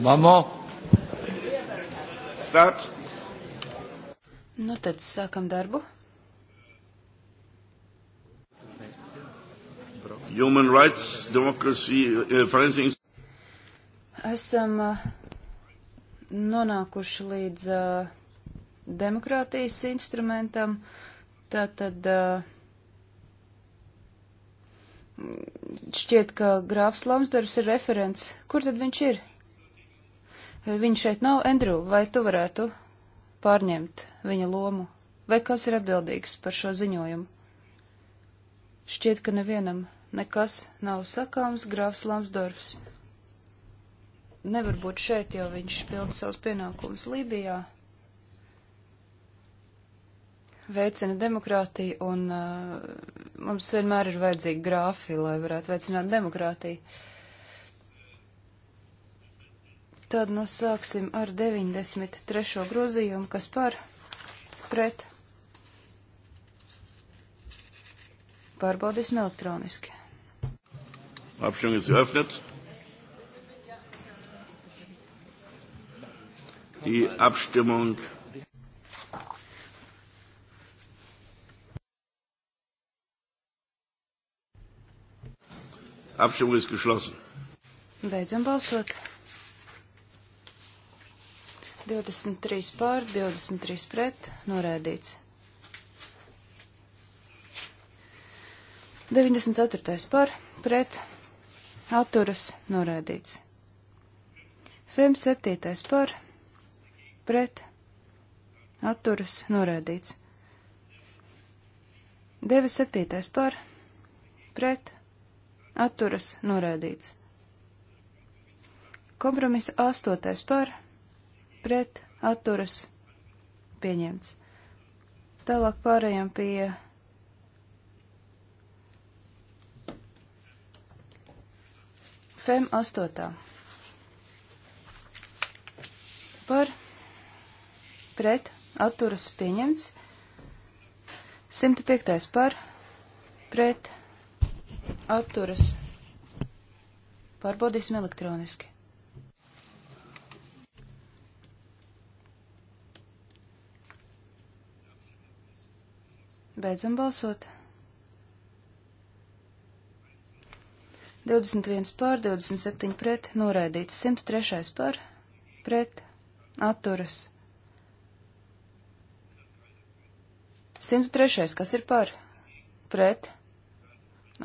Mamo! Start! Nu tad sākam darbu. Human rights, democracy, uh, forensic. Esam uh, nonākuši līdz uh, demokrātijas instrumentam. Tātad uh, šķiet, ka grāfs Lamsdors ir referents. Kur tad viņš ir? Viņš šeit nav, Andrew, vai tu varētu pārņemt viņa lomu? Vai kas ir atbildīgs par šo ziņojumu? Šķiet, ka nevienam nekas nav sakāms, grāfs Lamsdorfs. Nevar būt šeit, jo viņš pilda savus pienākumus Lībijā, veicina demokrātiju, un uh, mums vienmēr ir vajadzīgi grāfi, lai varētu veicināt demokrātiju. Uh, Tad nu sāksim ar 93. grozījumu, kas par pret. Pārbaudīsim elektroniski. Abstimmung ist eröffnet. Die Abstimmung. Abstimmung ist geschlossen. Beidzam balsot. 23 pār, 23 pret, norēdīts. 94. par, pret, atturas, norēdīts. FEM 7. par, pret, atturas, norēdīts. 97. par, pret, atturas, norēdīts. Kompromisa 8. par, pret pret atturas pieņemts. Tālāk pārējām pie FEM 8. Par pret atturas pieņemts. 105. par pret atturas pārbaudīsim elektroniski. Beidzam balsot. 21 pār, 27 pret, noraidīts 103 pār, pret, atturas. 103. kas ir par? Pret,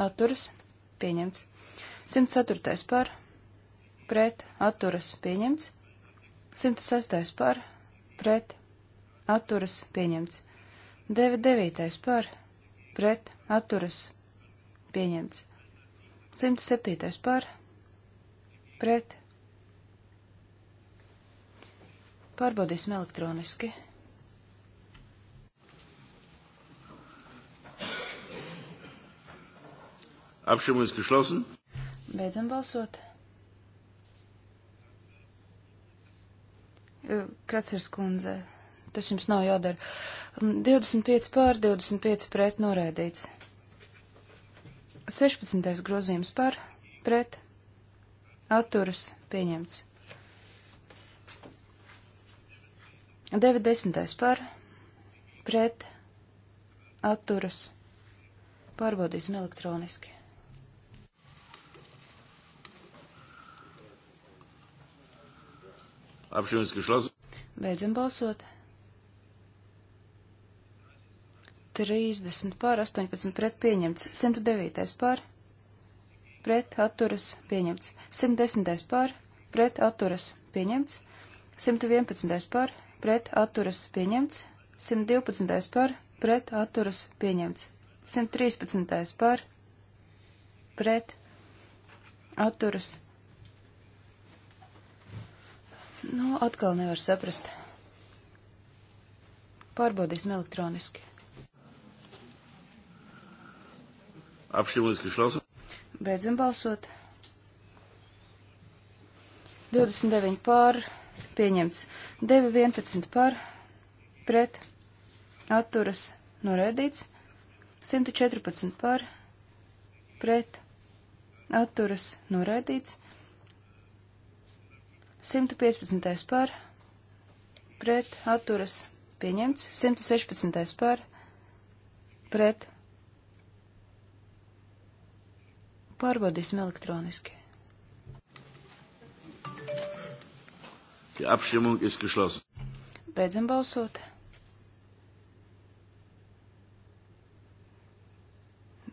atturas, pieņemts. 104. par, pret, atturas, pieņemts. 106. par, pret, atturas, pieņemts. 99. par, pret, atturas, pieņemts. 107. par, pret. Pārbaudīsim elektroniski. Abstimmung ist geschlossen. Beidzam balsot. Kracers kundze, Tas jums nav jādara. 25 mm, pār, 25 pret noraidīts. 16. grozījums par, pret, atturas pieņemts. 90. par, pret, atturas. Pārbaudīsim elektroniski. Apšķirnes geschlossen. Beidzam balsot. 30 pār 18 pret pieņemts, 109 pār pret atturas pieņemts, 110 pār pret atturas pieņemts, 111 pār pret atturas pieņemts, 112 pār pret atturas pieņemts, 113 pār pret atturas. Nu, atkal nevar saprast. Pārbaudīsim elektroniski. Abstimmung ist geschlossen. Beidzam balsot. 29 pār, pieņemts 9, 11 pār, pret, atturas, noraidīts, 114 pār, pret, atturas, noraidīts, 115 pār, pret, atturas, pieņemts, 116 pār, pret, Pārbaudīsim elektroniski. Beidzam balsot.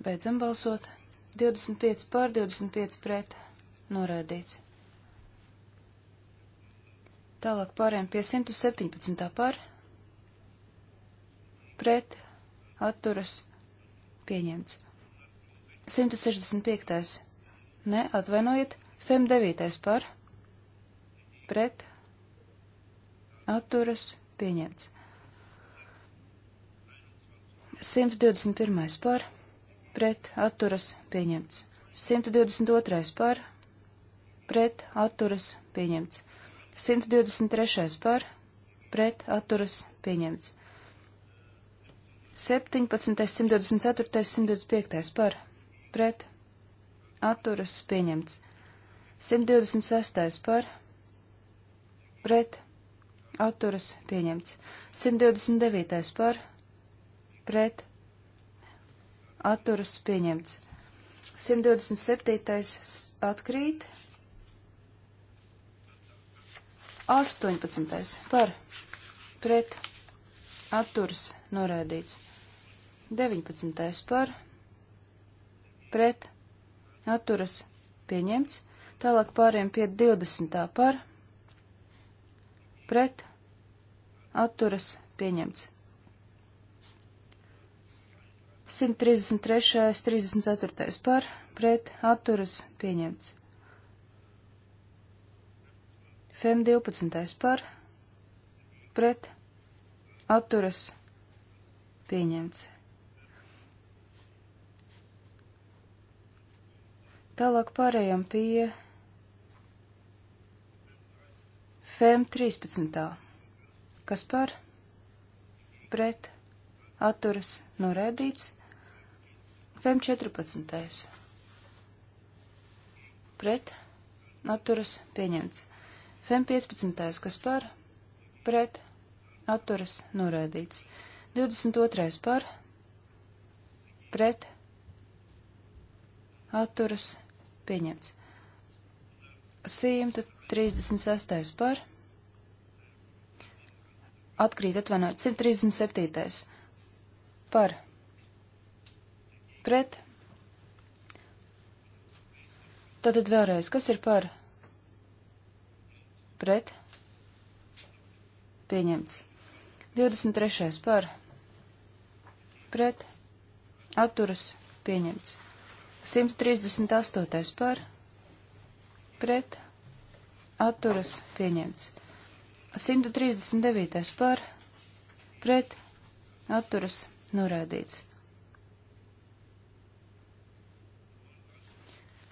Beidzam balsot. 25 pār 25 pret. Norādīts. Tālāk pārējām pie 117. par. Pret. Atturas. Pieņemts. 165. Nē, atvainojiet, FEM 9. par, pret, atturas, pieņemts. 121. par, pret, atturas, pieņemts. 122. par, pret, atturas, pieņemts. 123. par, pret, atturas, pieņemts. 17. 124. 125. par pret atturas pieņemts. 126. par pret atturas pieņemts. 129. par pret atturas pieņemts. 127. atkrīt. 18. par pret atturas norādīts. 19. par pret pret atturas pieņemts. Tālāk pāriem pie 20. par pret atturas pieņemts. 133. 34. par pret atturas pieņemts. FEM 12. par pret atturas pieņemts. Tālāk pārējām pie FEM 13. Kas par? Pret. Atturas norēdīts. FEM 14. Pret. Atturas pieņemts. FEM 15. Kas par? Pret. Atturas norēdīts. 22. par? Pret. Atturas pieņemts. 136. par. Atkrīt atvainojot. 137. par. Pret. Tātad vēlreiz, kas ir par? Pret. Pieņemts. 23. par. Pret. Atturas. Pieņemts. 138. par pret atturas pieņemts. 139. par pret atturas norādīts.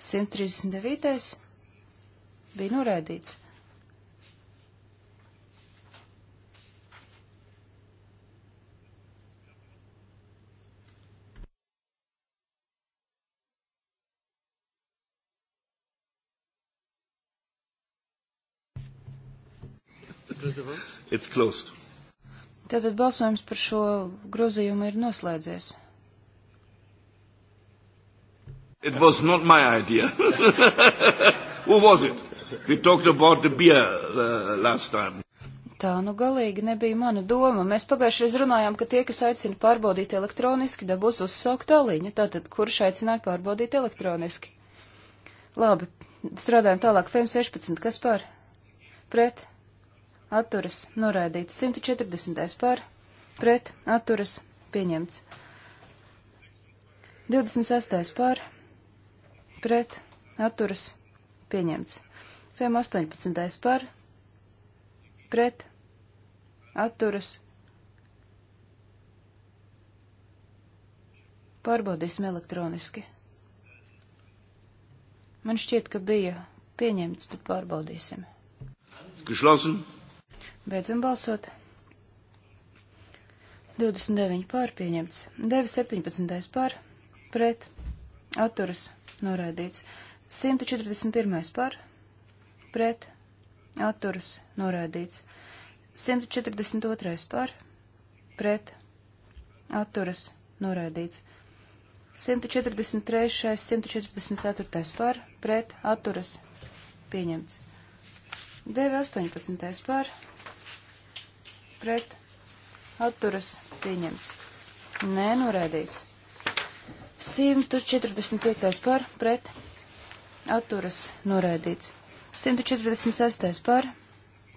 139. bija norādīts. It's closed. Tātad balsojums par šo grozījumu ir noslēdzies. It was not my idea. Who was it? We talked about the beer uh, last time. Tā nu galīgi nebija mana doma. Mēs pagājušajā runājām, ka tie, kas aicina pārbaudīt elektroniski, dabūs uzsaukt tāliņu. Tātad, kurš aicināja pārbaudīt elektroniski? Labi, strādājam tālāk. FM 16, kas par? Pret? atturas noraidīts. 140. par pret atturas pieņemts. 26. par pret atturas pieņemts. FEM 18. par pret atturas pieņemts. Pārbaudīsim elektroniski. Man šķiet, ka bija pieņemts, bet pārbaudīsim. Geschlossen. Beidzam balsot. 29 pār pieņemts. 917 pār pret atturas noraidīts. 141 pār pret atturas noraidīts. 142 pār pret atturas noraidīts. 143, 144 par, pret, atturas, pieņemts. 9, 18 par, pret atturas pieņemts. Nē, noraidīts. 145. par pret atturas noraidīts. 146. par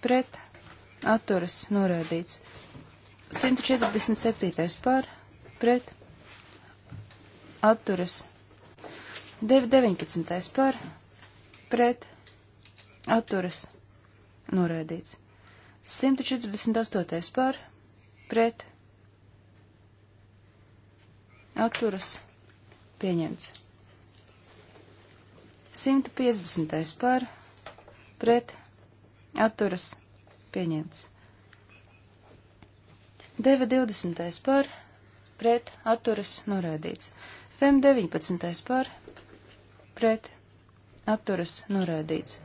pret atturas noraidīts. 147. par pret atturas. 19. par pret atturas noraidīts. 148. par pret atturas pieņemts. 150. par pret atturas pieņemts. 920. par pret atturas norādīts. FEM 19. par pret atturas norādīts.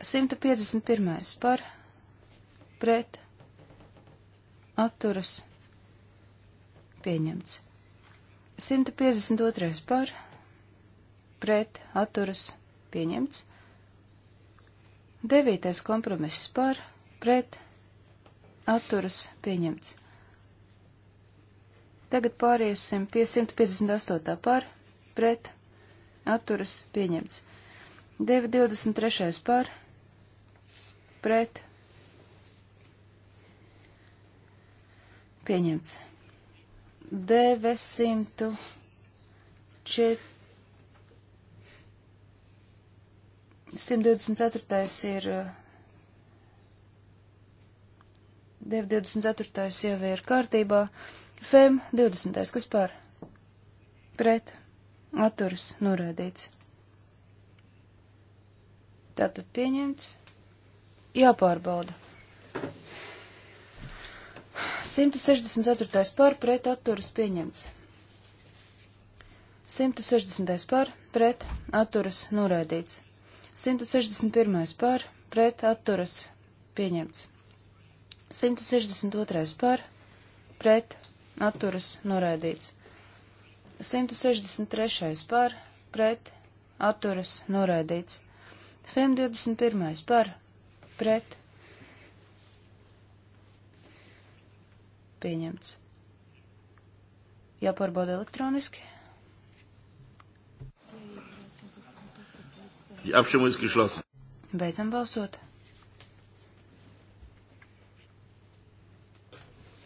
151. par pret pret atturas pieņemts. 152. par pret atturas pieņemts. 9. kompromiss par pret atturas pieņemts. Tagad pāriesim pie 158. par pret atturas pieņemts. 923. par pret Pieņemts. 904. 124. ir 924. Eh, jau ir kārtībā. FEM 20. kas par? Pret. Atturis norādīts. Tātad pieņemts. Jāpārbauda. 164. par pret atturas pieņemts. 160. par pret atturas noraidīts. 161. par pret atturas pieņemts. 162. par pret atturas noraidīts. 163. par pret atturas noraidīts. 521. par pret Pieņemts. Jāpārbauda elektroniski. Die Abstimmung ist geschlossen. Beidzam balsot.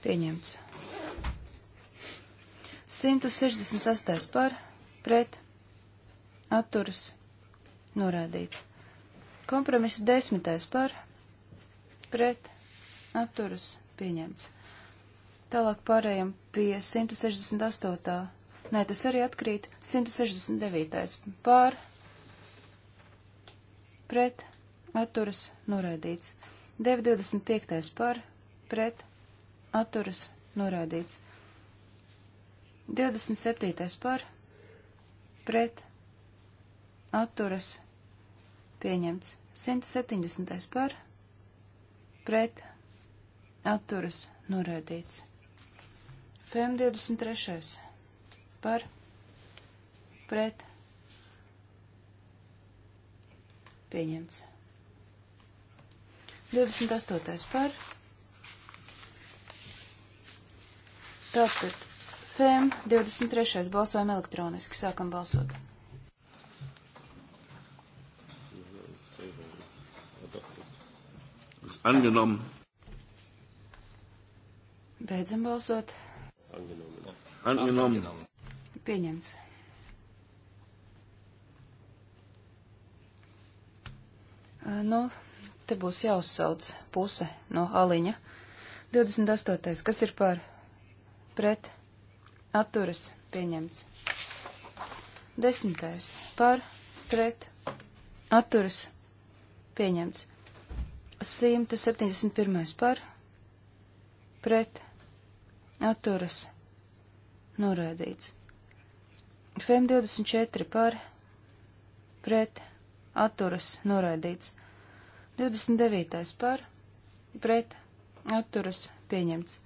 Pieņemts. 168 par, pret, atturas, norādīts. Kompromiss desmitais par, pret, atturas, pieņemts. Tālāk pārējām pie 168. Nē, tas arī atkrīt 169. pār pret atturas norādīts. 925. pār pret atturas norādīts. 27. pār pret atturas pieņemts. 170. pār pret atturas norādīts. FEM 23. par pret pieņemts. 28. par tātad FEM 23. balsojam elektroniski, sākam balsot. Angenommen. Beidzam balsot. Angenommen. Angenommen. Pieņemts. Nu, te būs jāuzsauc puse no aliņa. 28. Kas ir par? Pret. Atturas. Pieņemts. 10. Par. Pret. Atturas. Pieņemts. 171. Par. Pret atturas noraidīts. FM 24 par pret atturas noraidīts. 29. par pret atturas pieņemts.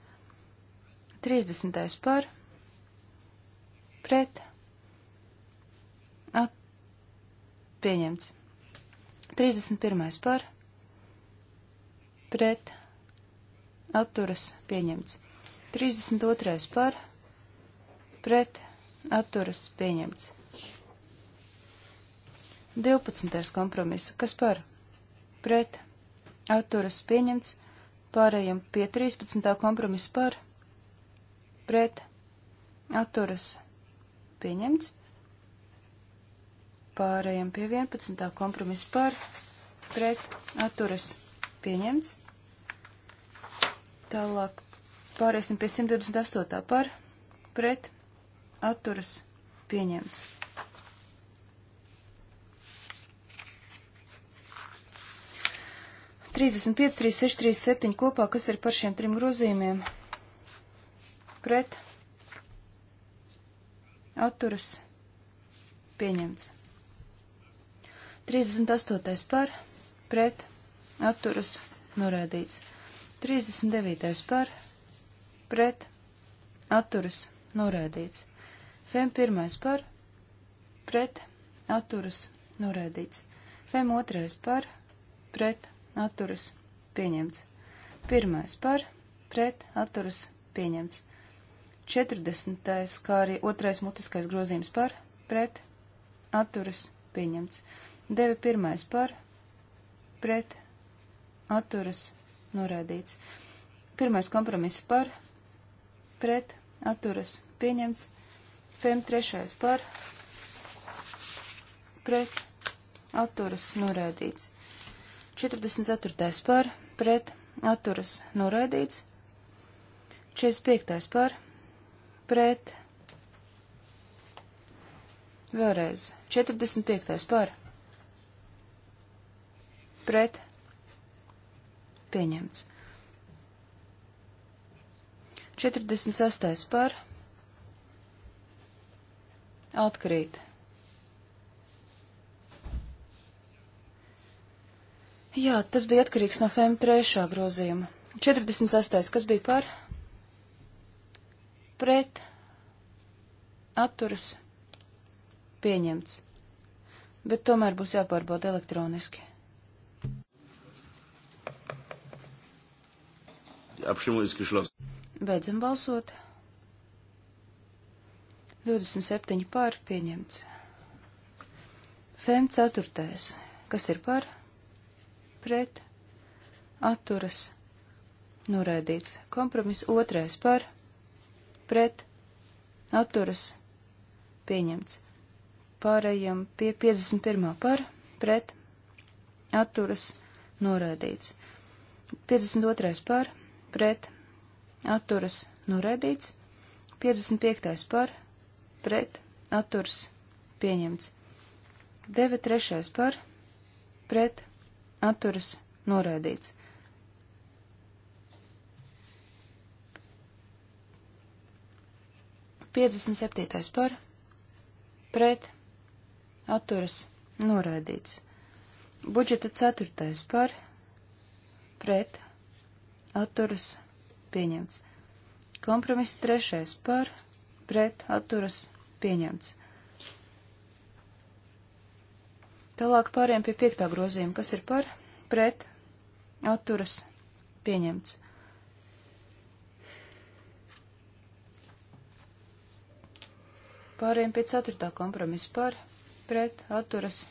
30. par pret at pieņemts. 31. par pret atturas pieņemts. 32. par pret atturas pieņemts. 12. kompromiss. Kas par? Pret. Atturas pieņemts. Pārējiem pie 13. kompromisa par. Pret. Atturas pieņemts. Pārējiem pie 11. kompromisa par. Pret. Atturas pieņemts. Tālāk Pāriesim pie 128. par pret atturas pieņemts. Trīsdesmit pieci, trīs seši, trīs septiņi kopā, kas ir par šiem trim grozījumiem? Pret, atturas, pieņemts. 38. par, pret, atturas, norēdīts. 39. par, pret, atturas, norēdīts. Fem pirmais par, pret, atturas, norēdīts. Fem otrais par, pret, atturas, pieņemts. Pirmais par, pret, atturas, pieņemts. 40. kā arī otrais mutiskais grozījums par, pret, atturas, pieņemts. 91. par, pret, atturas, norēdīts. Pirmais kompromiss par, pret atturas pieņemts. Fem trešais par pret atturas noraidīts. 44. par pret atturas noraidīts. 45. par pret vēlreiz 45. par pret pieņemts. 46. par atkrīt. Jā, tas bija atkarīgs no FEM trešā grozījuma. 46. kas bija par? Pret. Atturas. Pieņemts. Bet tomēr būs jāpārbauda elektroniski. Die Abstimmung ist geschlossen. Beidzam balsot. 27 pār pieņemts. Fem 4. Kas ir par? Pret. Atturas. Noraidīts. Kompromiss 2. par. Pret. Atturas. Pieņemts. Pārējām pie 51. par. Pret. Atturas. Noraidīts. 52. par. Pret atturas noraidīts, 55. par, pret, atturas pieņemts, 93. par, pret, atturas noraidīts. Piecdesmit septītais par, pret, atturas, noraidīts. Budžeta ceturtais par, pret, atturas, noraidīts pieņemts. Kompromiss trešais par, pret, atturas, pieņemts. Tālāk pāriem pie piektā grozījuma, kas ir par, pret, atturas, pieņemts. Pāriem pie ceturtā kompromisa par, pret, atturas,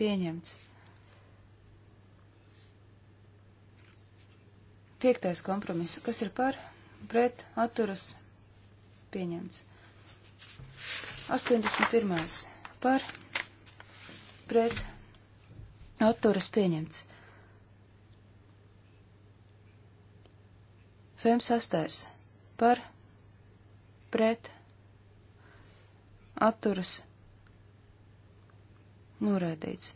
pieņemts. Piektais kompromiss. Kas ir par? Pret atturas pieņemts. 81. Par? Pret atturas pieņemts. Fem sastais. Par? Pret atturas noraidīts.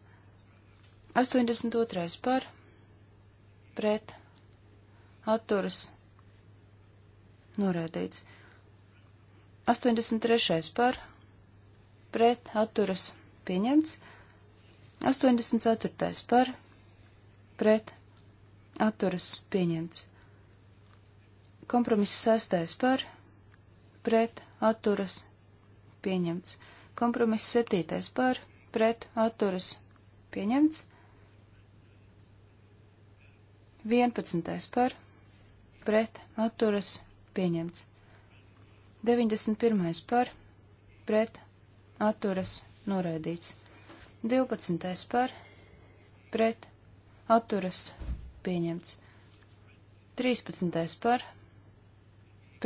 82. par? Pret atturas norēdīts. 83. par pret atturas pieņemts. 84. par pret atturas pieņemts. Kompromiss 6. par pret atturas pieņemts. Kompromiss 7. par pret atturas pieņemts. 11. par pret pret, atturas, pieņemts. 91. par, pret, atturas, noraidīts. 12. par, pret, atturas, pieņemts. 13. par,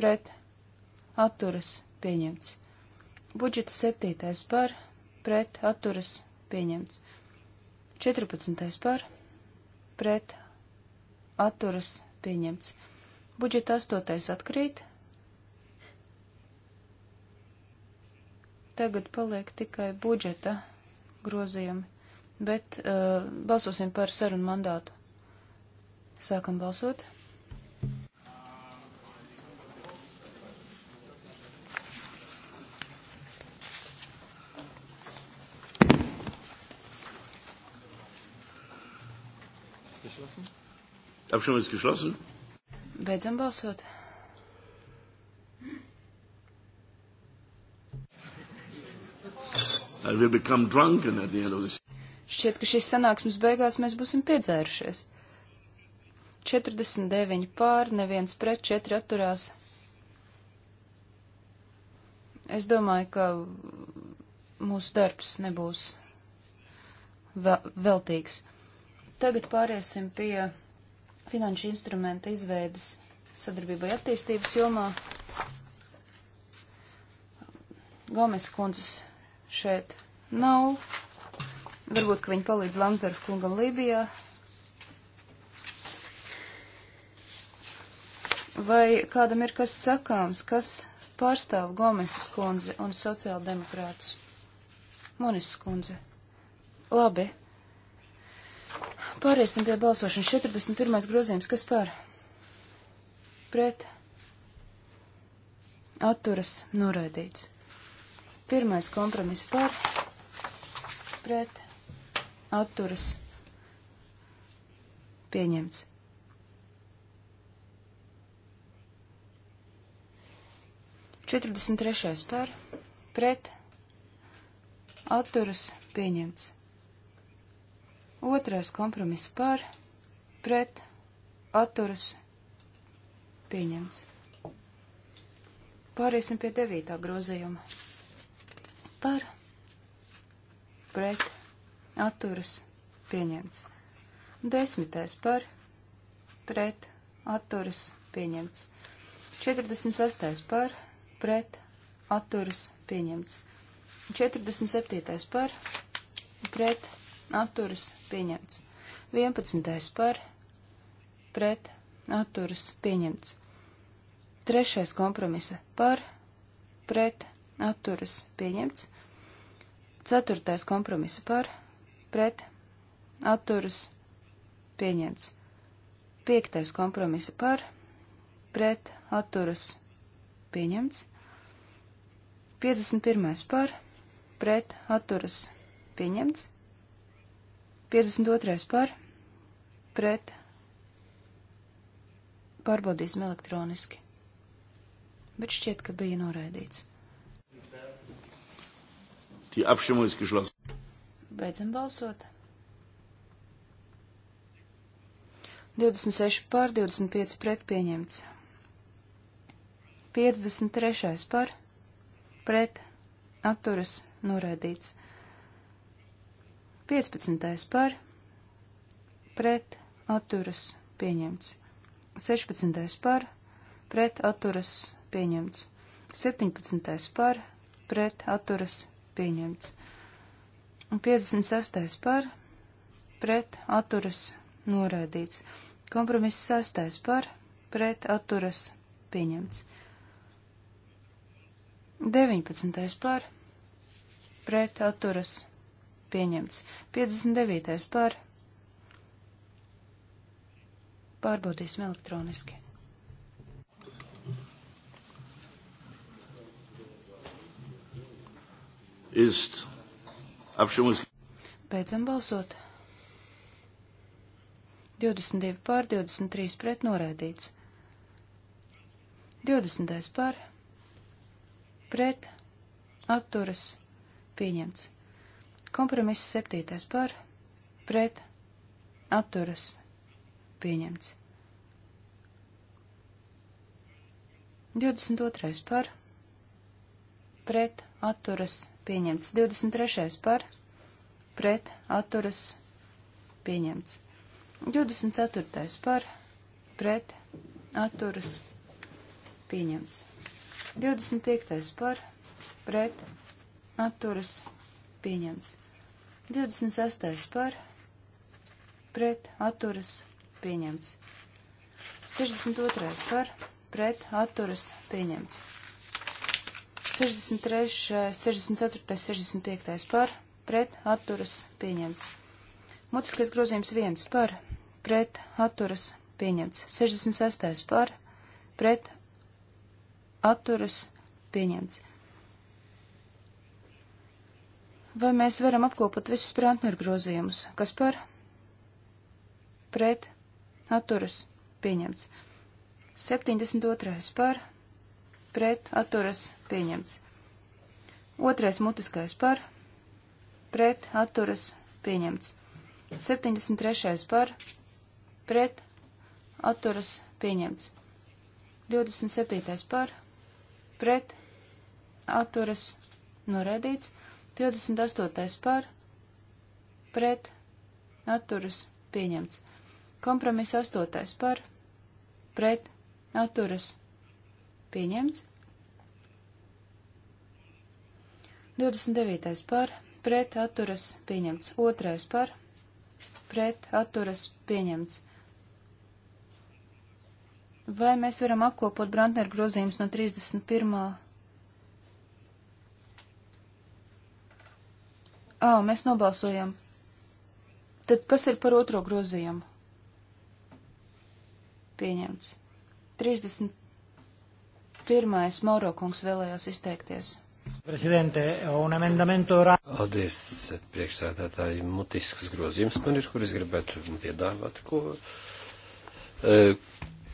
pret, atturas, pieņemts. Budžeta 7. par, pret, atturas, pieņemts. 14. par, pret, atturas, pieņemts. Budžeta astotais atkrīt. Tagad paliek tikai budžeta grozījumi, bet uh, balsosim par sarunu mandātu. Sākam balsot. Abstimmung ist geschlossen. Beidzam balsot. Šķiet, ka šīs sanāksmes beigās mēs būsim piedzērušies. 49 pār, neviens pret, 4 atturās. Es domāju, ka mūsu darbs nebūs veltīgs. Tagad pāriesim pie finanšu instrumenta izveidas sadarbībai attīstības jomā. Gomes kundzes šeit nav. Varbūt, ka viņi palīdz Lamsdorf kungam Lībijā. Vai kādam ir kas sakāms, kas pārstāv Gomeses kundzi un sociāldemokrātus? Monis kundze. Labi. Pāriesim pie balsošanas. 41. grozījums. Kas par? Pret. Atturas noraidīts. Pirmais kompromiss par. Pret. Atturas. Pieņemts. Četrdesmit trešais par. Pret. Atturas. Pieņemts. Otrais kompromiss par, pret, atturas, pieņemts. Pāriesim pie devītā grozījuma. Par, pret, atturas, pieņemts. Desmitais par, pret, atturas, pieņemts. 46. par, pret, atturas, pieņemts. 47. par, pret, atturas pieņemts. 11. par pret atturas pieņemts. 3. kompromisa par pret atturas pieņemts. 4. kompromisa par pret atturas pieņemts. 5. kompromisa par pret atturas pieņemts. 51. par pret atturas pieņemts. 52. par pret pārbaudīsim elektroniski. Bet šķiet, ka bija noraidīts. Die Abstimmung ist geschlossen. Beidzam balsot. 26 par, 25 pret pieņemts. 53 par, pret, atturas, noraidīts. 15. par pret atturas pieņemts. 16. par pret atturas pieņemts. 17. par pret atturas pieņemts. 56. par pret atturas noraidīts. Kompromiss 6. par pret atturas pieņemts. 19. par pret atturas pieņemts pieņemts. 59. par. Pārbaudīsim elektroniski. Ist Abstimmung ist. Beidzam balsot. 22 pār 23 pret noraidīts. 20 pār pret atturas pieņemts. Kompromiss septītais par, pret, atturas, pieņemts. 22. par, pret, atturas, pieņemts. 23. par, pret, atturas, pieņemts. 24. par, pret, atturas, pieņemts. 25. par, pret, atturas, pieņemts. 26. par pret atturas pieņemts. 62. par pret atturas pieņemts. 63, 64, 65 par pret atturas pieņemts. Mutiskais grozījums 1 par pret atturas pieņemts. 66. par pret atturas pieņemts. Vai mēs varam apkopot visus prātnieku grozījumus? Kas par? Pret. Atturas. Pieņemts. 72. par. Pret. Atturas. Pieņemts. Otrais mutiskais par. Pret. Atturas. Pieņemts. 73. par. Pret. Atturas. Pieņemts. 27. par. Pret. Atturas. Noraidīts. 28. par, pret, atturas, pieņemts. Kompromiss 8. par, pret, atturas, pieņemts. 29. par, pret, atturas, pieņemts. 2. par, pret, atturas, pieņemts. Vai mēs varam apkopot Brantneru grozījumus no 31. Ā, mēs nobalsojam. Tad kas ir par otro grozījumu? Pieņemts. 31. Mauro kungs vēlējās izteikties. Presidente, un emendamento orā. Paldies, priekšsēdētāji, mutisks grozījums man ir, kur es gribētu piedāvāt, ko, e,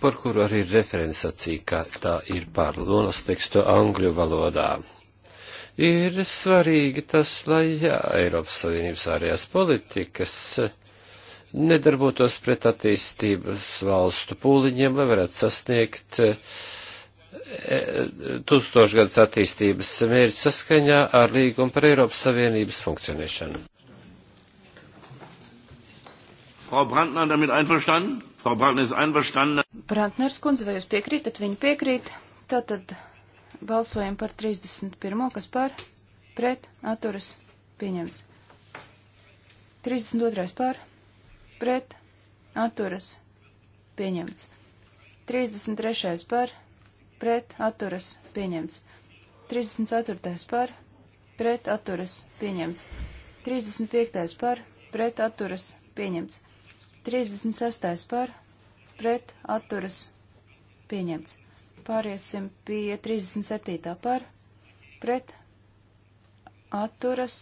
par kuru arī referents sacīja, ka tā ir par lunas tekstu angļu valodā. Ir svarīgi tas, lai jā, Eiropas Savienības ārējās politikas nedarbotos pret attīstības valstu pūliņiem, lai varētu sasniegt e, tūkstošgadus attīstības mērķi saskaņā ar līgumu par Eiropas Savienības funkcionēšanu. Frau Brandner damit einverstanden? Frau Brandner ist einverstanden. Brandners kundze, vai jūs piekrītat? Viņa piekrīt. Tātad Balsojam par 31. kas par, pret, atturas, pieņemts. 32. par, pret, atturas, pieņemts. 33. par, pret, atturas, pieņemts. 34. par, pret, atturas, pieņemts. 35. par, pret, atturas, pieņemts. 36. par, pret, atturas, pieņemts. Pāriesim pie 37. par pret atturas.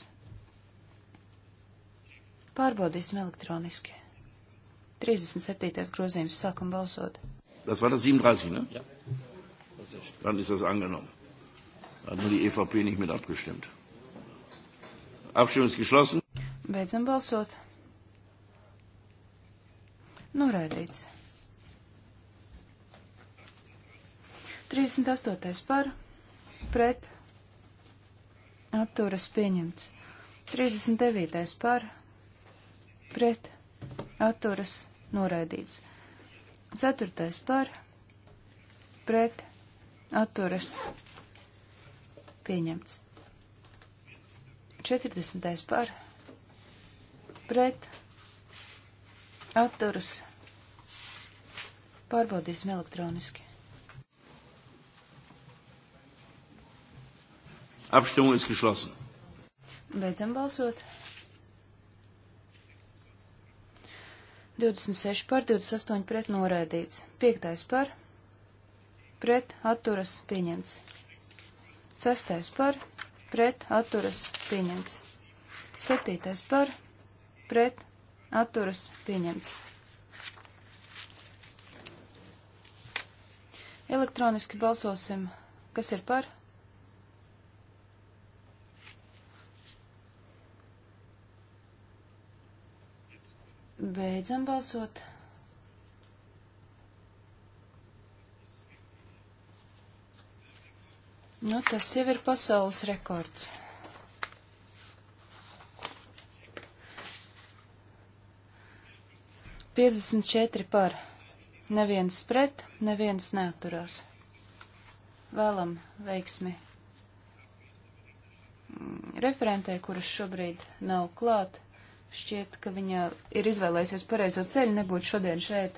Pārbaudīsim elektroniski. 37. grozījums sākam balsot. Tas var tas 37, ne? Ja. Dann ist das angenommen. Hat nur die EVP nicht mit abgestimmt. Abstimmung ist geschlossen. Beidzam balsot. Noraidīts. 38. par pret atturas pieņemts. 39. par pret atturas noraidīts. 4. par pret atturas pieņemts. 40. par pret atturas pārbaudīsim elektroniski. Abstimmung ist geschlossen. Beidzam balsot. 26 par, 28 pret noraidīts. 5. par, pret atturas pieņemts. 6. par, pret atturas pieņemts. 7. par, pret atturas pieņemts. Elektroniski balsosim, kas ir par, Beidzam balsot. Nu, tas jau ir pasaules rekords. Piecdesmit četri par. Neviens pret, neviens neaturās. Vēlam veiksmi mm, referentē, kuras šobrīd nav klāt. Šķiet, ka viņa ir izvēlējusies pareizo ceļu nebūt šodien šeit.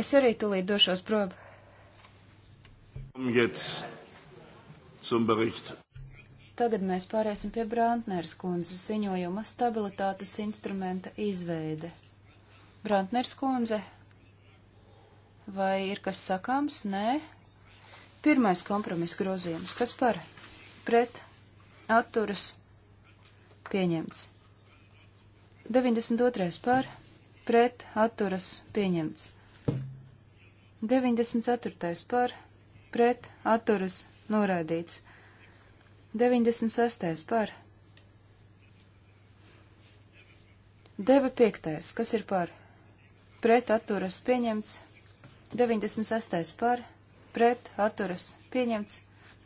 Es arī tūlīt došos prob. Tagad mēs pāriesim pie Brantners kundzes ziņojuma stabilitātes instrumenta izveide. Brantners kundze, vai ir kas sakāms? Nē. Pirmais kompromiss grozījums. Kas par? Pret? Atturas? pieņemts. 92. par, pret, atturas, pieņemts. 94. par, pret, atturas, noraidīts. 96. par. 95. kas ir par, pret, atturas, pieņemts. 96. par, pret, atturas, pieņemts,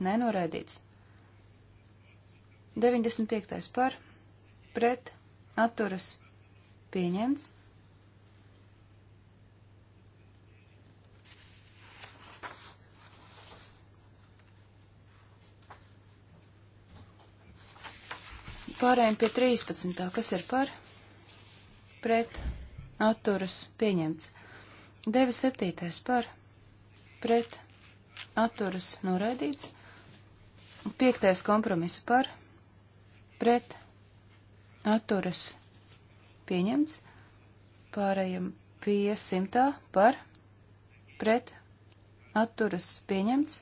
nenoraidīts. 95. par, pret atturas pieņemts. Pārējiem pie 13. Kas ir par? Pret atturas pieņemts. 97. par? Pret atturas noraidīts. 5. kompromisa par? Pret atturas pieņemts. Pārējiem pie simtā par pret atturas pieņemts.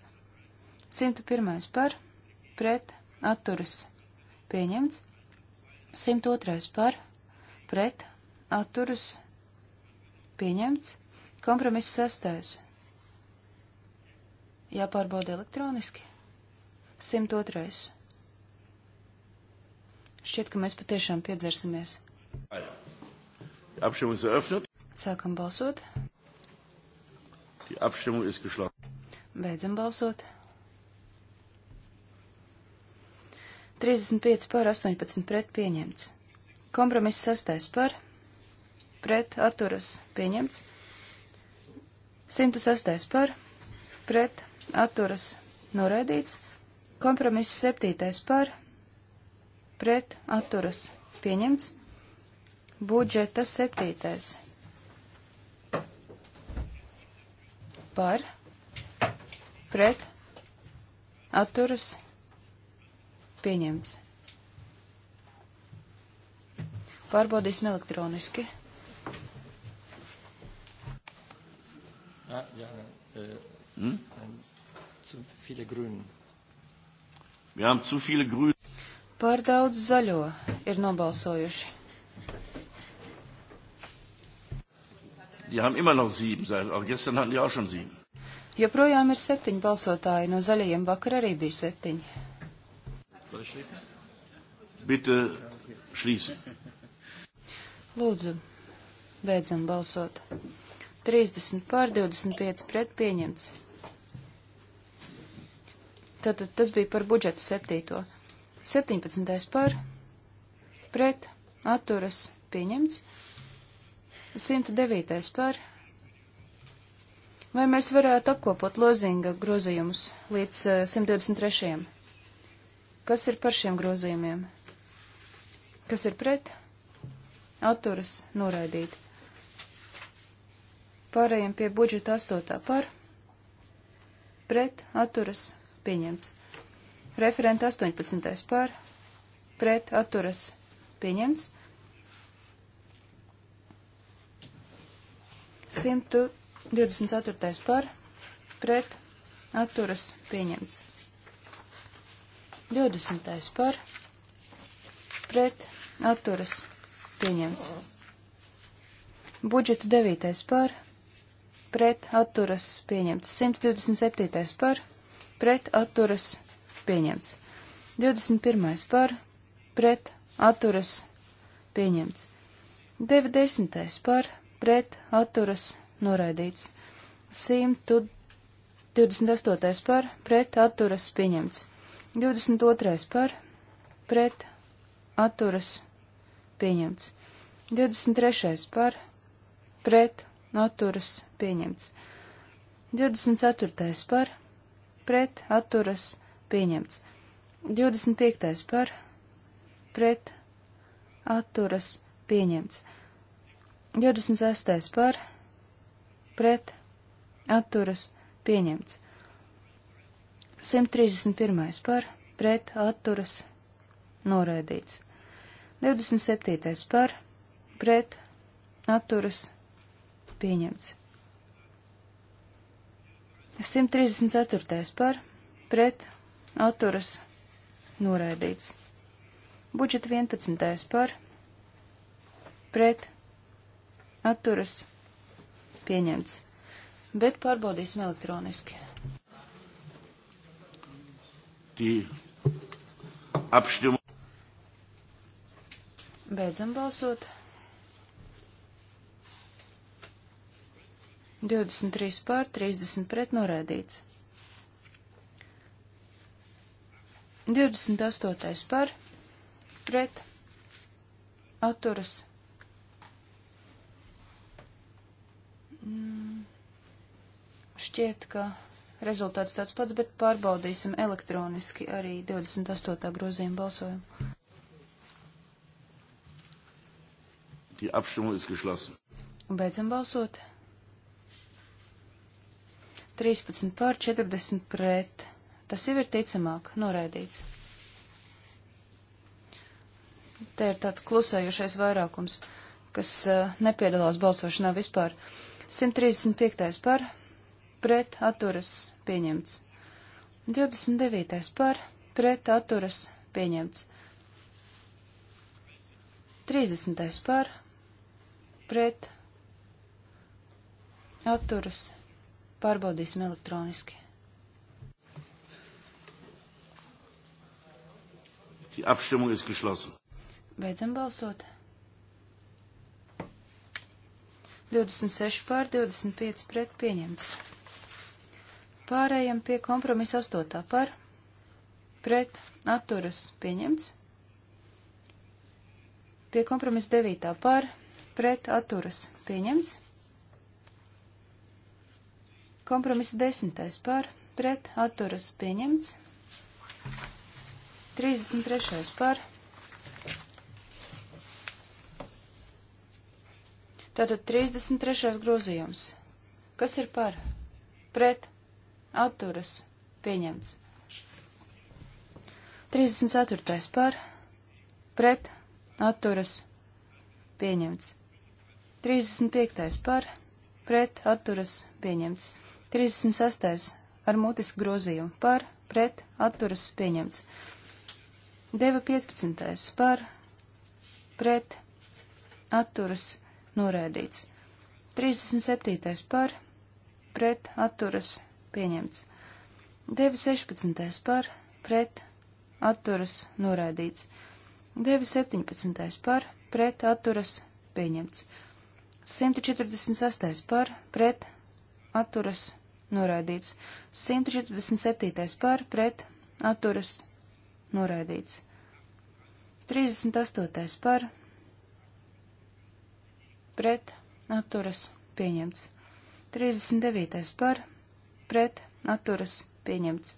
101. par pret atturas pieņemts. 102. par pret atturas pieņemts. Kompromiss sastais. Jāpārbauda elektroniski. 102. Šķiet, ka mēs patiešām piedzersimies. Sākam balsot. Beidzam balsot. 35 par 18 pret pieņemts. Kompromiss sastais par pret atturas pieņemts. 106 par pret atturas noraidīts. Kompromiss septītais par pret pret atturas pieņemts. Budžeta septītais par pret atturas pieņemts. Pārbaudīsim elektroniski. Ah, ja, äh, hm? ein, zu viele Grünen. Wir haben zu viele Grüne. Par daudz zaļo ir nobalsojuši. Joprojām ir septiņi balsotāji, no zaļajiem vakar arī bija septiņi. Bitte schließen. Lūdzu, beidzam balsot. 30 pār 25 pret pieņemts. Tātad tas bija par budžetu septīto. 17. par pret atturas pieņemts. 109. par. Vai mēs varētu apkopot lozinga grozījumus līdz 123. Eh, Kas ir par šiem grozījumiem? Kas ir pret? Atturas noraidīt. Pārējiem pie budžeta 8. par. Pret atturas pieņemts. Referenta 18. par pret atturas pieņemts. 124. par pret atturas pieņemts. 20. par pret atturas pieņemts. Budžeta 9. par pret atturas pieņemts. 127. par pret atturas pieņemts pieņemts. 21. par, pret, atturas, pieņemts. 90. par, pret, atturas, noraidīts. 128. par, pret, atturas, pieņemts. 22. par, pret, atturas, pieņemts. 23. par, pret, atturas, pieņemts. 24. par, pret, atturas, pieņemts. 25. par pret atturas pieņemts. 26. par pret atturas pieņemts. 131. par pret atturas noraidīts. 27. par pret atturas pieņemts. 134. par pret atturas noraidīts. Budžet 11. par pret atturas pieņemts, bet pārbaudīsim elektroniski. Beidzam balsot. 23 pār 30 pret norēdīts. 28. par pret atturas. Mm, šķiet, ka rezultāts tāds pats, bet pārbaudīsim elektroniski arī 28. grozījuma balsojumu. Die Abstimmung ist geschlossen. Beidzam balsot. 13 pār 40 pret. Tas jau ir ticamāk noraidīts. Te ir tāds klusējošais vairākums, kas uh, nepiedalās balsošanā vispār. 135. par, pret atturas pieņemts. 29. par, pret atturas pieņemts. 30. par, pret atturas pārbaudīsim elektroniski. Die Abstimmung ist geschlossen. Beidzam balsot. 26 pār 25 pret pieņemts. Pārējiem pie kompromisa 8 par pret atturas pieņemts. Pie kompromisa 9 par pret atturas pieņemts. Kompromisa 10 par pret atturas pieņemts. 33. par. Tātad 33. grozījums. Kas ir par? Pret. Atturas. Pieņemts. 34. par. Pret. Atturas. Pieņemts. 35. par. Pret. Atturas. Pieņemts. 36. ar mutisku grozījumu. Par. Pret. Atturas. Pieņemts. Deva 15. par pret atturas noraidīts. 37. par pret atturas pieņemts. Deva 16. par pret atturas noraidīts. Deva 17. par pret atturas pieņemts. 148. par pret atturas noraidīts. 147. par pret atturas pieņemts noraidīts. 38. par pret atturas pieņemts. 39. par pret atturas pieņemts.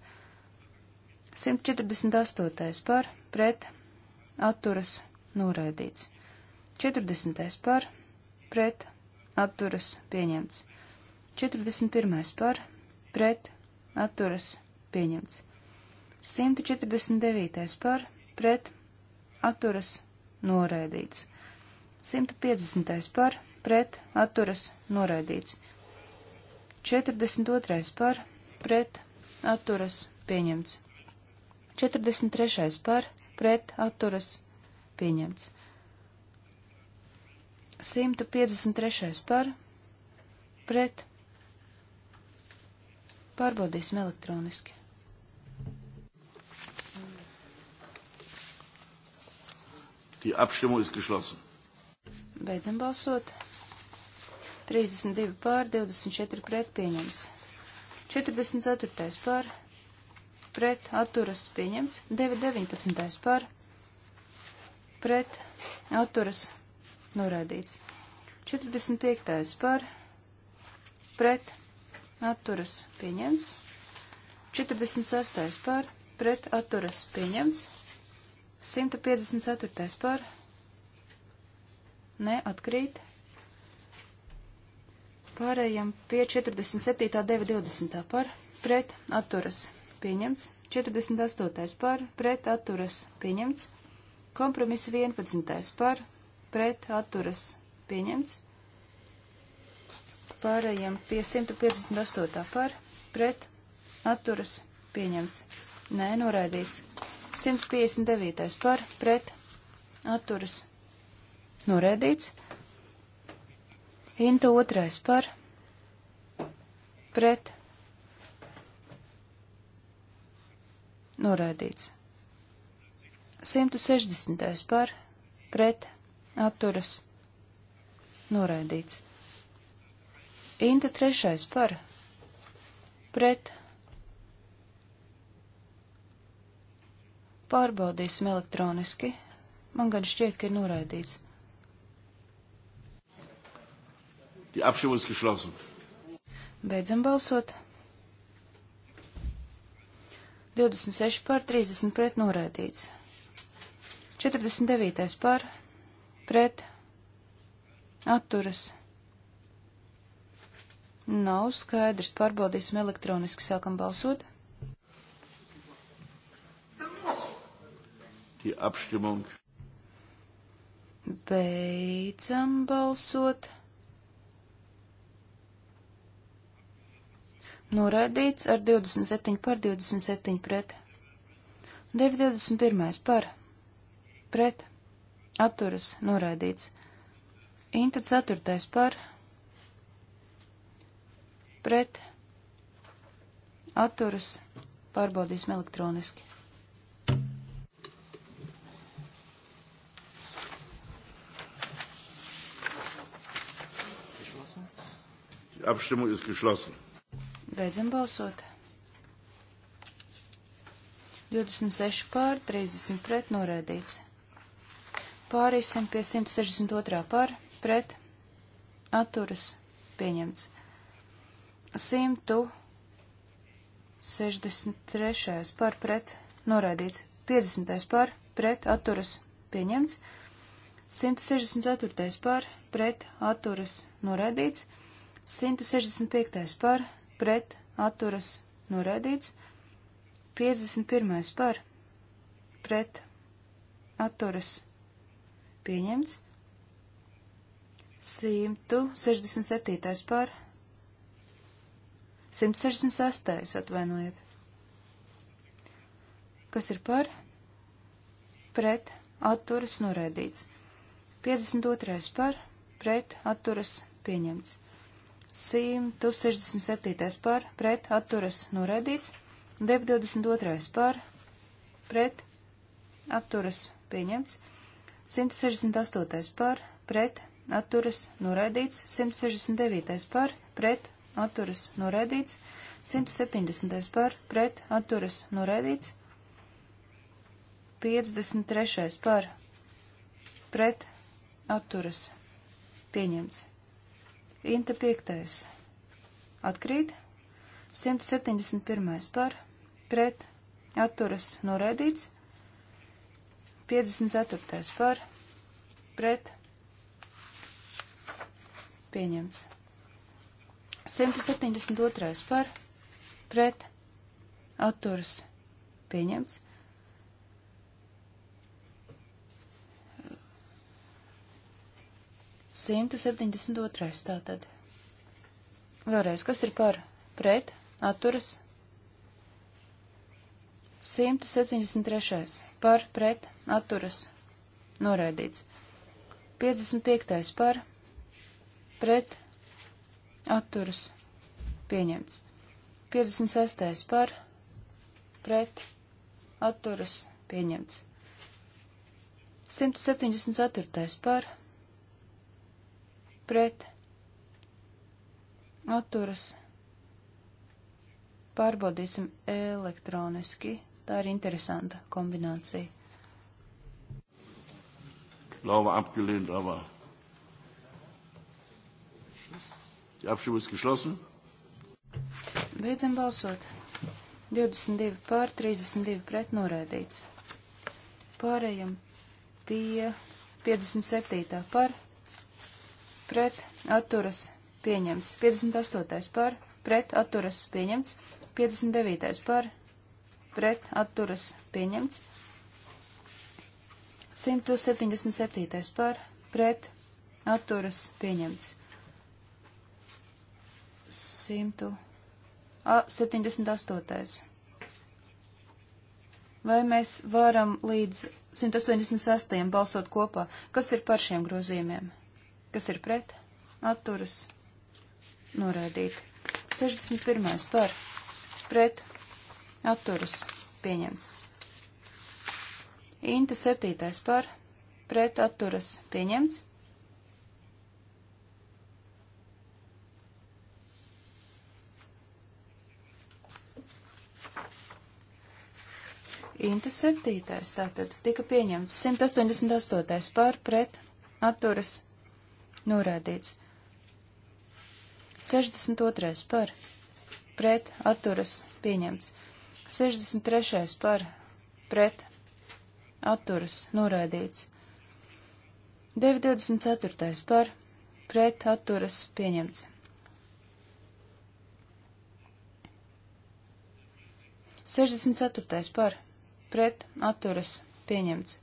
148. par pret atturas noraidīts. 40. par pret atturas pieņemts. 41. par pret atturas pieņemts. 149. par pret atturas noraidīts. 150. par pret atturas noraidīts. 42. par pret atturas pieņemts. 43. par pret atturas pieņemts. 153. par pret pārbaudīsim elektroniski. Die Abstimmung ist geschlossen. Beidzam balsot. 32 pār, 24 pret pieņemts. 44. pār, pret atturas pieņemts. 19. pār, pret atturas norādīts. 45. pār, pret atturas pieņemts. 46. pār, pret atturas pieņemts. 154. par. Nē, atkrīt. Pārējām pie 47. 920. par. Pret atturas. Pieņemts. 48. par. Pret atturas. Pieņemts. Kompromiss 11. par. Pret atturas. Pieņemts. Pārējām pie 158. par. Pret atturas. Pieņemts. Nē, noraidīts. 159. par pret atturas norēdīts. Inta otrais par pret norēdīts. 160. par pret atturas norēdīts. Inta trešais par pret atturas. Pārbaudīsim elektroniski. Man gan šķiet, ka ir noraidīts. Die Abstimmung ist geschlossen. Beidzam balsot. 26 pār 30 pret noraidīts. 49 pār pret atturas. Nav skaidrs. Pārbaudīsim elektroniski. Sākam balsot. Die Abstimmung. Beidzam balsot. Noraidīts ar 27 par 27 pret. 921 par. Pret. Atturas. Noraidīts. Inta 4 par. Pret. Atturas. Pārbaudīsim elektroniski. Abstimmung ist geschlossen. Beidzam balsot. 26 pār, 30 pret norēdīts. Pārīsim pie 162 pār, pret, atturas, pieņemts. 163 pār, pret, norēdīts. 50 pār, pret, atturas, pieņemts. 164 pār, pret, atturas, norēdīts. 165. par, pret, atturas, noraidīts. 51. par, pret, atturas, pieņemts. 167. par, 168. atvainojiet. Kas ir par? Pret, atturas, noraidīts. 52. par, pret, atturas, pieņemts. 167. par pret atturas noraidīts, 922. par pret atturas pieņemts, 168. par pret atturas noraidīts, 169. par pret atturas noraidīts, 170. par pret atturas noraidīts, 53. par pret atturas pieņemts. Inta 5. Atkrīt. 171. par pret atturas noraidīts. 54. par pret pieņemts. 172. par pret atturas pieņemts. 172. tātad. Vēlreiz, kas ir par pret, atturas. 173. par pret, atturas, noraidīts. 55. par pret, atturas, pieņemts. 56. par pret, atturas, pieņemts. 174. par pret pret atturas pārbaudīsim elektroniski. Tā ir interesanta kombinācija. Glaube abgelehnt, aber die Abstimmung ist geschlossen. Beidzam balsot. 22 pār 32 pret norēdīts. Pārējam pie 57. par pret atturas pieņemts. 58. par pret atturas pieņemts. 59. par pret atturas pieņemts. 177. par pret atturas pieņemts. 178. Vai mēs varam līdz 186. balsot kopā? Kas ir par šiem grozījumiem? kas ir pret, atturas, noraidīt. 61. par, pret, atturas, pieņemts. Inta 7. par, pret, atturas, pieņemts. Inta 7. tātad tika pieņemts 188. par, pret, atturas, pieņemts norādīts. 62. par pret atturas pieņemts. 63. par pret atturas norādīts. 924. par pret atturas pieņemts. 64. par pret atturas pieņemts.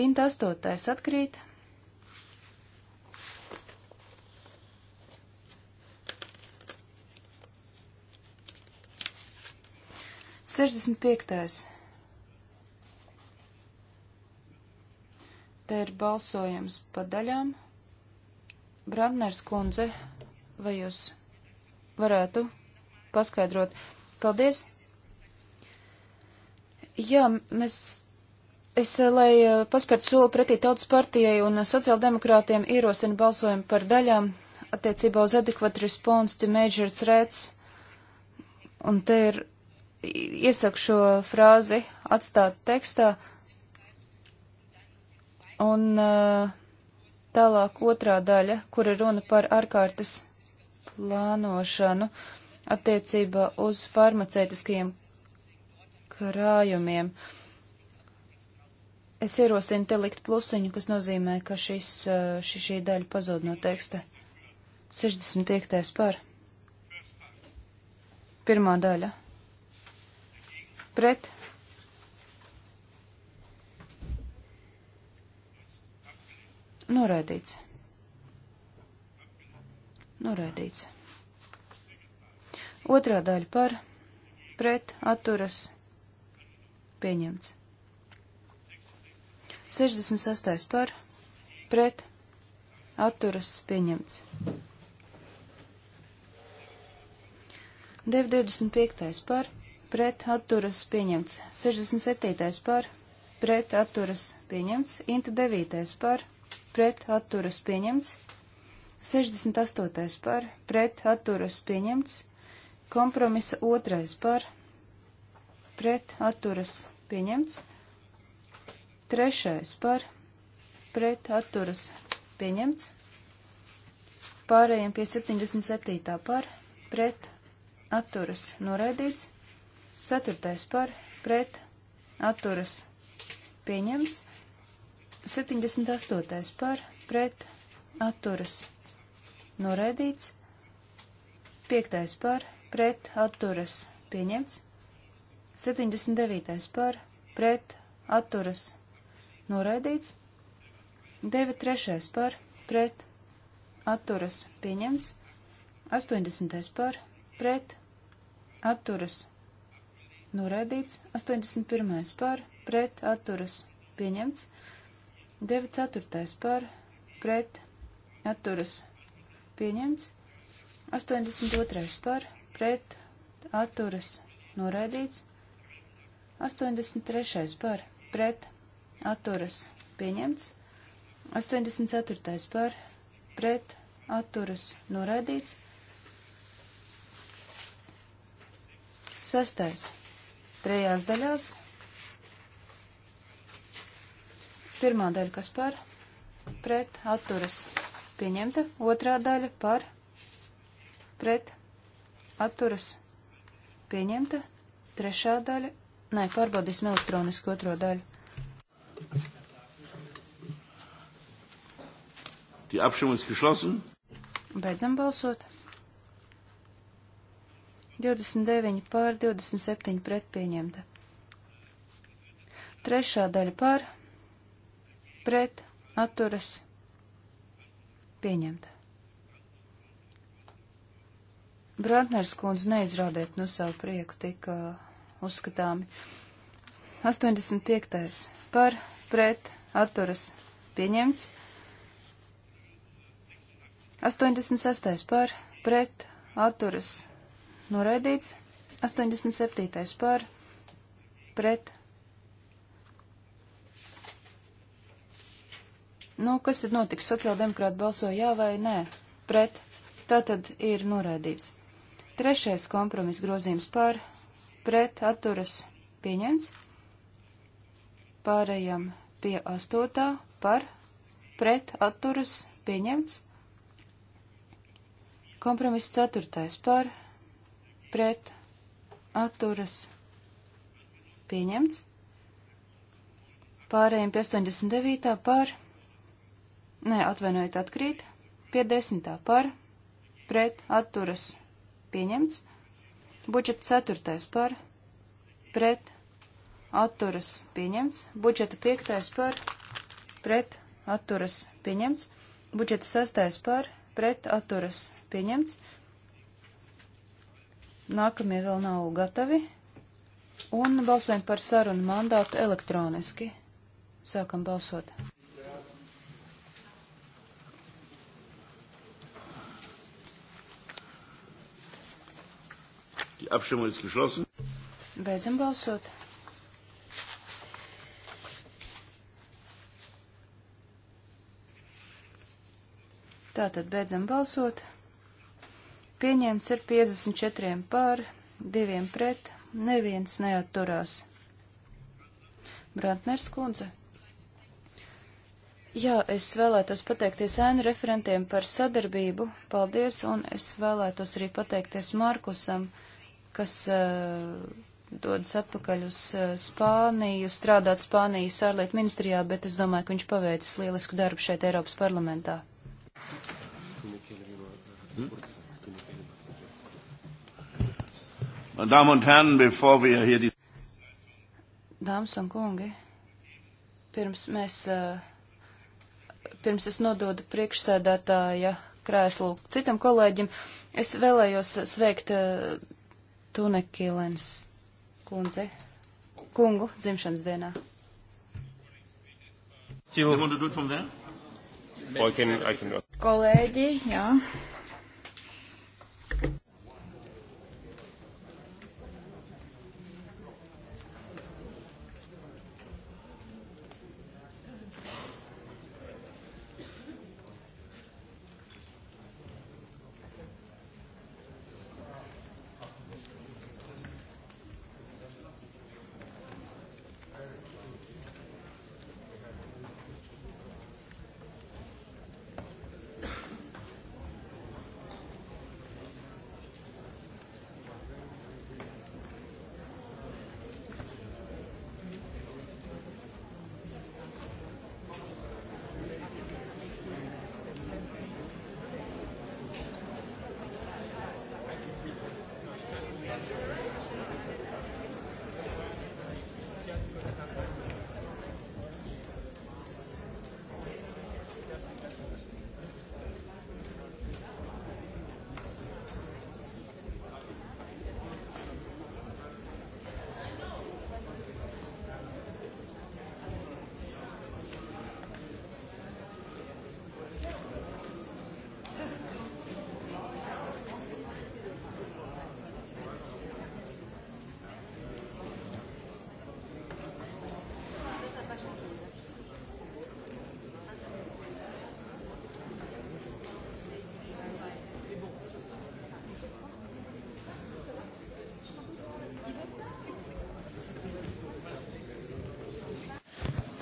Int 8. atkrīt, 65. Te ir balsojums pa daļām. Brandners kundze, vai jūs varētu paskaidrot? Paldies! Jā, mēs. Es, lai eh, paspērtu soli pretī tautas partijai un sociāldemokrātiem, ierosinu balsojumu par daļām attiecībā uz adequate response to major threats. Un te ir iesaku šo frāzi atstāt tekstā. Un uh, tālāk otrā daļa, kura runa par ārkārtas plānošanu attiecībā uz farmaceitiskajiem krājumiem. Es ierosinu te likt plusiņu, kas nozīmē, ka šis, uh, šī, šī daļa pazūd no teksta. 65. par. Pirmā daļa pret noraidīts. Noraidīts. Otrā daļa par pret atturas pieņemts. 68. par pret atturas pieņemts. 925. par pret atturas pieņemts. 67. par pret atturas pieņemts. Inta 9. par pret atturas pieņemts. 68. par pret atturas pieņemts. Kompromisa 2. par pret atturas pieņemts. 3. par pret atturas pieņemts. Pārējiem pie 77. par pret atturas noraidīts. Ceturtais par pret atturas pieņemts. 78. par pret atturas noraidīts. 5. par pret atturas pieņemts. 79. par pret atturas noraidīts. 93. par pret atturas pieņemts. 80. par pret atturas pieņemts noraidīts, 81. par, pret, atturas, pieņemts, 94. par, pret, atturas, pieņemts, 82. par, pret, atturas, noraidīts, 83. par, pret, atturas, pieņemts, 84. par, pret, atturas, noraidīts, 6. Trejās daļās. Pirmā daļa, kas par pret atturas pieņemta, otrā daļa par pret atturas pieņemta, trešā daļa, nē, pārbaudīsim elektronisku otro daļu. Die Abstimmung ist geschlossen. Beidzam balsot. 29 pār 27 pret pieņemta. Trešā daļa pār pret atturas pieņemta. Brantners kundze neizrādēt no savu prieku tik uh, uzskatāmi. 85. par pret atturas pieņemts. 86. par pret atturas noraidīts. 87. par pret. Nu, kas tad notiks? Sociāldemokrāti balso jā vai nē? Pret. Tā tad ir noraidīts. Trešais kompromis grozījums par pret atturas pieņemts. Pārējām pie astotā par pret atturas pieņemts. Kompromiss ceturtais par pret atturas pieņemts. Pārējiem pie 89. par, nē, atvainojiet, atkrīt, pie 10. par, pret atturas pieņemts. Budžeta 4. par, pret atturas pieņemts. Budžeta 5. par, pret atturas pieņemts. Budžeta 6. par, pret atturas pieņemts. Nākamie vēl nav gatavi. Un balsojam par sarunu mandātu elektroniski. Sākam balsot. Die Abstimmung ist geschlossen. Beidzam balsot. Tātad beidzam balsot. Pieņemts ar 54 pār, 2 pret, neviens neatturās. Brantners kundze. Jā, es vēlētos pateikties ēnu referentiem par sadarbību. Paldies, un es vēlētos arī pateikties Markusam, kas uh, dodas atpakaļ uz uh, Spāniju, strādāt Spānijas ārlietu ministrijā, bet es domāju, ka viņš paveicis lielisku darbu šeit Eiropas parlamentā. Hmm? Damen und Herren, bevor wir hier die. Dāmas un kungi, pirms mēs, eh, pirms es nododu priekšsēdētāja krēslu citam kolēģim, es vēlējos sveikt eh, Tunekīlens kundzi, kungu dzimšanas dienā. Still... I can, I can... Kolēģi, jā.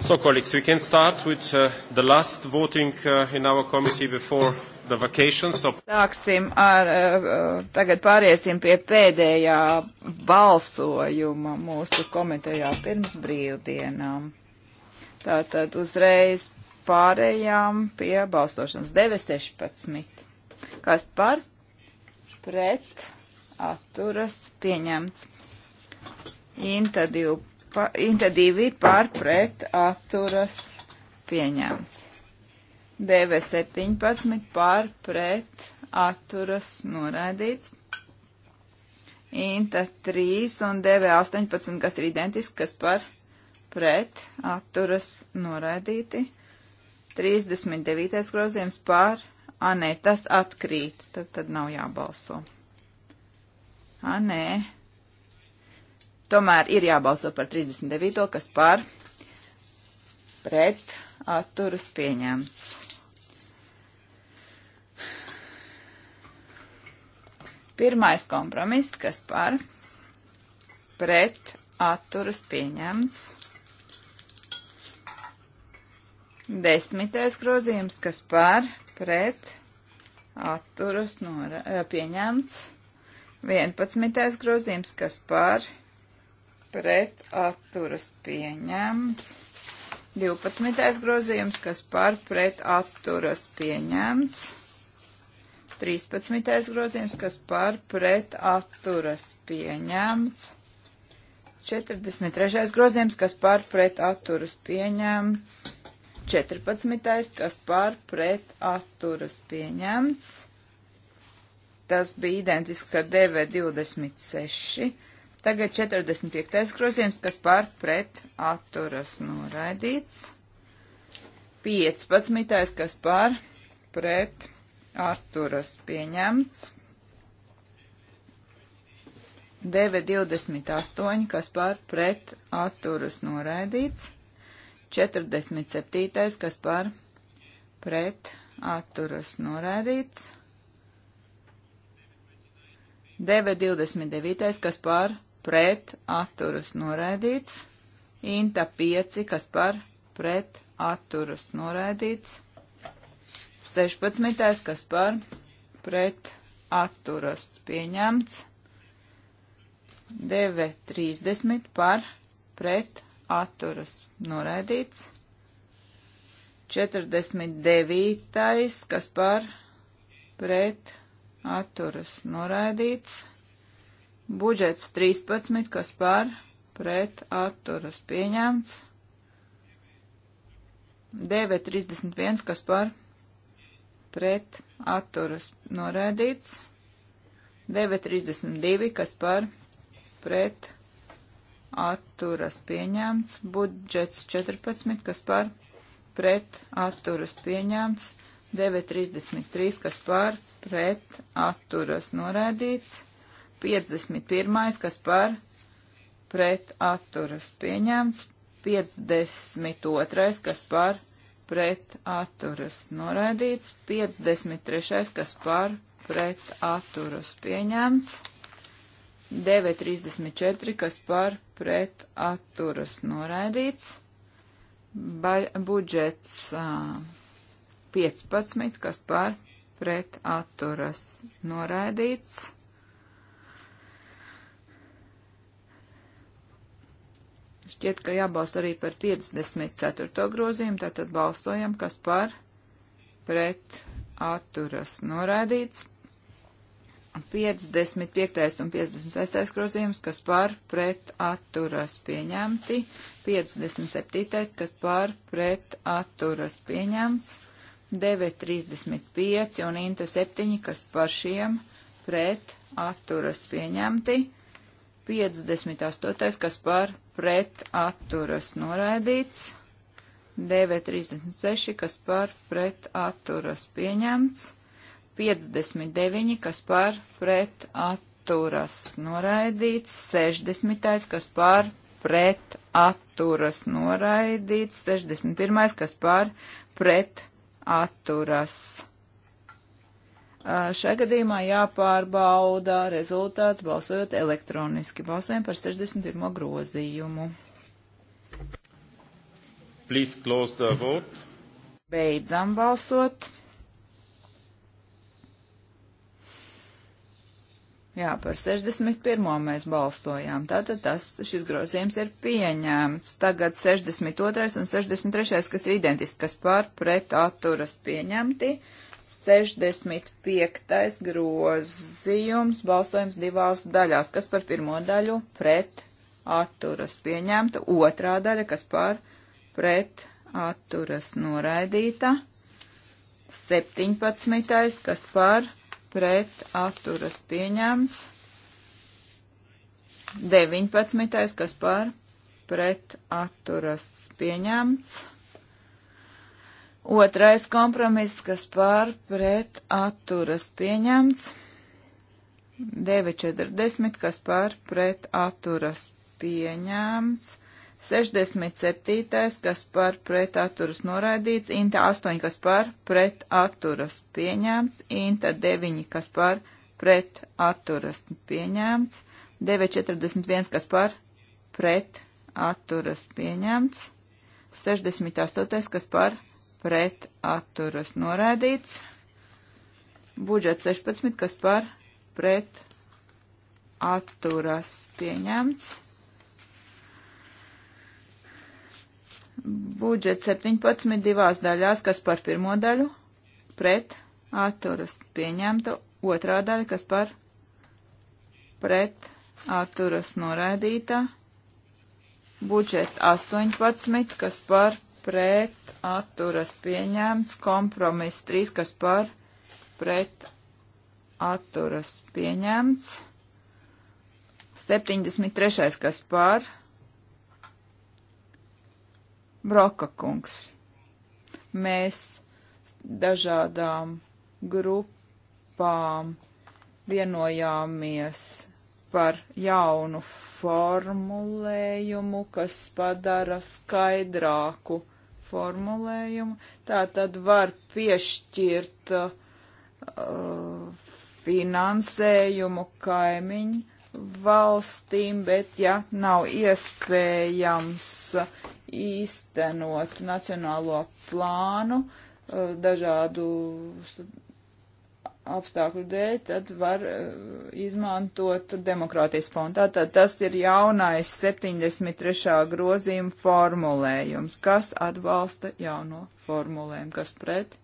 So, colleagues, we can start with uh, the last voting uh, in our committee before the vacation. So... Sāksim ar, uh, uh tagad pāriesim pie pēdējā balsojuma mūsu komitejā pirms brīvdienām. Tātad uzreiz pārējām pie balsošanas 9.16. Kas par? Pret atturas pieņemts. Inta 12 pa, Inta 2 par pret atturas pieņemts. DV 17 par pret atturas noraidīts. Inta 3 un DV 18, kas ir identiski, kas par pret atturas noraidīti. 39. grozījums par, a nē, tas atkrīt, tad, tad nav jābalso. A nē, Tomēr ir jābalso par 39. kas par pret atturas pieņemts. Pirmais kompromiss, kas par pret atturas pieņemts. Desmitais grozījums, kas par pret atturas nora, pieņemts. Vienpadsmitais grozījums, kas par pret pret atturas pieņemts. 12. grozījums, kas par pret atturas pieņemts. 13. grozījums, kas par pret atturas pieņemts. 43. grozījums, kas par pret atturas pieņemts. 14. kas par pret atturas pieņemts. Tas bija identisks ar DV26 Tagad 45. grozījums, kas pār pret atturas noraidīts. 15. kas pār pret atturas pieņemts. 9.28, kas pār pret atturas noraidīts. 47. kas pār pret atturas noraidīts. 9.29, kas pār pret pret atturas noraidīts. Inta 5, kas par pret atturas noraidīts. 16, kas par pret atturas pieņemts. 9, 30 par pret atturas noraidīts. 49, kas par pret atturas noraidīts. Budžets 13, kas par pret atturas pieņemts. DV31, kas par pret atturas norēdīts. DV32, kas par pret atturas pieņemts. Budžets 14, kas par pret atturas pieņemts. DV33, kas par pret atturas norēdīts. 51. kas par pret atturas pieņemts, 52. kas par pret atturas noraidīts, 53. kas par pret atturas pieņemts, 9.34, kas par pret atturas noraidīts, ba budžets uh, 15, kas par pret atturas noraidīts. Šķiet, ka jābalsta arī par 54. grozījumu, tātad balsojam, kas par pret atturas norādīts. 55. un 56. grozījums, kas par pret atturas pieņemti, 57. kas par pret atturas pieņemts, 9.35 un Inta 7, kas par šiem pret atturas pieņemti, 58. kas par pret atturas noraidīts. 936, kas par pret atturas pieņemts. 59, kas par pret atturas noraidīts. 60, kas par pret atturas noraidīts. 61, kas par pret atturas Šai gadījumā jāpārbauda rezultāts balsojot elektroniski. Balsojam par 61. grozījumu. Please close the vote. Beidzam balsot. Jā, par 61. mēs balstojām. Tātad tas, šis grozījums ir pieņēmts. Tagad 62. un 63. kas ir identisks, kas pār pret atturas pieņemti. Uh, 65. grozījums, balsojums divās daļās, kas par pirmo daļu pret atturas pieņemta, otrā daļa, kas par pret atturas noraidīta, 17. kas par pret atturas pieņemts, 19. kas par pret atturas pieņemts. Otrais kompromiss, kas pār pret atturas pieņemts. 9.40, kas pār pret atturas pieņemts. 67. kas pār pret atturas noraidīts. Inta 8, kas pār pret atturas pieņemts. Inta 9, kas pār pret atturas pieņemts. 9.41, kas pār pret atturas pieņemts. 68. kas pār pret pret atturas norādīts. Budžets 16, kas par pret atturas pieņemts. Budžets 17 divās daļās, kas par pirmo daļu pret atturas pieņemtu, otrā daļa, kas par pret atturas noraidītā. Budžets 18, kas par pret atturas pieņemts, kompromiss 3, kas par pret atturas pieņemts, 73, kas par Broka kungs. Mēs dažādām grupām vienojāmies par jaunu formulējumu, kas padara skaidrāku formulējumu. Tā tad var piešķirt uh, finansējumu kaimiņu valstīm, bet ja nav iespējams īstenot nacionālo plānu uh, dažādu apstākļu dēļ, tad var uh, izmantot demokrātijas fondu. Tātad tas ir jaunais 73. grozījuma formulējums, kas atbalsta jauno formulējumu, kas pret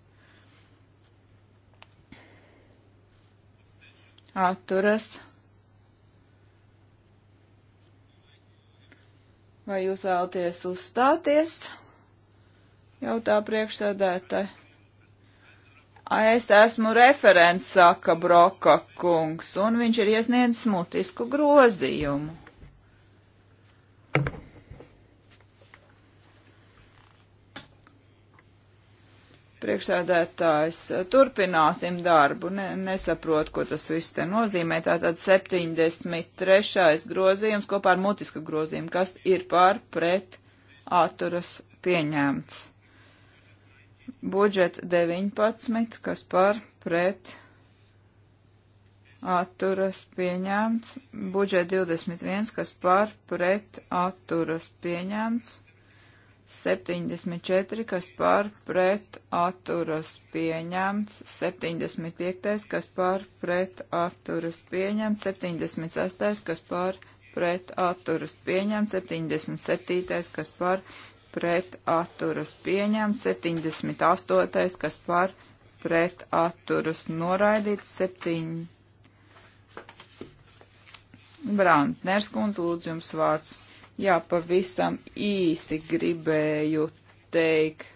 atturas. Vai jūs vēlaties uzstāties? Jautā priekšsēdētāji. Es esmu referents, saka Broka kungs, un viņš ir iesniedzis mutisku grozījumu. Priekšsēdētājs, turpināsim darbu, ne, nesaprot, ko tas viss te nozīmē. Tātad 73. grozījums kopā ar mutisku grozījumu, kas ir pār pret atturas pieņēmts budžeta 19, kas par pret atturas pieņemts, budžeta 21, kas par pret atturas pieņemts, 74, kas par pret atturas pieņemts, 75, kas par pret atturas pieņemts, 76, kas par pret atturas pieņemts, 77, kas par pret pret atturas pieņemts, 78. kas par pret atturas noraidīts, 7. Brantners kundze, lūdzu jums vārds. Jā, pavisam īsi gribēju teikt.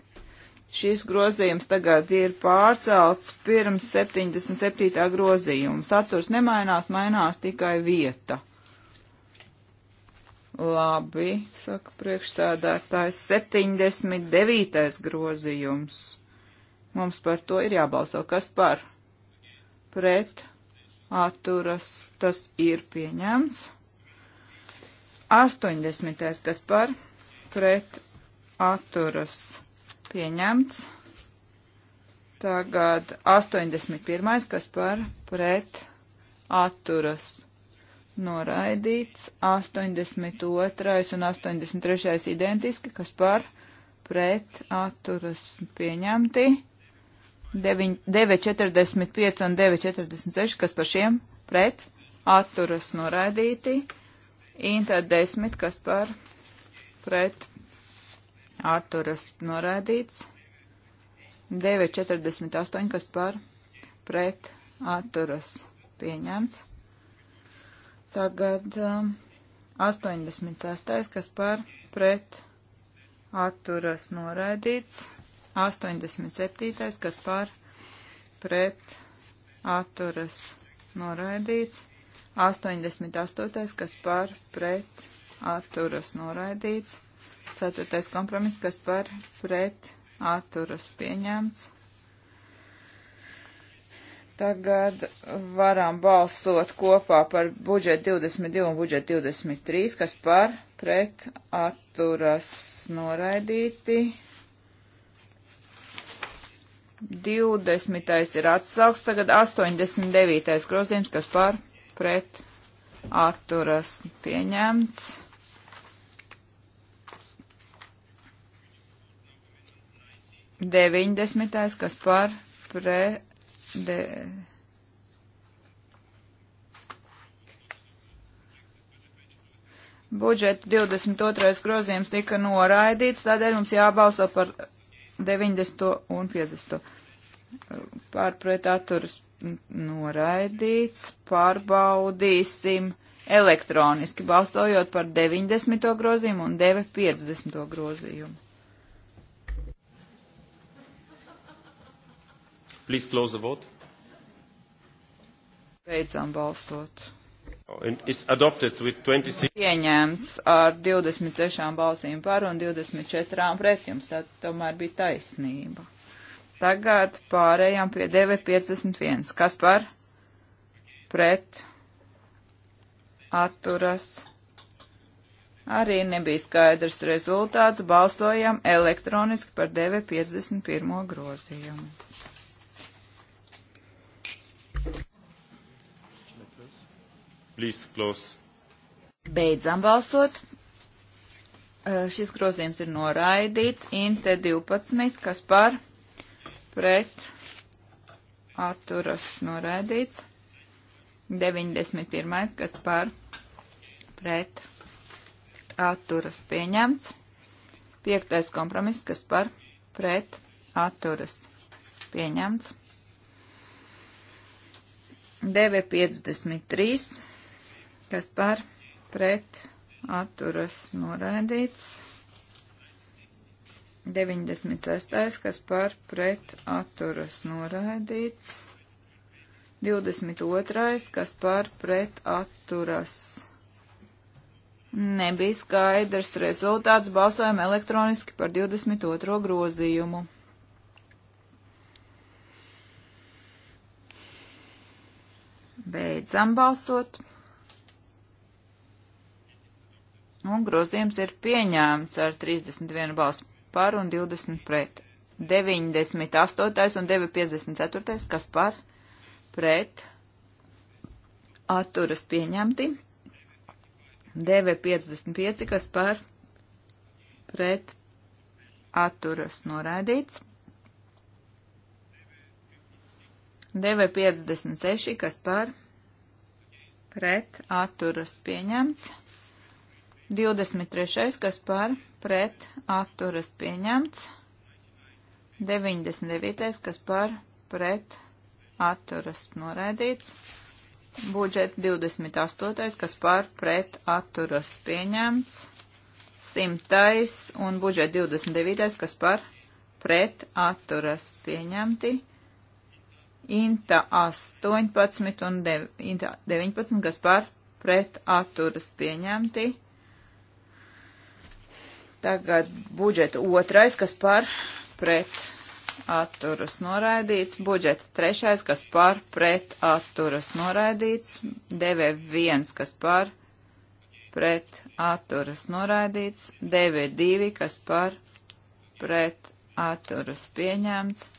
Šis grozījums tagad ir pārcelts pirms 77. grozījuma. Saturs nemainās, mainās tikai vieta. Labi, saka priekšsēdētājs, 79. grozījums. Mums par to ir jābalso. Kas par? Pret atturas tas ir pieņemts. 80. kas par? Pret atturas pieņemts. Tagad 81. kas par? Pret atturas pieņemts noraidīts, 82. un 83. identiski, kas par pret atturas pieņemti, 9.45 un 9.46, kas par šiem pret atturas noraidīti, Inta 10, kas par pret atturas noraidīts, 9.48, kas par pret atturas pieņemts. Tagad um, 86. kas par pret atturas noraidīts. 87. kas par pret atturas noraidīts. 88. kas par pret atturas noraidīts. 4. kompromiss, kas par pret atturas pieņemts. Tagad varam balsot kopā par budžetu 22 un budžetu 23, kas par pret atturas noraidīti. 20. ir atsauks, tagad 89. grozījums, kas par pret atturas pieņemts. Deviņdesmitais, kas par pre de budžeta 22. grozījums tika noraidīts, tādēļ mums jābalso par 90. un 50. pārpret atturas noraidīts, pārbaudīsim elektroniski, balsojot par 90. grozījumu un 950. grozījumu. Please close the vote. Beidzam balsot. It's adopted with 26. Pieņemts ar 26 balsīm par un 24 pret jums. Tā tomēr bija taisnība. Tagad pārējām pie 951. Kas par? Pret. Atturas. Arī nebija skaidrs rezultāts. Balsojam elektroniski par 951 grozījumu. Please close. Beidzam balsot. Šis grozījums ir noraidīts. Inte 12, kas par pret atturas noraidīts. 91, kas par pret atturas pieņemts. Piektais kompromiss, kas par pret atturas pieņemts. 953 kas par pret atturas noraidīts. 96. kas par pret atturas noraidīts. 22. kas par pret atturas nebija skaidrs rezultāts. Balsojam elektroniski par 22. grozījumu. Beidzam balsot. Un grozījums ir pieņēmts ar 31 balsu par un 20 pret. 98. un 954. kas par pret atturas pieņemti. 955, kas par pret atturas noraidīts. 956, kas par pret atturas pieņemts. 23. kas par pret atturas pieņemts. 99. kas par pret atturas noraidīts. Budžet 28. kas par pret atturas pieņemts. 100. un budžet 29. kas par pret atturas pieņemti. Inta 18 un dev, inta 19, kas par pret atturas pieņemti. Tagad budžeta otrais, kas par pret atturas noraidīts. Budžeta trešais, kas par pret atturas noraidīts. DV1, kas par pret atturas noraidīts. DV2, kas par pret atturas pieņemts.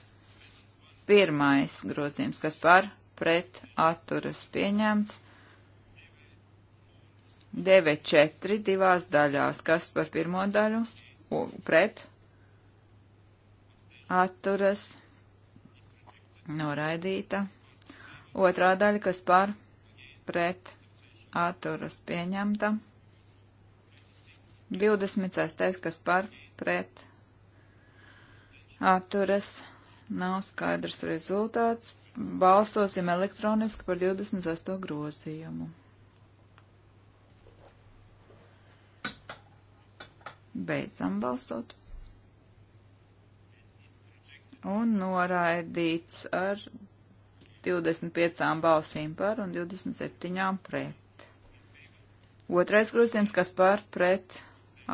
Pirmais grozījums, kas par pret atturas pieņemts. 9,4 divās daļās. Kas par pirmo daļu? U, pret. Atturas. Noraidīta. Otrā daļa, kas par pret atturas pieņemta. 26. kas par pret atturas nav skaidrs rezultāts. Balsosim elektroniski par 28 grozījumu. Beidzam balsot. Un noraidīts ar 25 balsīm par un 27 pret. Otrais grozījums, kas par pret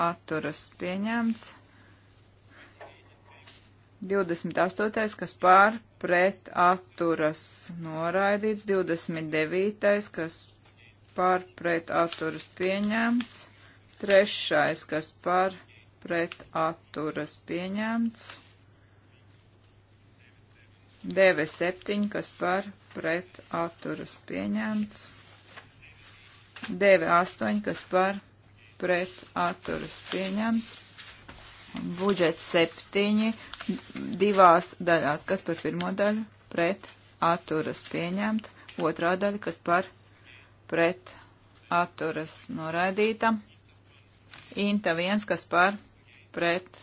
atturas pieņemts. 28. kas pār pret atturas noraidīts, 29. kas pār pret atturas pieņemts, Trešais, kas par pret atturas pieņemts. DV7, kas par pret atturas pieņemts. DV8, kas par pret atturas pieņemts. Budžets 7, divās daļās, kas par pirmo daļu pret atturas pieņemt. Otrā daļa, kas par pret atturas noraidīta. Inta viens, kas par pret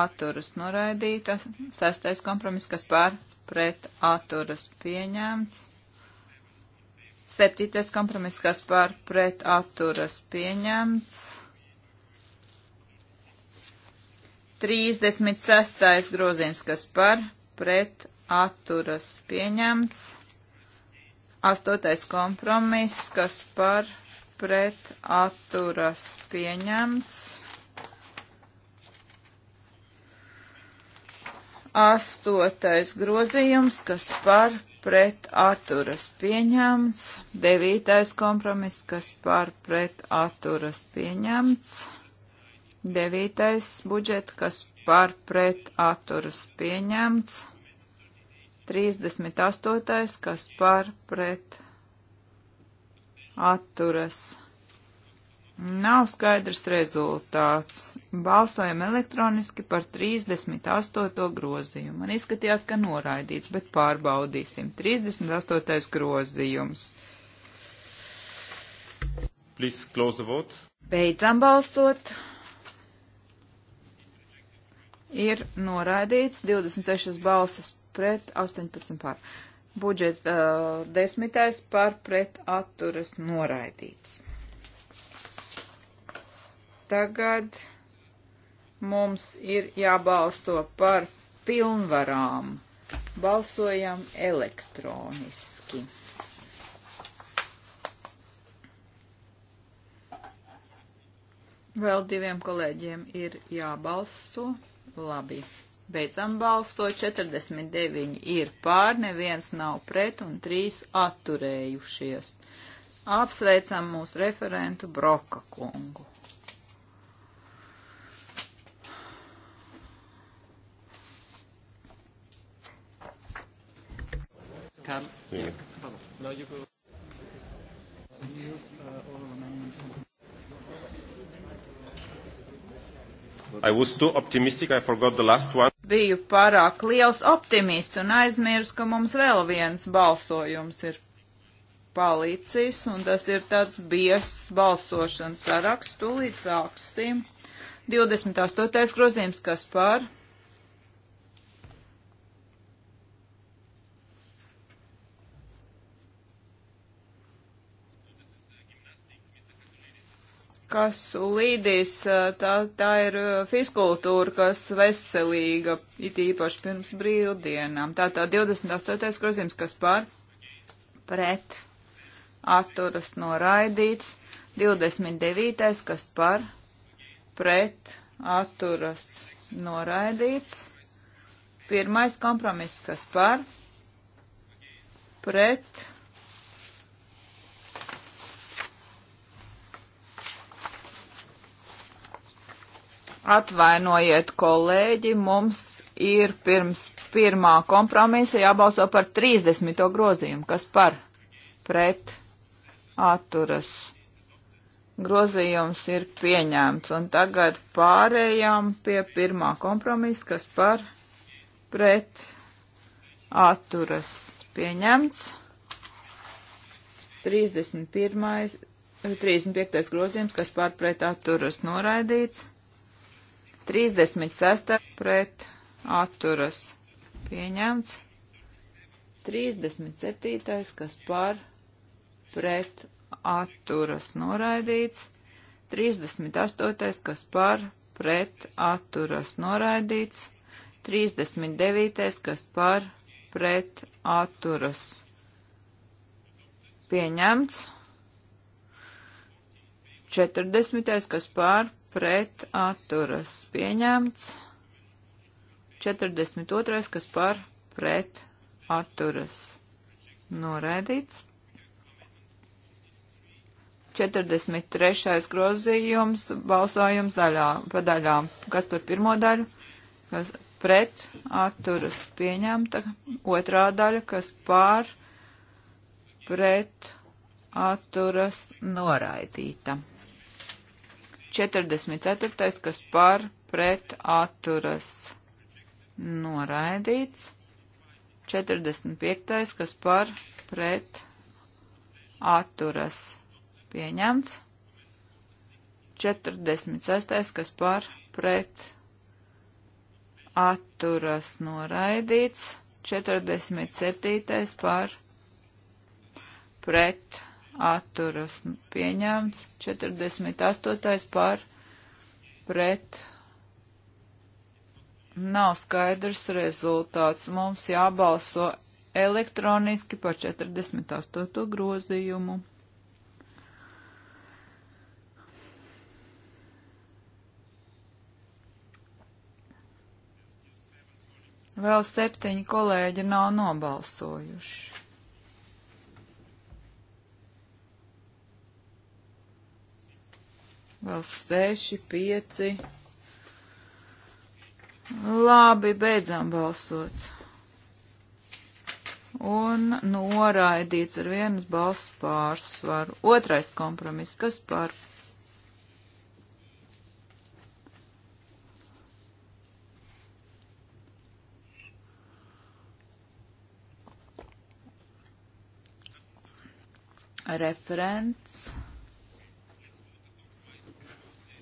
atturas noraidīta. Sestais kompromiss, kas par pret atturas pieņemts. Septītais kompromiss, kas par pret atturas pieņemts. 36. grozījums, kas par pret atturas pieņemts. Astotais kompromiss, kas par pret atturas pieņemts. Astotais grozījums, kas par pret atturas pieņemts. Devītais kompromiss, kas par pret atturas pieņemts. Devītais budžets, kas par pret atturas pieņemts. 38. kas par pret atturas pieņemts atturas. Nav skaidrs rezultāts. Balsojam elektroniski par 38. grozījumu. Man izskatījās, ka noraidīts, bet pārbaudīsim. 38. grozījums. Please close the vote. Beidzam balsot. Ir noraidīts 26 balsas pret 18 pār budžeta uh, desmitais par pret atturas noraidīts. Tagad mums ir jābalsto par pilnvarām. Balstojam elektroniski. Vēl diviem kolēģiem ir jābalso. Labi. Beidzam balsot, 49 ir pār, neviens nav pret un 3 atturējušies. Apsveicam mūsu referentu Broka kungu. Kam? Jā. Yeah. I was too optimistic, I forgot the last one biju pārāk liels optimists un aizmirsu, ka mums vēl viens balsojums ir palicis, un tas ir tāds biezs balsošanas saraksts. Tūlīt sāksim. 28. grozījums, kas par? kas līdīs, tā, tā ir fiskultūra, kas veselīga, it īpaši pirms brīvdienām. Tā tā 28. grozījums, kas par pret atturas noraidīts, 29. kas par pret atturas noraidīts, pirmais kompromiss, kas par pret Atvainojiet, kolēģi, mums ir pirms pirmā kompromisa jābalso par 30. grozījumu, kas par pret atturas. Grozījums ir pieņemts, un tagad pārējām pie pirmā kompromisa, kas par pret atturas pieņemts. 31. 35. grozījums, kas pārpret atturas noraidīts. 36 pret atturas pieņemts. 37. kas par pret atturas noraidīts. 38. kas par pret atturas noraidīts. 39. kas par pret atturas pieņemts. 40. kas par pret atturas pieņemts. 42. kas par pret atturas noraidīts. 43. grozījums balsojums daļā, pa daļām. Kas par pirmo daļu? Kas pret atturas pieņemta. Otrā daļa, kas pār pret atturas noraidīta. 44. kas par pret atturas noraidīts. 45. kas par pret atturas pieņemts. 46. kas par pret atturas noraidīts. 47. par pret atturas atturas pieņemts, 48. par pret nav skaidrs rezultāts. Mums jābalso elektroniski par 48. grozījumu. Vēl septiņi kolēģi nav nobalsojuši. Vēl 6, 5. Labi, beidzām balsot. Un noraidīts ar vienas balss pārsvaru. Otrais kompromiss, kas par? Referents.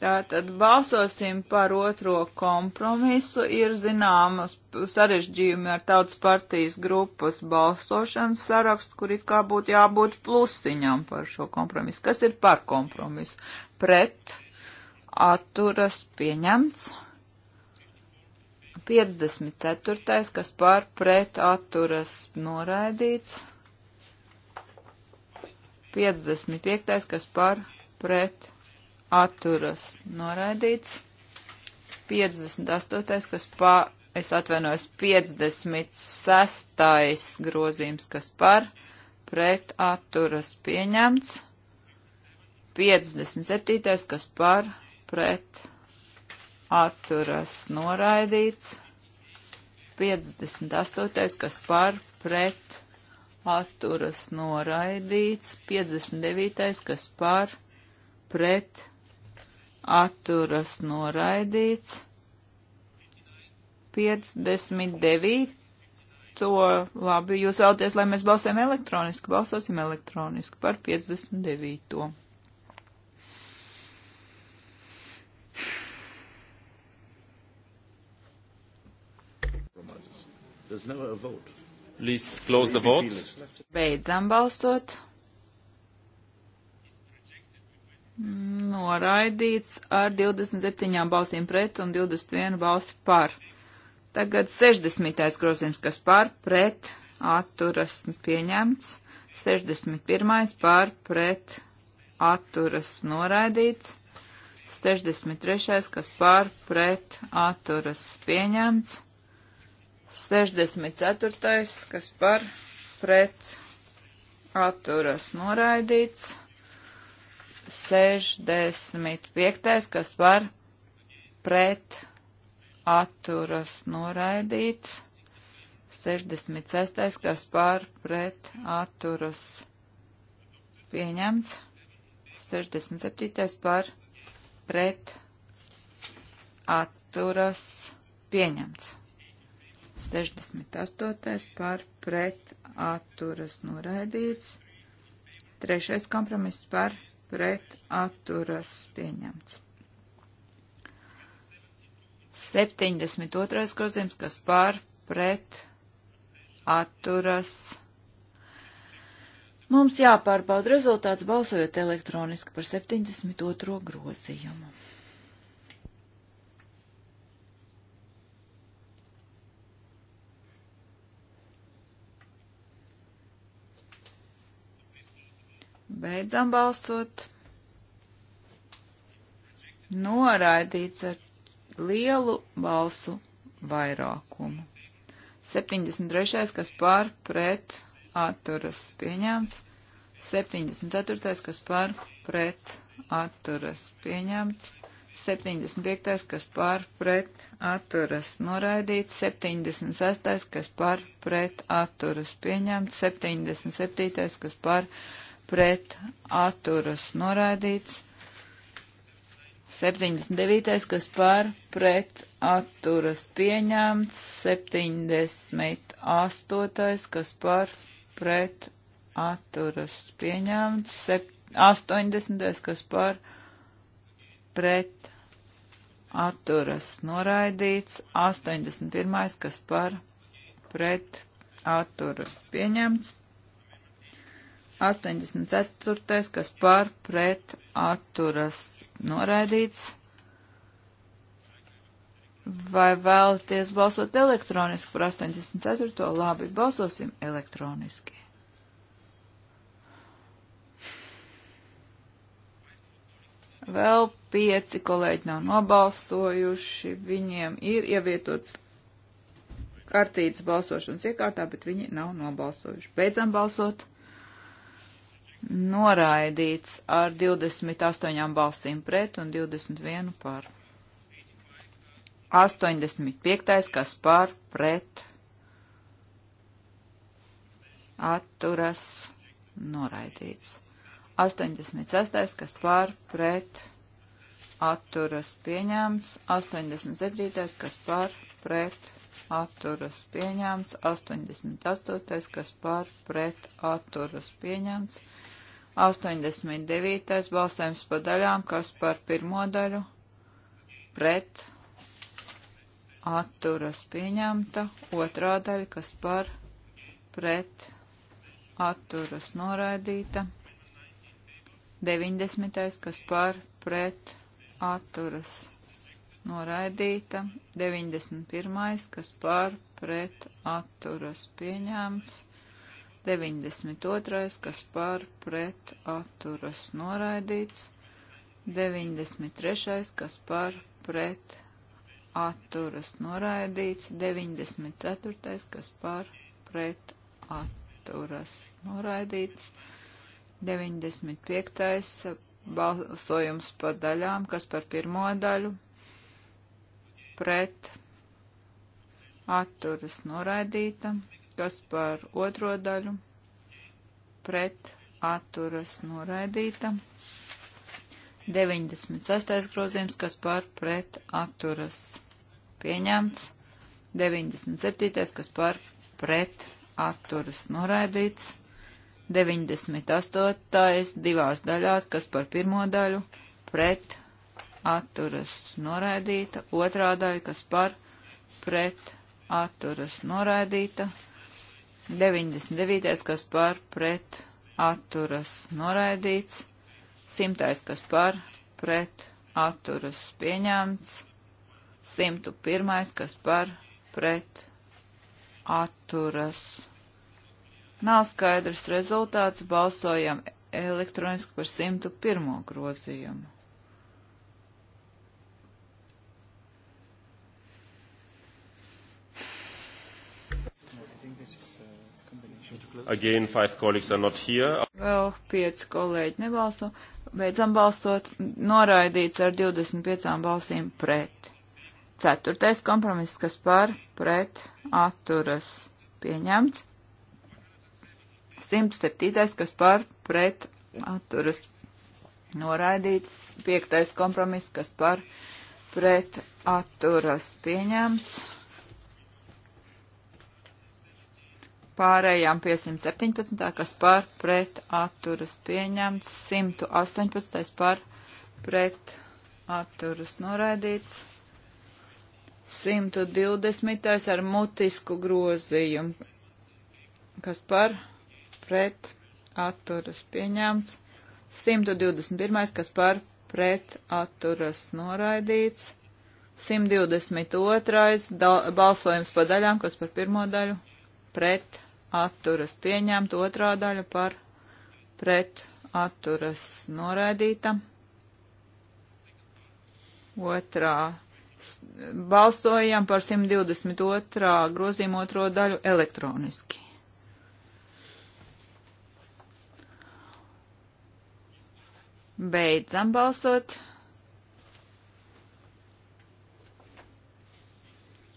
Tātad balsosim par otro kompromisu. Ir zināmas sarežģījumi ar tautas partijas grupas balsošanas sarakstu, kur it kā būtu jābūt plusiņam par šo kompromisu. Kas ir par kompromisu? Pret atturas pieņemts. 54. kas par pret atturas noraidīts. 55. kas par pret atturas atturas noraidīts. 58. kas pa, es atvainojos, 56. grozījums, kas par, pret atturas pieņemts. 57. kas par, pret atturas noraidīts. 58. kas par, pret atturas noraidīts. 59. kas par, pret atturas noraidīts atturas noraidīts. 59. To labi, jūs vēlaties, lai mēs balsojam elektroniski, balsosim elektroniski par 59. There's never a vote. Please close the vote. Beidzam balsot. noraidīts ar 27 balsīm pret un 21 balsi par. Tagad 60. grozījums, kas par pret atturas pieņemts, 61. par pret atturas noraidīts, 63. kas par pret atturas pieņemts, 64. kas par pret atturas noraidīts. 65. kas par pret atturas noraidīts. 66. kas par pret atturas pieņemts. 67. par pret atturas pieņemts. 68. par pret atturas noraidīts. Trešais kompromiss par pret pret atturas pieņemts. 72. grozījums, kas pār pret atturas. Mums jāpārbauda rezultāts balsojot elektroniski par 72. grozījumu. Beidzam balsot. Noraidīts ar lielu balsu vairākumu. 73. kas pār pret atturas pieņemts. 74. kas pār pret atturas pieņemts. 75. kas pār pret atturas noraidīts, 76. kas pār pret atturas pieņemts, 77. kas pār pret atturas noraidīts. 79. kas par pret atturas pieņemts. 78. kas par pret atturas pieņemts. 80. kas par pret atturas noraidīts. 81. kas par pret atturas pieņemts. 84. kas par pret atturas noraidīts. Vai vēlaties balsot elektroniski par 84. labi, balsosim elektroniski. Vēl pieci kolēģi nav nobalsojuši, viņiem ir ievietots kartītas balsošanas iekārtā, bet viņi nav nobalsojuši. Beidzam balsot noraidīts ar 28 balsīm pret un 21 par. 85. kas par pret atturas noraidīts. 86. kas par pret atturas pieņēmts. 87. kas par pret atturas pieņēmts. 88. kas par pret atturas pieņēmts. 89. balsojums pa daļām, kas par pirmo daļu pret atturas pieņemta, otrā daļa, kas par pret atturas noraidīta, 90. kas par pret atturas noraidīta, 91. kas par pret atturas pieņemts. 92. kas par pret atturas noraidīts, 93. kas par pret atturas noraidīts, 94. kas par pret atturas noraidīts, 95. balsojums par daļām, kas par pirmo daļu pret atturas noraidītam kas par otro daļu pret atturas noraidīta. 96. grozījums, kas par pret atturas pieņemts. 97. kas par pret atturas noraidīts. 98. divās daļās, kas par pirmo daļu pret atturas noraidīta. Otrā daļa, kas par pret atturas noraidīta. 99. kas par pret atturas noraidīts, 100. kas par pret atturas pieņemts, 101. kas par pret atturas. Nav skaidrs rezultāts, balsojam elektroniski par 101. grozījumu. Again, five colleagues are not here. Vēl pieci kolēģi nebalso. Beidzam balstot. Noraidīts ar 25 balsīm pret. Ceturtais kompromiss, kas par pret atturas pieņemts. 107. kas par pret atturas noraidīts. Piektais kompromiss, kas par pret atturas pieņemts. Pārējām pie 117. kas par pret atturas pieņemts. 118. par pret atturas noraidīts. 120. ar mutisku grozījumu, kas par pret atturas pieņemts. 121. kas par pret atturas noraidīts. 122. Da, balsojums pa daļām, kas par pirmo daļu pret atturas pieņemta, otrā daļa par pret atturas noraidīta. Otrā. Balstojam par 122. grozījumu otro daļu elektroniski. Beidzam balsot.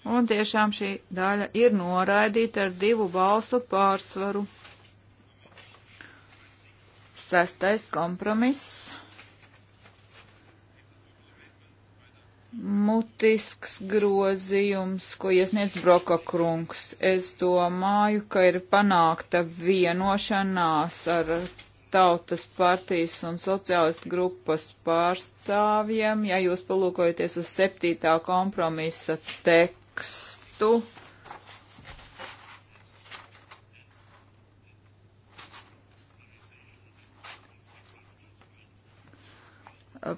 Un tiešām šī daļa ir noraidīta ar divu balsu pārsvaru. Sestais kompromiss. Mutisks grozījums, ko iesniedz Broka Krunks. Es domāju, ka ir panākta vienošanās ar tautas partijas un sociālistu grupas pārstāvjiem, ja jūs palūkojaties uz septītā kompromisa tekstu tekstu.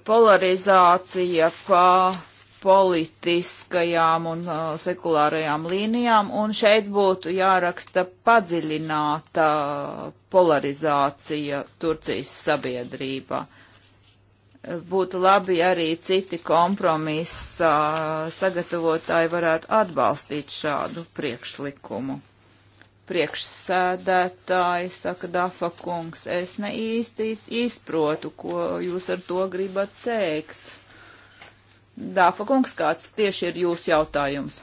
Polarizācija pa politiskajām un uh, sekulārajām līnijām, un šeit būtu jāraksta padziļināta polarizācija Turcijas sabiedrībā. Uh, būtu labi arī citi kompromisa sagatavotāji varētu atbalstīt šādu priekšlikumu. Priekšsēdētāji, saka Dafa kungs, es ne īsti izprotu, ko jūs ar to gribat teikt. Dafa kungs, kāds tieši ir jūsu jautājums?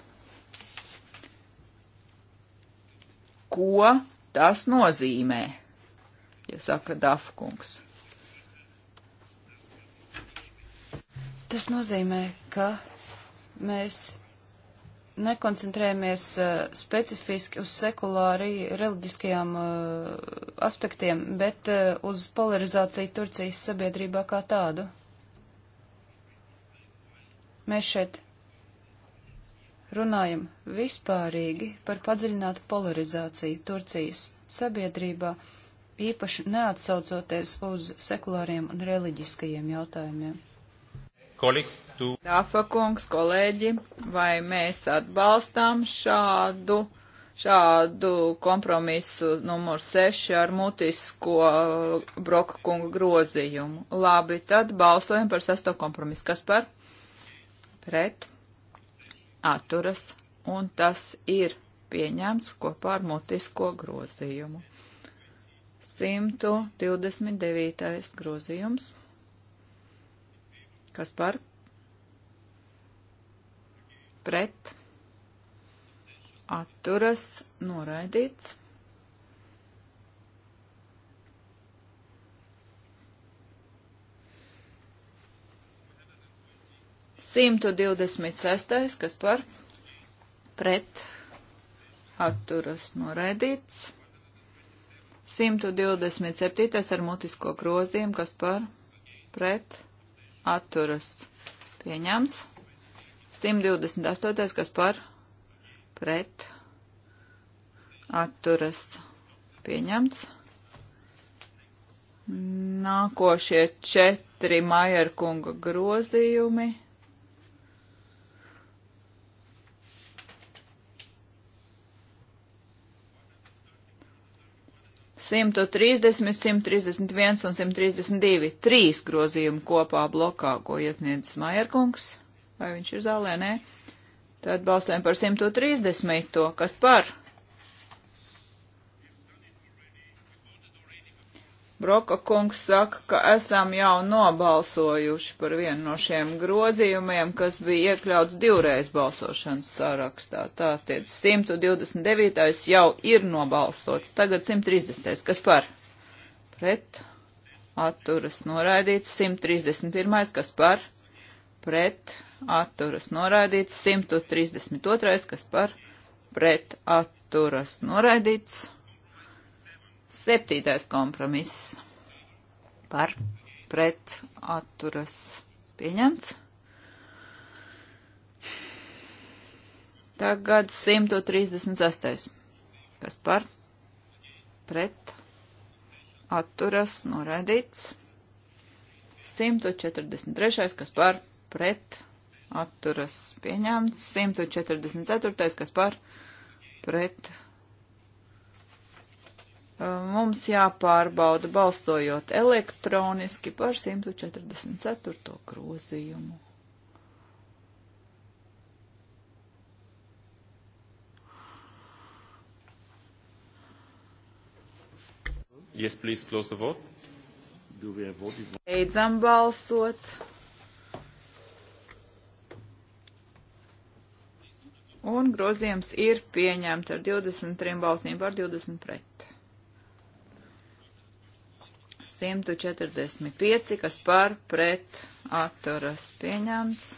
Ko tas nozīmē, ja saka Dafa kungs? Tas nozīmē, ka mēs nekoncentrējamies uh, specifiski uz sekulāri reliģiskajām uh, aspektiem, bet uh, uz polarizāciju Turcijas sabiedrībā kā tādu. Mēs šeit runājam vispārīgi par padziļinātu polarizāciju Turcijas sabiedrībā, īpaši neatsaucoties uz sekulāriem un reliģiskajiem jautājumiem. To... Dāfa kungs, kolēģi, vai mēs atbalstām šādu, šādu kompromisu numur 6 ar mutisko uh, Broka kunga grozījumu? Labi, tad balsojam par sesto kompromisu. Kas par? Pret? Atturas. Un tas ir pieņemts kopā ar mutisko grozījumu. 129. grozījums. Kas par? Pret. Atturas noraidīts. Simtu divdesmit sestais, kas par? Pret. Atturas noraidīts. 127. ar mutisko grozījumu, kas par pret atturas pieņemts. 128. kas par pret atturas pieņemts. Nākošie četri Majerkunga grozījumi. 130, 131 un 132. Trīs grozījumi kopā blokā, ko iesniedz Majerkungs. Vai viņš ir zālē? Nē. Tad balsojam par 130. To, kas par? Broka kungs saka, ka esam jau nobalsojuši par vienu no šiem grozījumiem, kas bija iekļauts divreiz balsošanas sarakstā. Tātad 129. jau ir nobalsots, tagad 130. Kas par? Pret. Atturas noraidīts. 131. Kas par? Pret. Atturas noraidīts. 132. Kas par? Pret. Atturas noraidīts. Septītais kompromiss par pret atturas pieņemts. Tagad 136. Kas par? Pret. Atturas noraidīts. 143. Kas par? Pret. Atturas pieņemts. 144. Kas par? Pret mums jāpārbauda balsojot elektroniski par 144. grozījumu. Yes, please close the vote. Do we have voted? Beidzam balsot. Un grozījums ir pieņemts ar 23 balsīm par 20 pret. 145, kas par pret atturas pieņemts.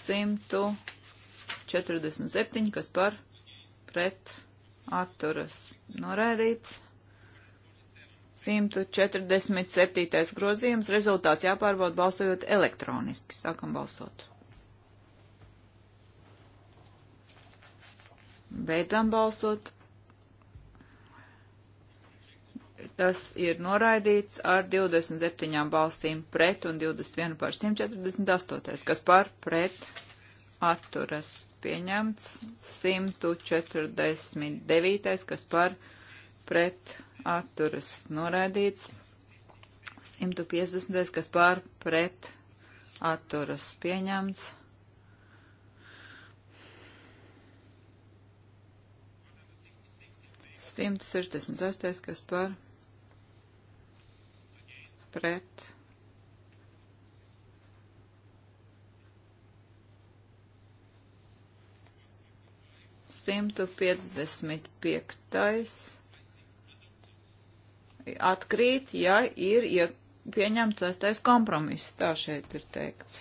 147, kas par pret atturas noraidīts. 147. grozījums rezultāts jāpārbauda balsojot elektroniski. Sākam balsot. Beidzam balsot tas ir noraidīts ar 27 balstīm pret un 21 par 148, kas par pret atturas pieņemts, 149, kas par pret atturas noraidīts, 150, kas par pret atturas pieņemts. Simts sešdesmit sestais, kas par pret simtu piecdesmit piektais atkrīt, ja ir ja pieņemts sastais kompromiss, tā šeit ir teikts.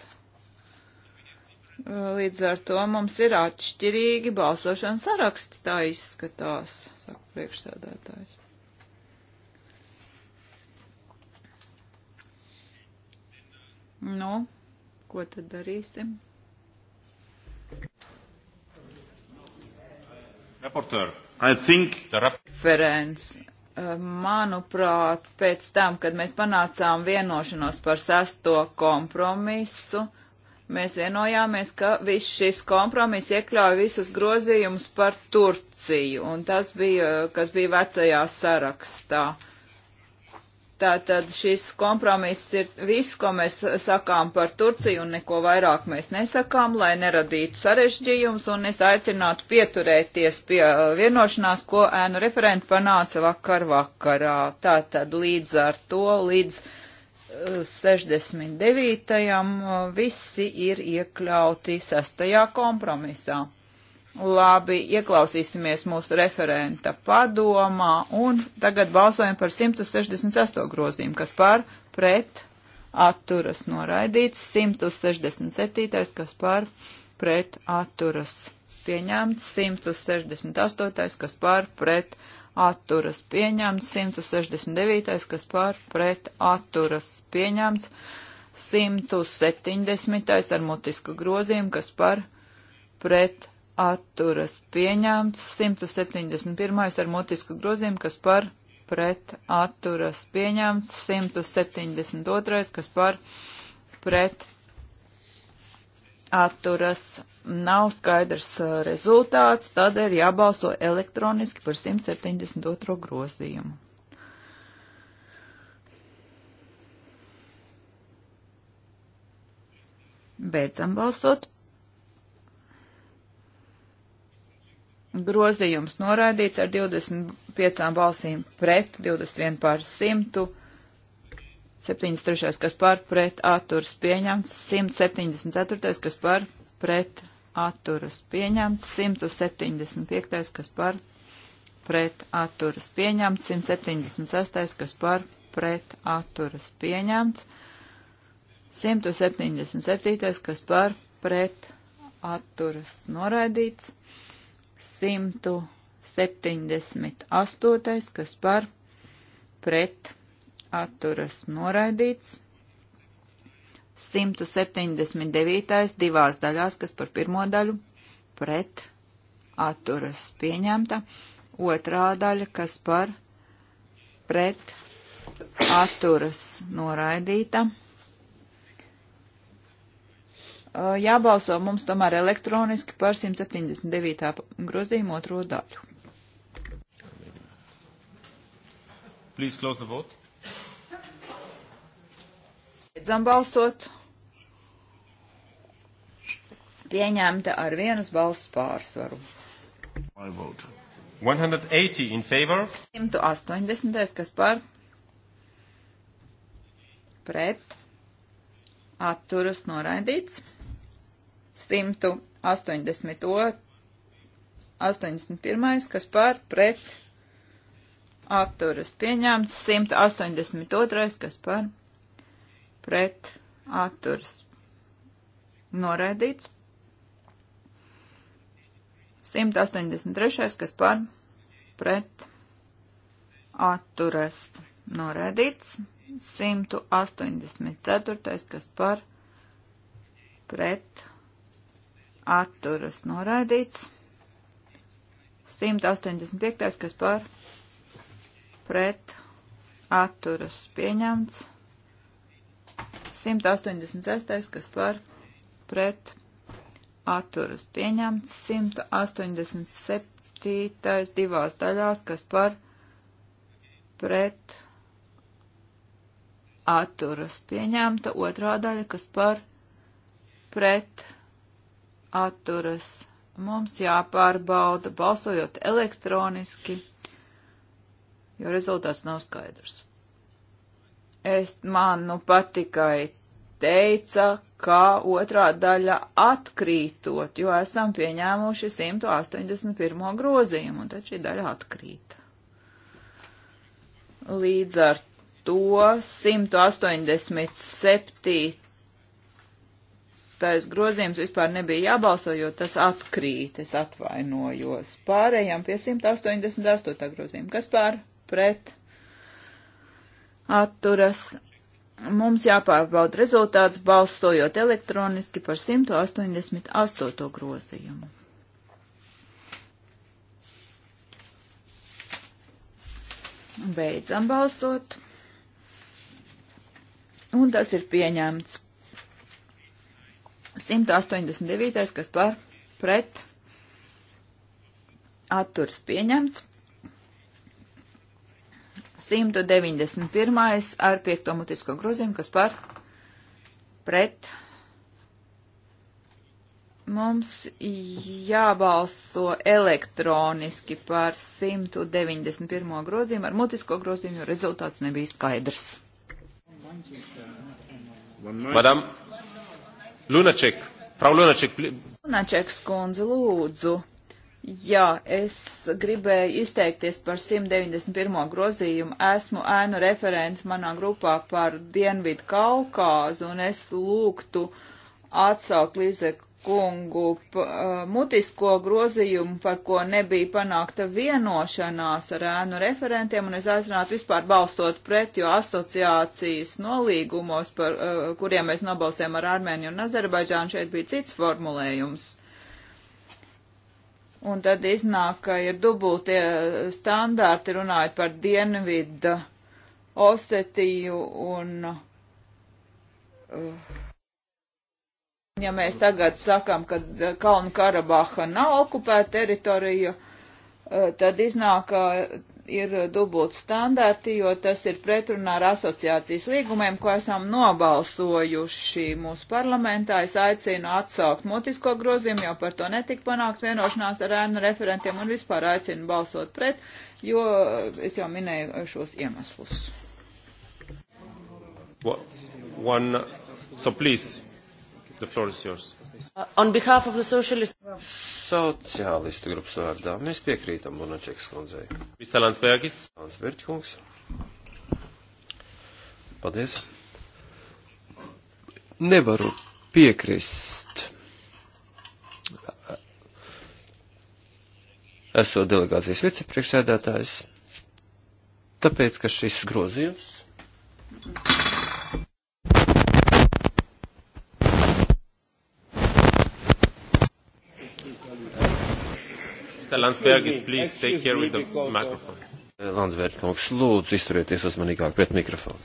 Līdz ar to mums ir atšķirīgi balsošanas saraksti, tā izskatās, saka priekšsēdētājs. Nu, ko tad darīsim? Reporter. I think the reference. Eh, manuprāt, pēc tam, kad mēs panācām vienošanos par sesto kompromisu, mēs vienojāmies, ka viss šis kompromiss iekļauj visus grozījumus par Turciju, un tas bija, kas bija vecajā sarakstā. Uh, Tātad šis kompromiss ir viss, ko mēs sakām par Turciju, un neko vairāk mēs nesakām, lai neradītu sarežģījums, un es aicinātu pieturēties pie uh, vienošanās, ko ēnu referenti panāca vakar vakarā. Tātad līdz ar to, līdz 69. Uh, uh, visi ir iekļauti sastajā kompromisā. Labi, ieklausīsimies mūsu referenta padomā un tagad balsojam par 168 grozījumu, kas par pret atturas noraidīts, 167, kas par pret atturas pieņemts, 168, kas par pret atturas pieņemts, 169, kas par pret atturas pieņemts, 170 ar mutisku grozījumu, kas par pret atturas pieņemts atturas pieņemts, 171 ar mutisku grozījumu, kas par pret atturas pieņemts, 172, kas par pret atturas nav skaidrs uh, rezultāts, tādēļ jābalso elektroniski par 172 grozījumu. Beidzam balsot. grozījums noraidīts ar 25 balsīm pret, 21 pār 100, 73, kas pār pret atturas pieņemts, 174, kas pār pret atturas pieņemts, 175, kas pār pret atturas pieņemts, 176, kas pār pret atturas pieņemts, 177, kas pār pret atturas noraidīts, 178. kas par pret atturas noraidīts. 179. divās daļās, kas par pirmo daļu pret atturas pieņemta. Otrā daļa, kas par pret atturas noraidīta jābalso mums tomēr elektroniski par 179. grozījumu otro daļu. Please close the vote. Beidzam balsot. Pieņemta ar vienas balss pārsvaru. 180 in favor. 180, kas par? Pret. Atturas noraidīts. 182. 81. kas par pret atturas pieņemts, 182. kas par pret atturas noraidīts, 183. kas par pret atturas noraidīts, 184. kas par pret atturas atturas noraidīts. 185. kas par pret atturas pieņemts. 186. kas par pret atturas pieņemts. 187. divās daļās, kas par pret atturas pieņemta. Otrā daļa, kas par pret atturas pieņemta atturas. Mums jāpārbauda balsojot elektroniski, jo rezultāts nav skaidrs. Es man nu patikai teica, ka otrā daļa atkrītot, jo esam pieņēmuši 181. grozījumu, un tad šī daļa atkrīt. Līdz ar to 187 Tais grozījums vispār nebija jābalso, jo tas atkrīt, es atvainojos. Pārējām pie 188. grozījuma. Kas pār? Pret. Atturas. Mums jāpārbauda rezultāts balsojot elektroniski par 188. grozījumu. Beidzam balsot. Un tas ir pieņemts 189. kas par pret atturs pieņemts. 191. ar 5. mutisko grozījumu, kas par pret mums jābalso elektroniski par 191. grozījumu. Ar mutisko grozījumu rezultāts nebija skaidrs. Madam, Lunaček, Frau Lunaček. Lunaček skundze, lūdzu. Jā, es gribēju izteikties par 191. grozījumu. Esmu ēnu referents manā grupā par Dienvidu Kaukāzu, un es lūgtu atsaukt Līzeku kungu mutisko grozījumu, par ko nebija panākta vienošanās ar ēnu referentiem, un es aicinātu vispār balstot pret, jo asociācijas nolīgumos, par kuriem mēs nobalsējam ar Armēniju un Azerbaidžānu, šeit bija cits formulējums. Un tad iznāk, ka ir dubultie standārti runājot par dienvidu Osetiju un. Uh, Ja mēs tagad sakam, ka uh, Kalnu Karabaha nav okupēta teritorija, uh, tad iznāk, ka ir dubult standarti, jo tas ir pretrunā ar asociācijas līgumiem, ko esam nobalsojuši mūsu parlamentā. Es aicinu atsaukt mutisko grozījumu, jo par to netika panākt vienošanās ar ēnu referentiem un vispār aicinu balsot pret, jo uh, es jau minēju šos iemeslus. One, so please. The floor is yours. Uh, on behalf of the socialist... Sociālistu grupas vārdā mēs piekrītam Lunačekas kundzei. Mr. Landsbergis. Landsbergis kungs. Paldies. Nevaru piekrist. Uh, Esot delegācijas vicepriekšsēdētājs, tāpēc, ka šis grozījums Mr. Landsbergis, please take care with the microphone. Eh, Landsbergis, kungs, lūdzu, izturieties uzmanīgāk pret mikrofonu.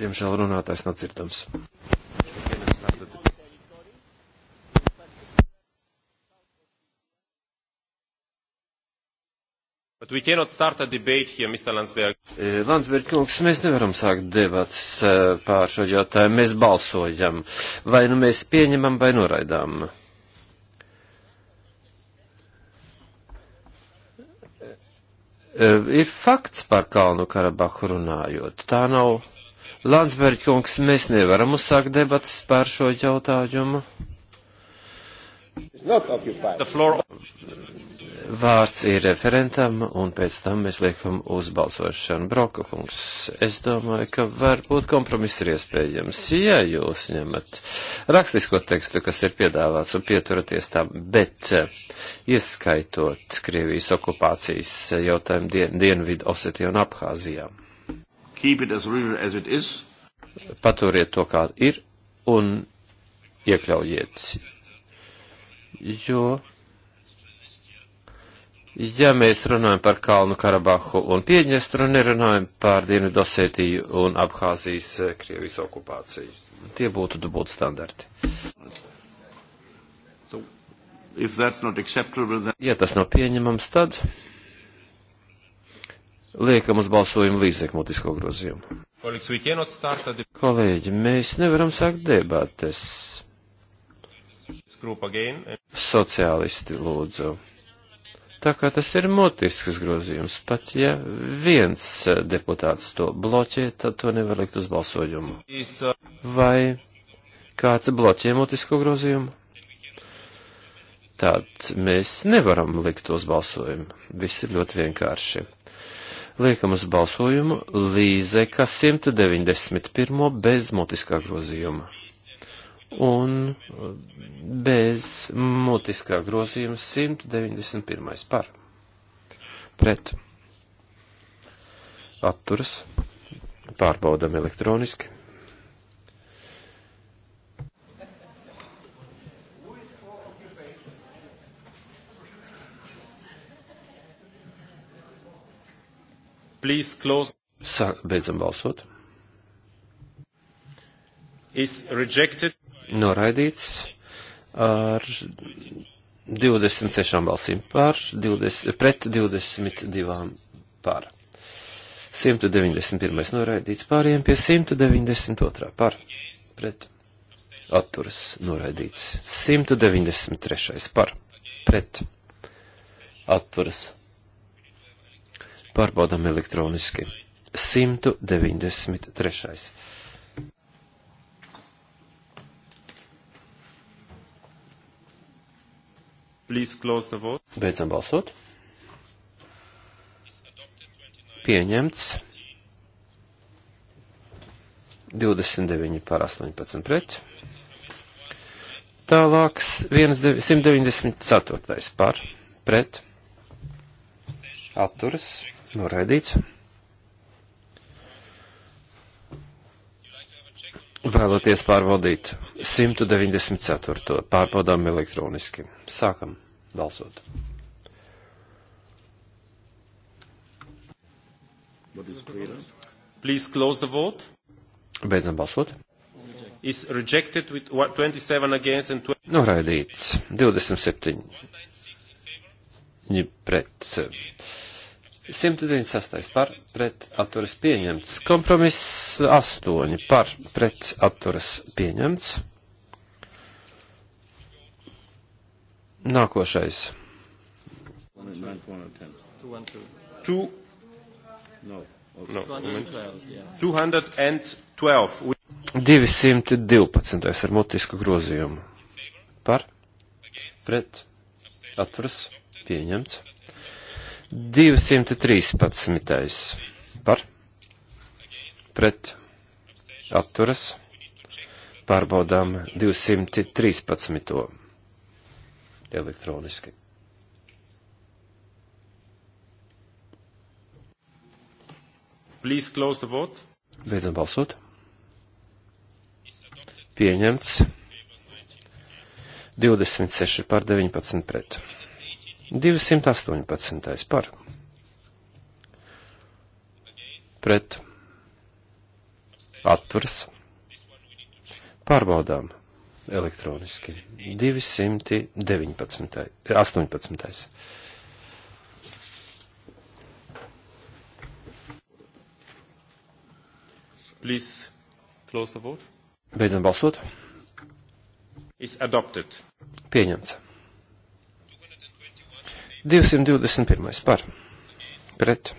Diemžēl runātājs nav dzirdams. But we cannot start a debate here, Mr. Landsberg. Eh, Landsberg kungs, mēs nevaram sākt debatas eh, pār šo jautājumu. Mēs balsojam. Vai nu mēs pieņemam vai noraidām. Eh, ir fakts par Kalnu Karabahu runājot. Tā nav. Landsberg kungs, mēs nevaram uzsākt debatas pār šo jautājumu. Vārds ir referentam, un pēc tam mēs liekam uz balsošanu. Broka kungs, es domāju, ka varbūt kompromiss ir iespējams, ja jūs ņemat rakstisko tekstu, kas ir piedāvāts un pieturaties tam, bet eh, ieskaitot Krievijas okupācijas jautājumu dien, Dienvidu Osetiju un Abhāzijā. As as Paturiet to, kā ir, un iekļaujiet jo, ja mēs runājam par Kalnu Karabahu un Piedņestru, nerunājam par Dienvidosētiju un Abhāzijas eh, Krievijas okupāciju. Tie būtu dubult standarti. So, then... Ja tas nav pieņemams, tad liekam uz balsojumu līdzekmutisko grozījumu. Kolēģi, mēs nevaram sākt debates Sociālisti lūdzu. Tā kā tas ir motisks grozījums, pat ja viens deputāts to bloķē, tad to nevar likt uz balsojumu. Uh, Vai kāds bloķē motisko grozījumu? Tad mēs nevaram likt uz balsojumu. Viss ir ļoti vienkārši liekam uz balsojumu Līzeka 191. bez mutiskā grozījuma un uh, bez mutiskā grozījuma 191. par. Pret. Atturas. Pārbaudam elektroniski. Please close. Sa beidzam balsot. Is rejected noraidīts ar 26 balsīm par, 20, pret 22 par. 191 noraidīts pāriem pie 192 par, pret atturas noraidīts. 193 par, pret atturas. Pārbaudam elektroniski. 193. Please close the vote. Beidzam balsot. Pieņemts. 29 par 18 pret. Tālāk 194 par pret. Atturas. Noraidīts. Vēloties pārbaudīt 194. pārbaudām elektroniski. Sākam balsot. Please close the vote. Beidzam balsot. Is rejected with 27 against and 20. Noraidīts 27 pret. 198 par pret atturas pieņemts. Kompromiss 8 par pret atturas pieņemts. Nākošais. 212 ar mutisku grozījumu. Par pret atturas pieņemts. 213. par pret atturas pārbaudām 213. elektroniski. Please close the vote. Beidzam balsot. Pieņemts. 26 par 19 pret. 218. par pret atturas pārbaudām elektroniski 219. 18. Please close the vote. Beidzam balsot. Is adopted. Pieņemts. 221. par pret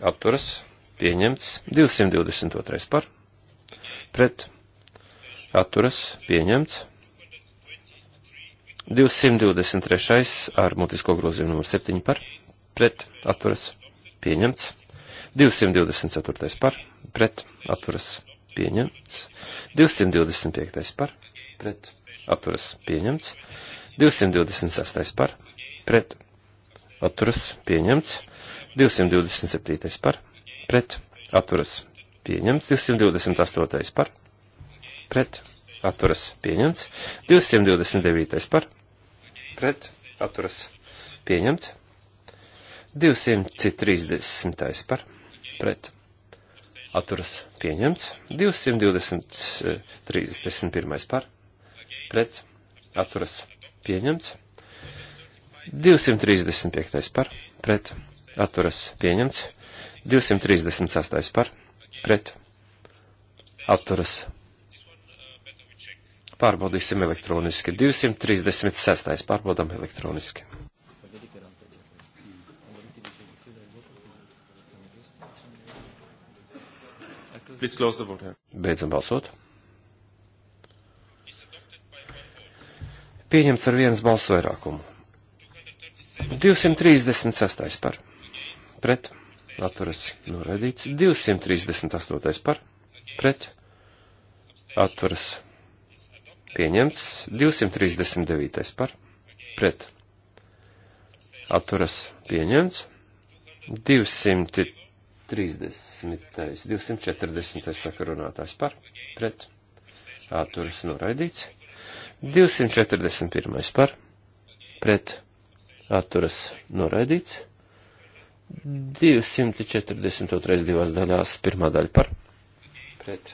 atturas pieņemts 222. par pret atturas pieņemts 223. ar mutisko grozījumu numur 7 par pret atturas pieņemts 224. par pret atturas pieņemts 225. par pret atturas pieņemts 226. par pret atturas pieņemts, 227. par pret atturas pieņemts, 228. par pret atturas pieņemts, 229. par pret atturas pieņemts, 230. par pret atturas pieņemts, 221. par pret atturas pieņemts. 235. par, pret, atturas pieņemts. 236. par, pret, atturas. Pārbaudīsim elektroniski. 236. pārbaudām elektroniski. Beidzam balsot. Pieņemts ar vienas balss vairākumu. 236 par pret atturas noraidīts, 238 par pret atturas pieņemts, 239 par pret atturas pieņemts, 230, 240 sakarunātājs par pret atturas noraidīts, 241 par pret atturas noraidīts. 242. divās daļās pirmā daļa par pret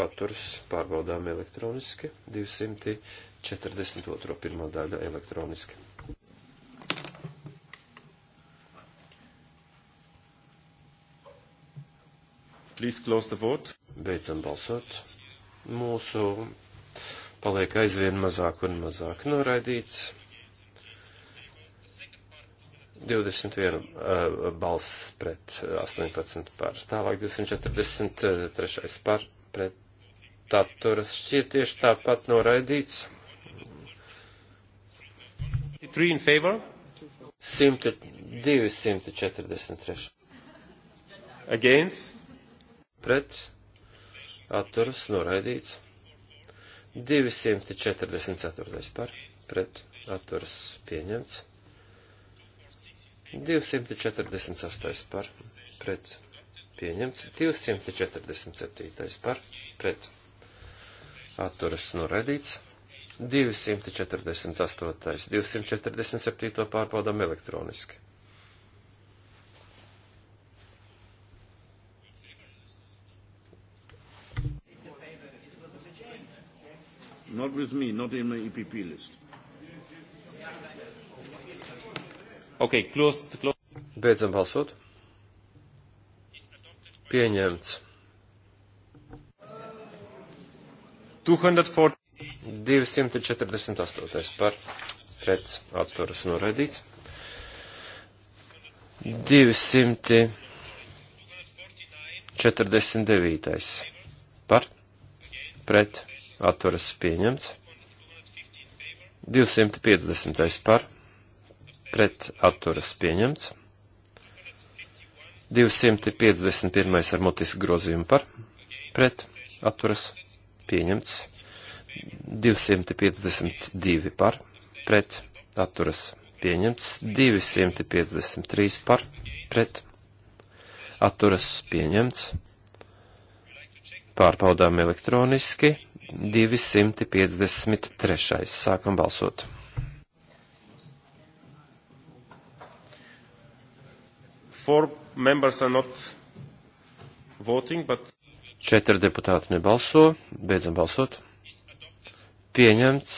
atturas pārbaudām elektroniski. 242. pirmā daļa elektroniski. Please close the vote. Beidzam balsot. Mūsu paliek aizvien mazāk un mazāk noraidīts. 21 uh, eh, balss pret 18 eh, par. Tālāk 243 eh, par pret atturas šķiet tieši tāpat noraidīts. 3 in favor. 100, 243. Against. Pret atturas noraidīts. 244. par pret atturas pieņemts. 248. par pret pieņemts. 247. par pret atturas noraidīts. 248. 247. pārbaudām elektroniski. Not with me, not in my EPP list. Okay, closed, closed. Beidzam balsot. Pieņemts. 248. 248 par pret atturas noraidīts. 249 par pret atturas pieņemts. 250. par pret atturas pieņemts. 251. ar mutisku grozījumu par pret atturas pieņemts. 252 par pret atturas pieņemts. 253 par pret atturas pieņemts. Pārbaudām elektroniski. 253. Sākam balsot. Four members are not voting, but... Četri deputāti nebalso. Beidzam balsot. Pieņemts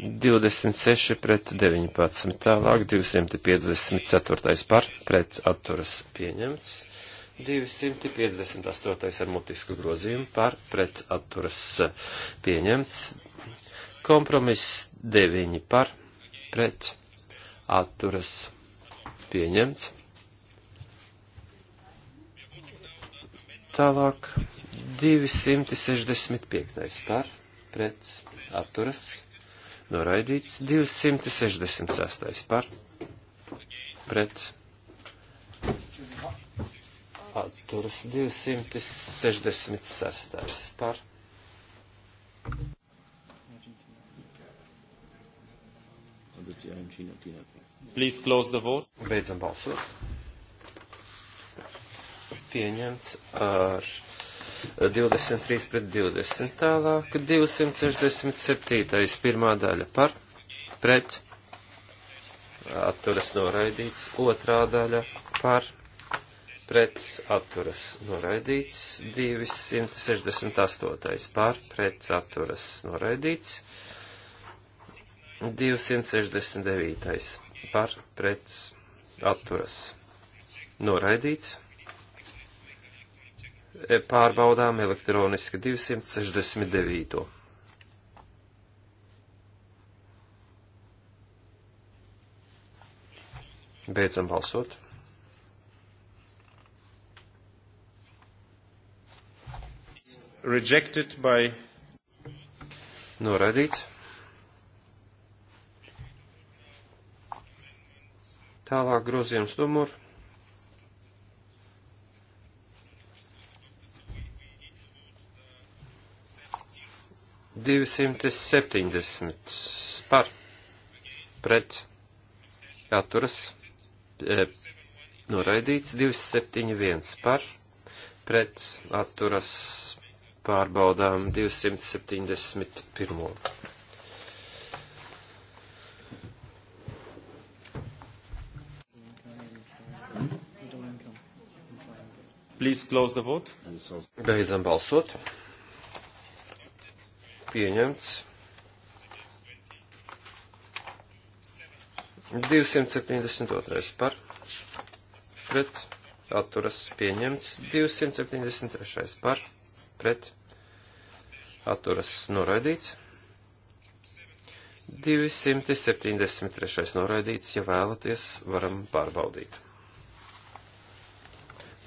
26 pret 19. Tālāk 254. par pret atturas pieņemts. 258. ar mutisku grozījumu par pret atturas pieņemts. Kompromiss 9 par pret atturas pieņemts. Tālāk 265. par pret atturas noraidīts. 266. par pret atturas atturas 266. par. Please close the vote. Beidzam balsot. Pieņemts ar 23 pret 20 tālāk, 267. pirmā daļa par, pret, atturas noraidīts, otrā daļa par, pret atturas noraidīts, 268 par pret atturas noraidīts, 269 par pret atturas noraidīts. E, pārbaudām elektroniski 269. Beidzam balsot. rejected by. Noraidīts. Tālāk grozījums numur. Divsimtas septiņdesmit par pret atturas e, noraidīts 271 par pret atturas pārbaudām 271. Please close the vote. Beidzam balsot. Pieņemts. 272 par pret atturas pieņemts. 273 par pret pret atturas noraidīts. 273. noraidīts, ja vēlaties, varam pārbaudīt.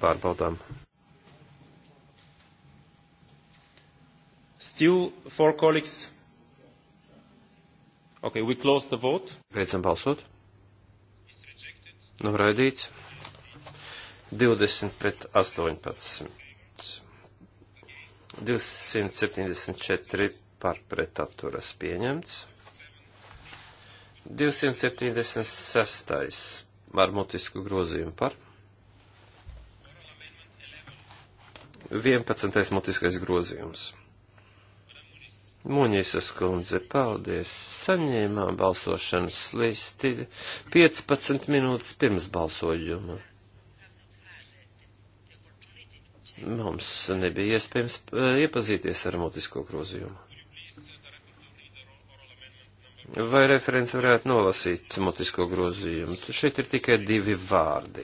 Pārbaudām. Still four colleagues. Okay, we close the vote. Beidzam balsot. Noraidīts. 20 pret 18. 274 par pretaturas pieņemts. 276. ar mutisku grozījumu par. 11. mutiskais grozījums. Muņisas kundze, paldies, saņēmām balsošanas listi 15 minūtes pirms balsojuma mums nebija iespējams eh, iepazīties ar mutisko grozījumu. Vai referents varētu nolasīt mutisko grozījumu? Šeit ir tikai divi vārdi.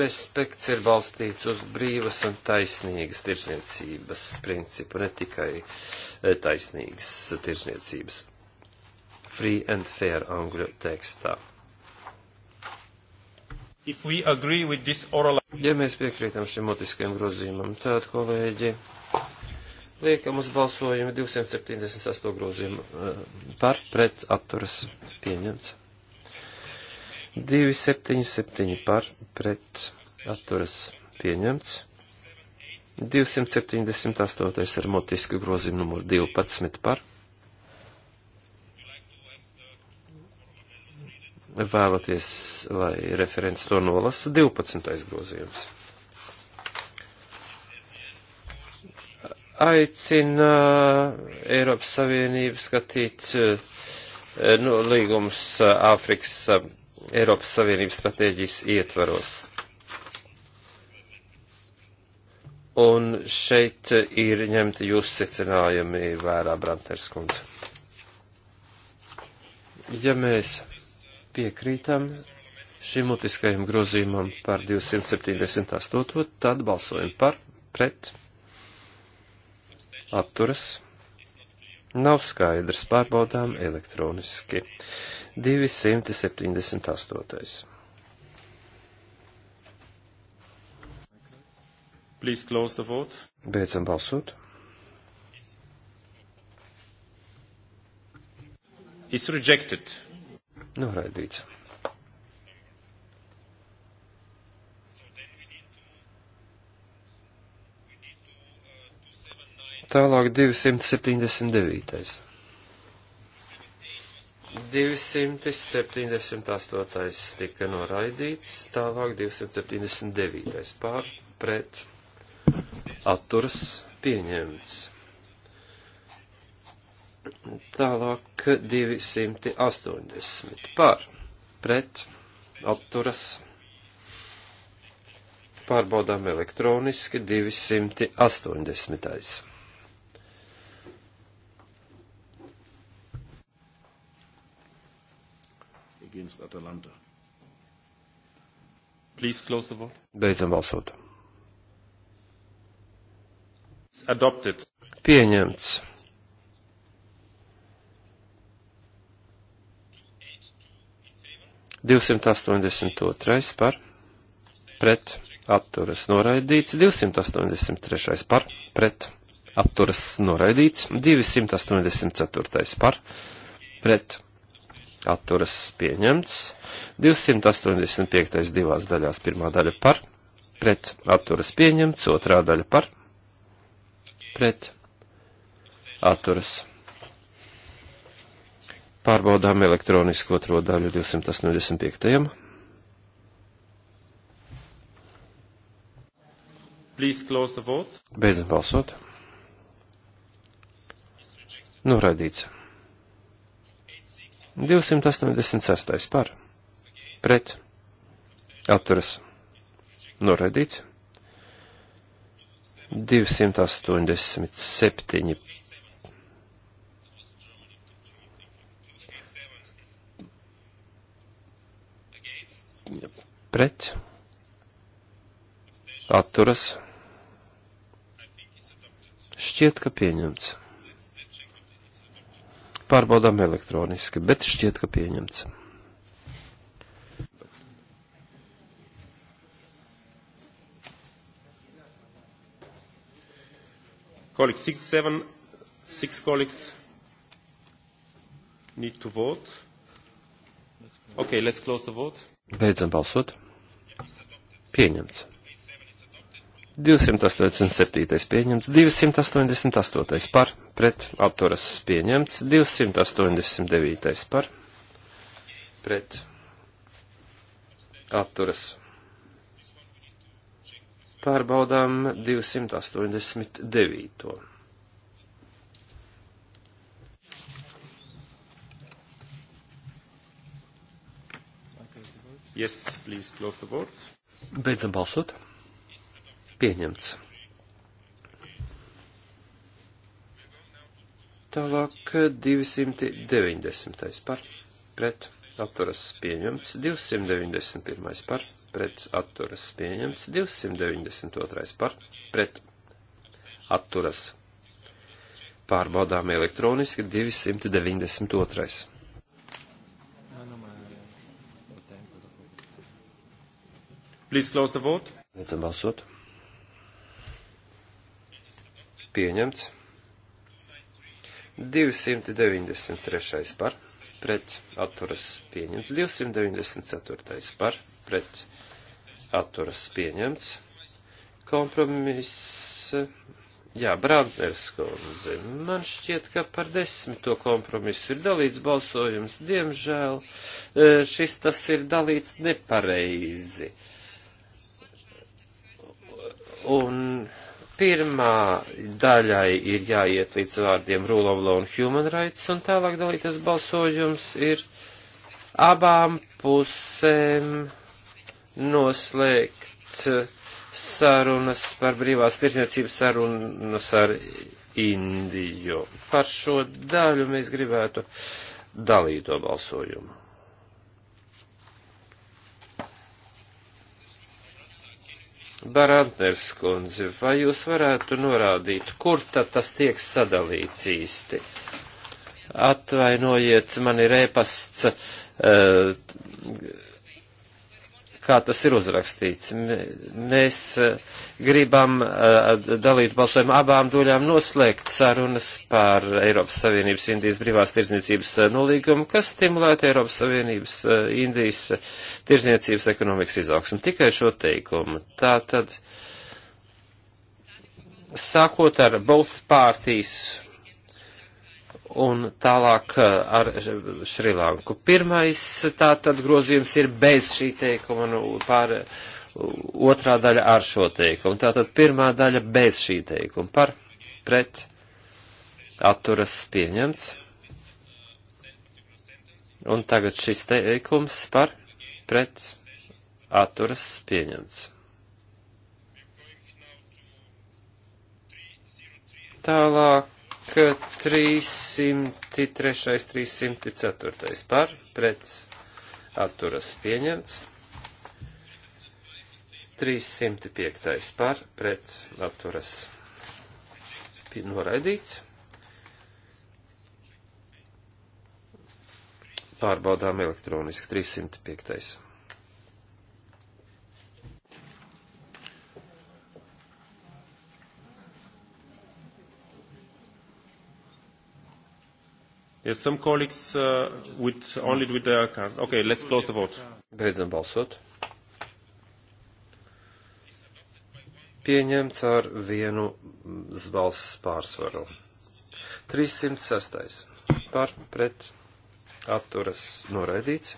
Respekts ir balstīts uz brīvas un taisnīgas tirsniecības principu, ne tikai eh, taisnīgas tirsniecības. Free and fair angļu tekstā. Oral... Ja mēs piekrītam šim mutiskajam grozījumam, tad, kolēģi, liekam uz balsojumu 278 grozījumu eh, par pret atturas pieņemts. 277 par pret atturas pieņemts. 278 ar mutisku grozījumu numuru 12 par pret vēlaties, lai referents to nolasa 12. grozījums. Aicina Eiropas Savienību skatīt eh, nu, līgumus eh, Āfrikas eh, Eiropas Savienības stratēģijas ietvaros. Un šeit ir ņemti jūsu secinājumi vērā, Branters kundze. Ja mēs piekrītam šim mutiskajam grozījumam par 278, tad balsojam par, pret, atturas, nav skaidrs, pārbaudām elektroniski. 278. Please close the vote. Beidzam balsot. It's rejected. Noraidīts. Tālāk 279. 278. tika noraidīts, tālāk 279. pār pret atturas pieņemts. Tālāk 280 par pret atturas. Pārbaudām elektroniski 280. Against Atalanta. Please close the vote. Beidzam balsot. Adopted. Pieņemts. 282 par pret atturas noraidīts, 283 par pret atturas noraidīts, 284 par pret atturas pieņemts, 285 divās daļās pirmā daļa par pret atturas pieņemts, otrā daļa par pret atturas pārbaudām elektronisku otro daļu 285. Beidzam balsot. Noraidīts. 286. par. Pret. Atturas. Noraidīts. 287 pret, atturas, šķiet, ka pieņemts. Pārbaudām elektroniski, bet šķiet, ka pieņemts. Colleagues, six, seven, six colleagues need to vote. Okay, let's close the vote. Beidzam balsot. Pieņemts. 287. pieņemts, 288. par, pret atturas pieņemts, 289. par, pret atturas. Pārbaudām 289. Yes, please close the vote. Beidzam balsot. Pieņemts. Tālāk 290. par pret atturas pieņemts, 291. par pret atturas pieņemts, 292. par pret atturas. Pārbaudām elektroniski 292. Please close the vote. Beidzam balsot. Pieņemts. 293. par pret atturas pieņemts. 294. par pret atturas pieņemts. Kompromiss. Jā, Brantners kundze, man šķiet, ka par desmito kompromisu ir dalīts balsojums. Diemžēl eh, šis tas ir dalīts nepareizi. Uh, Un pirmā daļai ir jāiet līdz vārdiem rule of law un human rights, un tālāk dalītas balsojums ir abām pusēm noslēgt sarunas par brīvās tirsniecības sarunas ar Indiju. Par šo daļu mēs gribētu dalīto balsojumu. Barantners kundzi, vai jūs varētu norādīt, kur tad tas tiek sadalīts īsti? Atvainojiet, man ir ēpasts. Uh, e, kā tas ir uzrakstīts. Mēs e, gribam e, dalīt balsojumu abām duļām noslēgt sarunas par Eiropas Savienības Indijas brīvās tirzniecības e, nolīgumu, kas stimulētu Eiropas Savienības Indijas tirzniecības ekonomikas izaugsmu. Tikai šo teikumu. Tā tad, sākot ar both parties un tālāk eh, ar Šrilanku. Pirmais tātad grozījums ir bez šī teikuma un nu, pār otrā daļa ar šo teikumu. Tātad pirmā daļa bez šī teikuma par pret atturas pieņemts. Un tagad šis teikums par pret atturas pieņemts. Tālāk 303, 304 par, pret atturas pieņemts. 305 par, pret atturas noraidīts. Pārbaudām elektroniski 305. Yes, some colleagues uh, with only with their cards. Okay, let's close the vote. Beidzam balsot. Pieņemts ar vienu balss pārsvaru. 306. Par pret atturas noraidīts.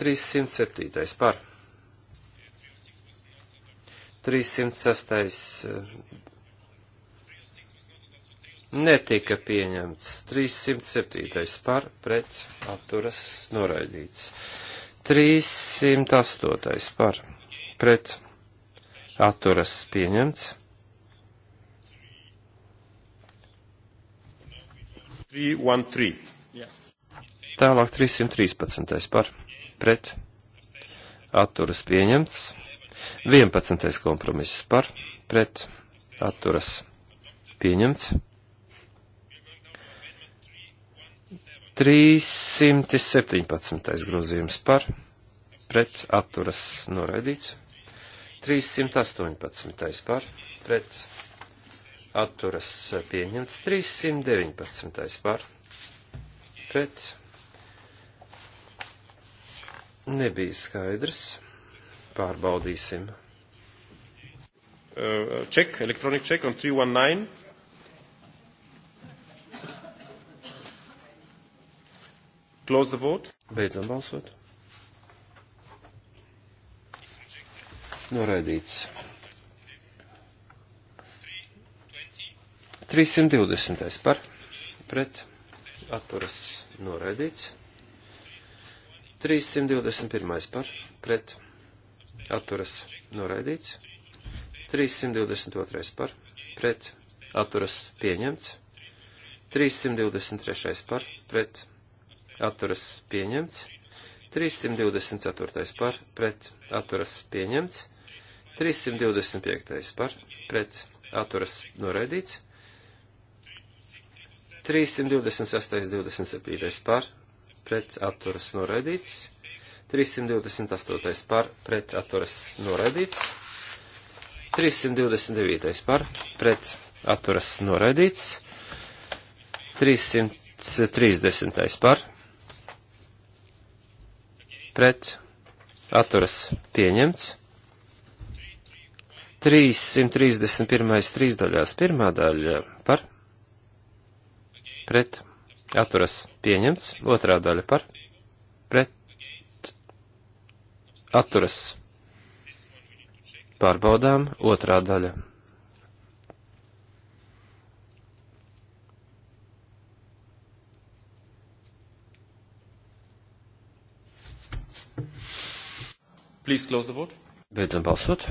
307. par 306 netika pieņemts. 307. par pret atturas noraidīts. 308. par pret atturas pieņemts. 313. Tālāk 313. par pret atturas pieņemts. 11. kompromiss par pret atturas pieņemts. 317. grozījums par pret atturas noraidīts. 318. par pret atturas pieņemts. 319. par pret nebija skaidrs. Pārbaudīsim. Uh, check, elektronik check on 319. Close the vote. Beidzam balsot. Noraidīts. 320. par pret atturas noraidīts. 321. par pret atturas noraidīts. 322. par pret atturas pieņemts. 323. par pret atturas pieņemts, 324. par pret atturas pieņemts, 325. par pret atturas noraidīts, 326. 27. par pret atturas noraidīts, 328. par pret atturas noraidīts, 329. par pret atturas noraidīts, 330. par pret atturas pieņemts. 331. trīs daļās pirmā daļa par pret atturas pieņemts, otrā daļa par pret atturas pārbaudām, otrā daļa Please close the vote. Beidzam balsot.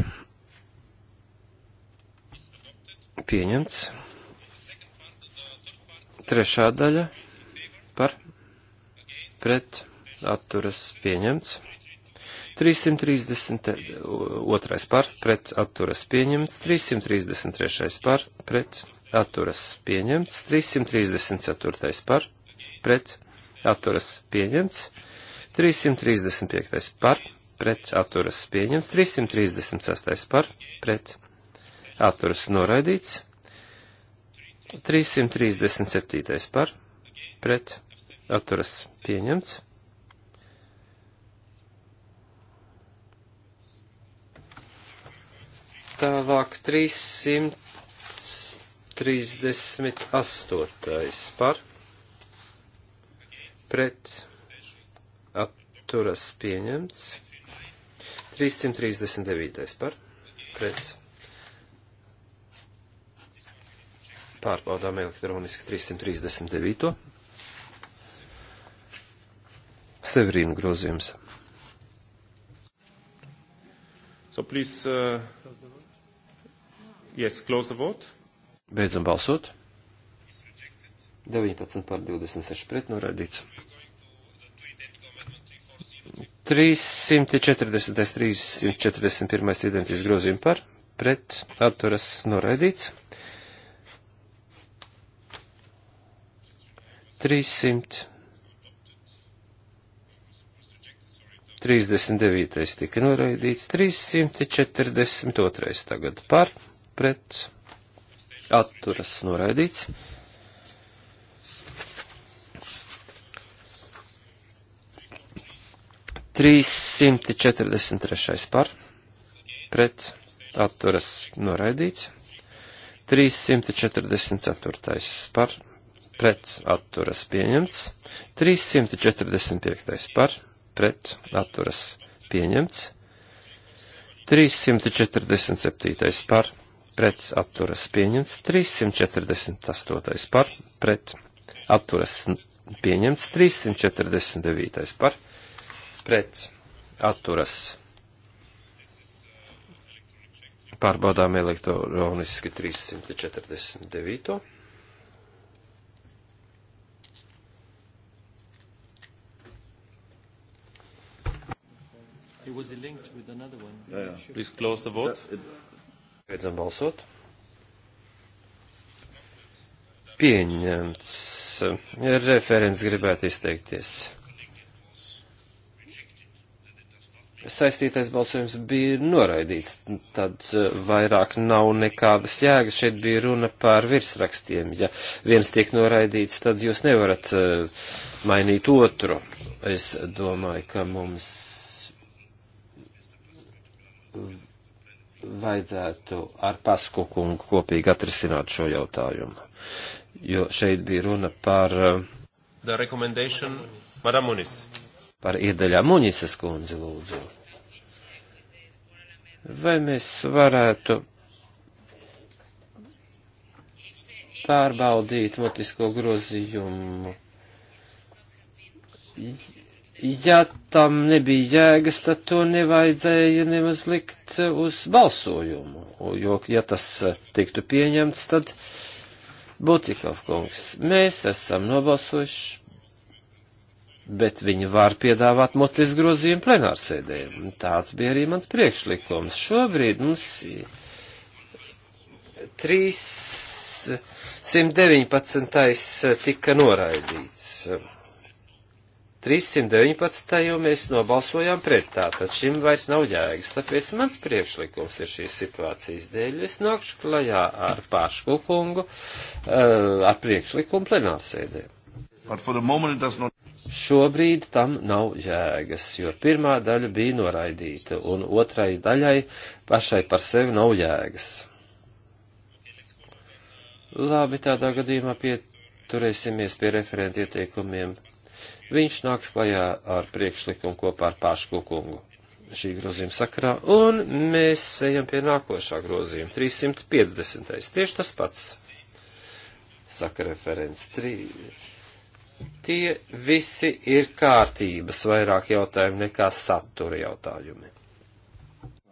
Pieņemts. Trešā daļa par pret atturas pieņemts. 332 par pret atturas pieņemts, 333 par pret atturas pieņemts, 334 par pret atturas pieņemts, 335 par pret atturas pieņemts, 336 par pret atturas noraidīts, 337 par pret atturas pieņemts. Tālāk 338 par pret atturas pieņemts. 339. par pret. Pārbaudām elektroniski 339. Severīnu grozījums. So please, uh, yes, close the vote. Beidzam balsot. 19 pār 26 pret noraidīts. 340, 341 identiski grozījumi par, pret, atturas noraidīts. 339 tika noraidīts, 342 tagad par, pret, atturas noraidīts. 343. par, pret, atturas noraidīts. 344. par, pret, atturas pieņemts. 345. par, pret, atturas pieņemts. 347. par, pret, atturas pieņemts. 348. par, pret, atturas pieņemts. 349. par, pret atturas. Pārbaudām elektroniski 349. It was linked with another one. Yeah, yeah. Please close the vote. Beidzam balsot. Pieņemts. Referents gribētu izteikties. saistītais balsojums bija noraidīts, tad eh, vairāk nav nekādas jēgas. Šeit bija runa par virsrakstiem. Ja viens tiek noraidīts, tad jūs nevarat eh, mainīt otru. Es domāju, ka mums vajadzētu ar pasku kungu kopīgi atrisināt šo jautājumu. Jo šeit bija runa par. Eh, The recommendation, Madam Munis par iedaļām. Muņises kundze, lūdzu. Vai mēs varētu pārbaudīt mutisko grozījumu? Ja tam nebija jēgas, tad to nevajadzēja nemaz likt uz balsojumu, jo, ja tas tiktu pieņemts, tad Butikov kungs, mēs esam nobalsojuši bet viņi var piedāvāt motis grozījumu plenārsēdē. Tāds bija arī mans priekšlikums. Šobrīd mums 319. tika noraidīts. 319. jau mēs nobalsojām pret tā, tad šim vairs nav jēgas, tāpēc mans priekšlikums ir šīs situācijas dēļ. Es nākšu klajā ar pašu kungu, eh, ar priekšlikumu plenārsēdē. But for the moment it does not. Šobrīd tam nav jēgas, jo pirmā daļa bija noraidīta, un otrai daļai pašai par sevi nav jēgas. Labi, tādā gadījumā pieturēsimies pie referenta ieteikumiem. Viņš nāks klajā ar priekšlikumu kopā ar Pāšku kungu šī grozījuma sakarā, un mēs ejam pie nākošā grozījuma, 350. Tieši tas pats, saka referents. 3 Tie visi ir kārtības vairāk jautājumi nekā satura jautājumi.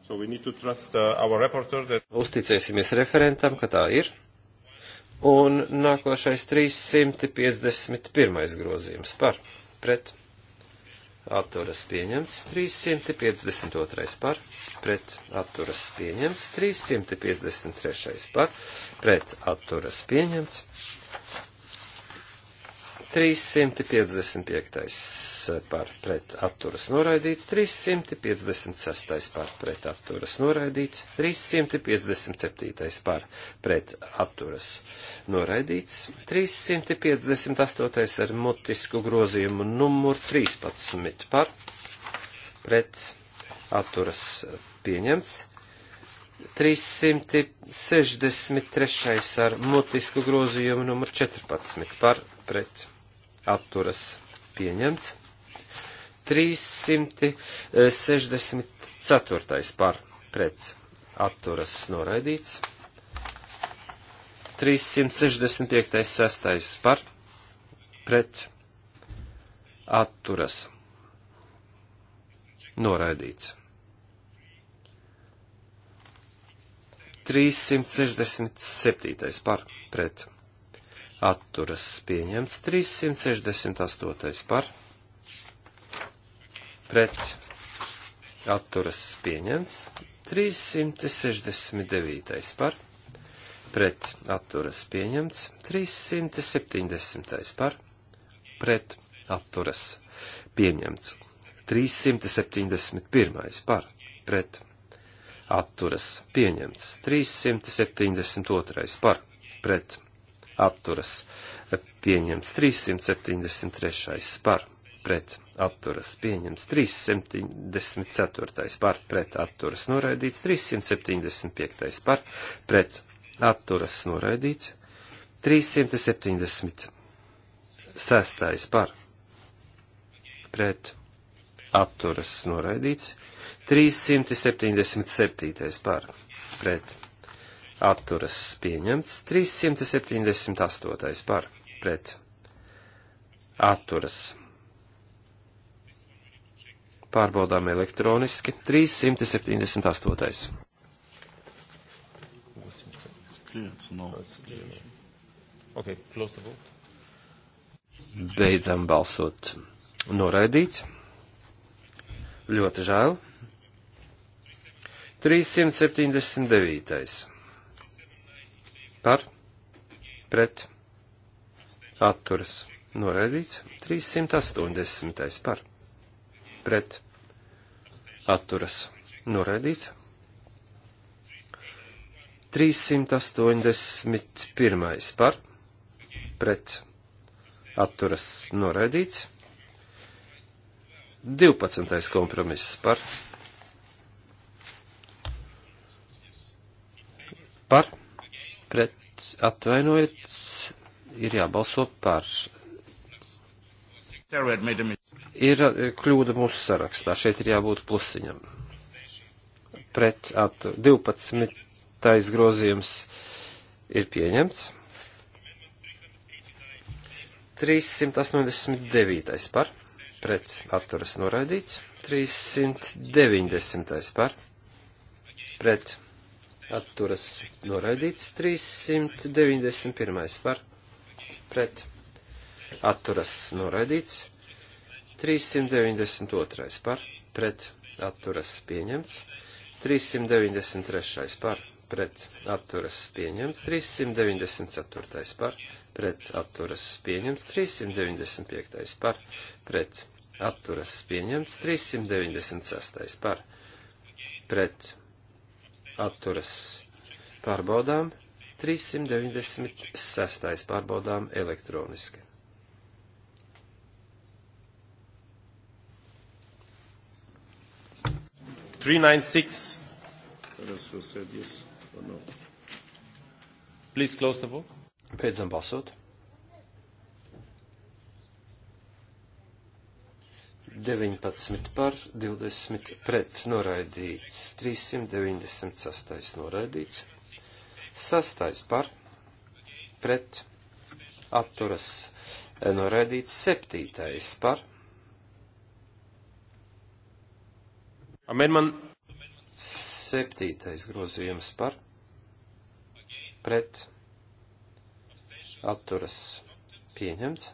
So trust, uh, that... Uzticēsimies referentam, ka tā ir. Un nākošais 351. grozījums par pret. Atturas pieņemts 352 par, pret atturas pieņemts 353 par, pret atturas pieņemts 355. Eh, par pret atturas noraidīts, 356. par pret atturas noraidīts, 357. par pret atturas noraidīts, 358. ar mutisku grozījumu numur 13 par pret atturas pieņemts, 363. ar mutisku grozījumu numur 14 par pret atturas atturas pieņemts. 364. par pret atturas noraidīts. 365. sestais par pret atturas noraidīts. 367. par pret atturas pieņemts 368 par, pret atturas pieņemts 369 par, pret atturas pieņemts 370 par, pret atturas pieņemts 371 par, pret atturas pieņemts 372 par, pret apturas pieņemts 373. par pret apturas pieņemts 374. par pret apturas noraidīts 375. par pret apturas noraidīts 376. par pret apturas noraidīts 377. par pret atturas pieņemts 378. par pret atturas. Pārbaudām elektroniski 378. Beidzam balsot. Noraidīts. Ļoti žēl. 379 par pret atturas noraidīts. 380. par pret atturas noraidīts. 381. par pret atturas noraidīts. 12. kompromiss par par pret atvainojiet, ir jābalso par. Ir kļūda mūsu sarakstā, šeit ir jābūt plusiņam. Pret at 12. grozījums ir pieņemts. 389. par, pret atturas noraidīts. 390. par, pret atturas noraidīts 391 par pret atturas noraidīts 392 par pret atturas pieņemts 393 par pret atturas pieņemts 394 par pret atturas pieņemts 395 par pret atturas pieņemts 396 par pret atturas pārbaudām, 396. pārbaudām elektroniski. Three nine six. Please close the vote. Beidzam balsot. 19 par, 20 pret noraidīts, 396 noraidīts, 6 par, pret atturas noraidīts, 7 par. Amendment. 7. grozījums par, pret atturas pieņemts.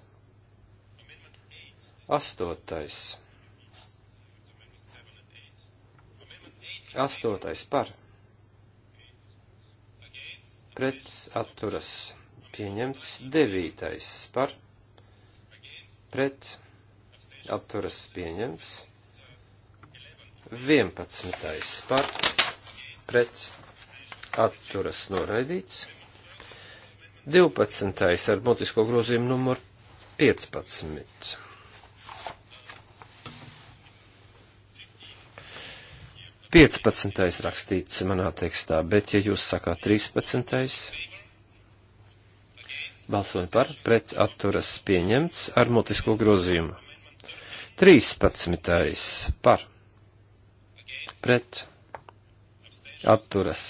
Astotais. Astotais par. Pret atturas pieņemts. Devītais par. Pret atturas pieņemts. Vienpadsmitais par. Pret atturas noraidīts. 12. ar mutisko grozījumu numuru 15. 15. rakstīts manā tekstā, bet ja jūs sakāt 13. Balsojumi par pret atturas pieņemts ar mutisko grozījumu. 13. par pret atturas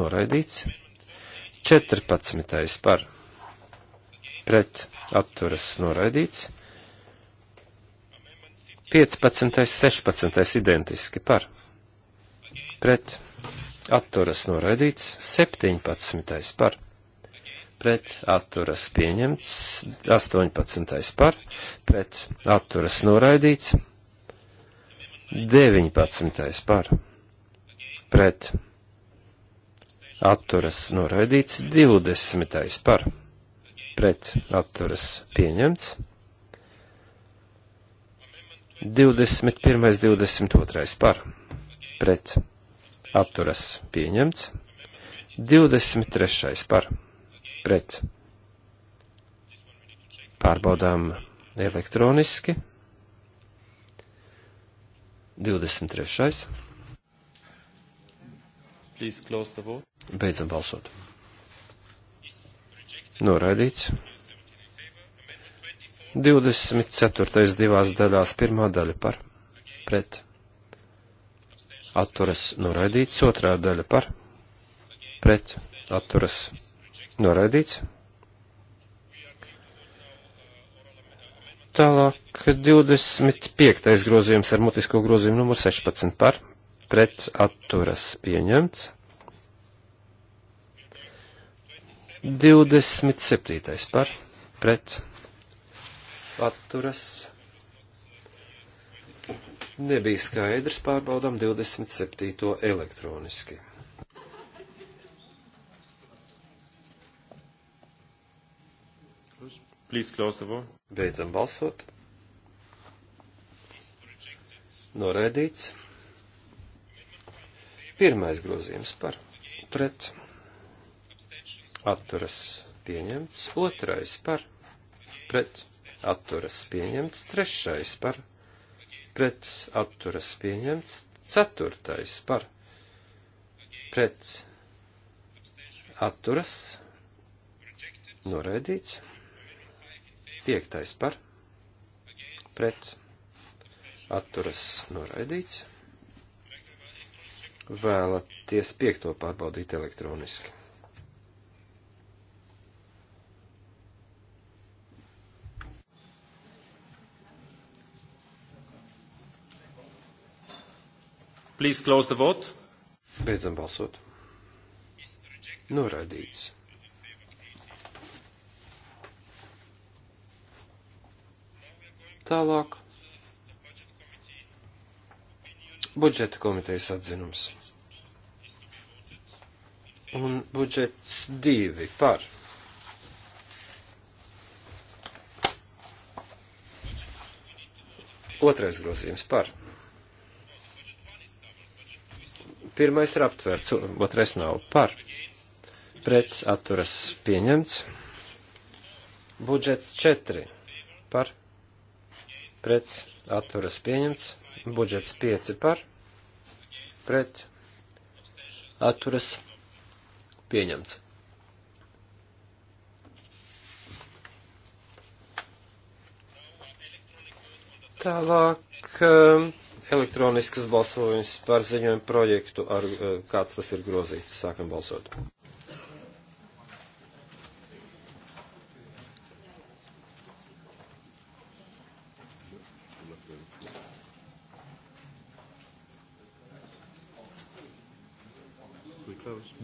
noraidīts. 14. par pret atturas noraidīts. 15. 16. identiski par pret atturas noraidīts, 17. par pret atturas pieņemts, 18. par pret atturas noraidīts, 19. par pret atturas noraidīts, 20. par pret atturas pieņemts. 21. 22. par pret atturas pieņemts. 23. par pret pārbaudām elektroniski. 23. Beidzam balsot. Noraidīts. 24. divās daļās, pirmā daļa par pret atturas noraidīts, otrā daļa par, pret, atturas noraidīts. Tālāk 25. grozījums ar mutisko grozījumu numur 16 par, pret, atturas pieņemts. 27. par, pret, atturas nebija skaidrs, pārbaudām 27. elektroniski. Beidzam balsot. Noraidīts. Pirmais grozījums par pret atturas pieņemts, otrais par pret atturas pieņemts, trešais par pret atturas pieņemts, ceturtais par pret atturas noraidīts, piektais par pret atturas noraidīts, vēlaties piekto pārbaudīt elektroniski. Please close the vote. Beidzam balsot. Noraidīts. Tālāk. Budžeta komitejas atzinums. Un budžets divi par. Otrais grozījums par. Pirmais ir aptverts, otrais nav par. Pret atturas pieņemts. Budžets 4 par. Pret atturas pieņemts. Budžets 5 par. Pret atturas pieņemts. Tālāk. Um, elektroniskas balsojums par ziņojumu projektu, ar, eh, kāds tas ir grozīts. Sākam balsot.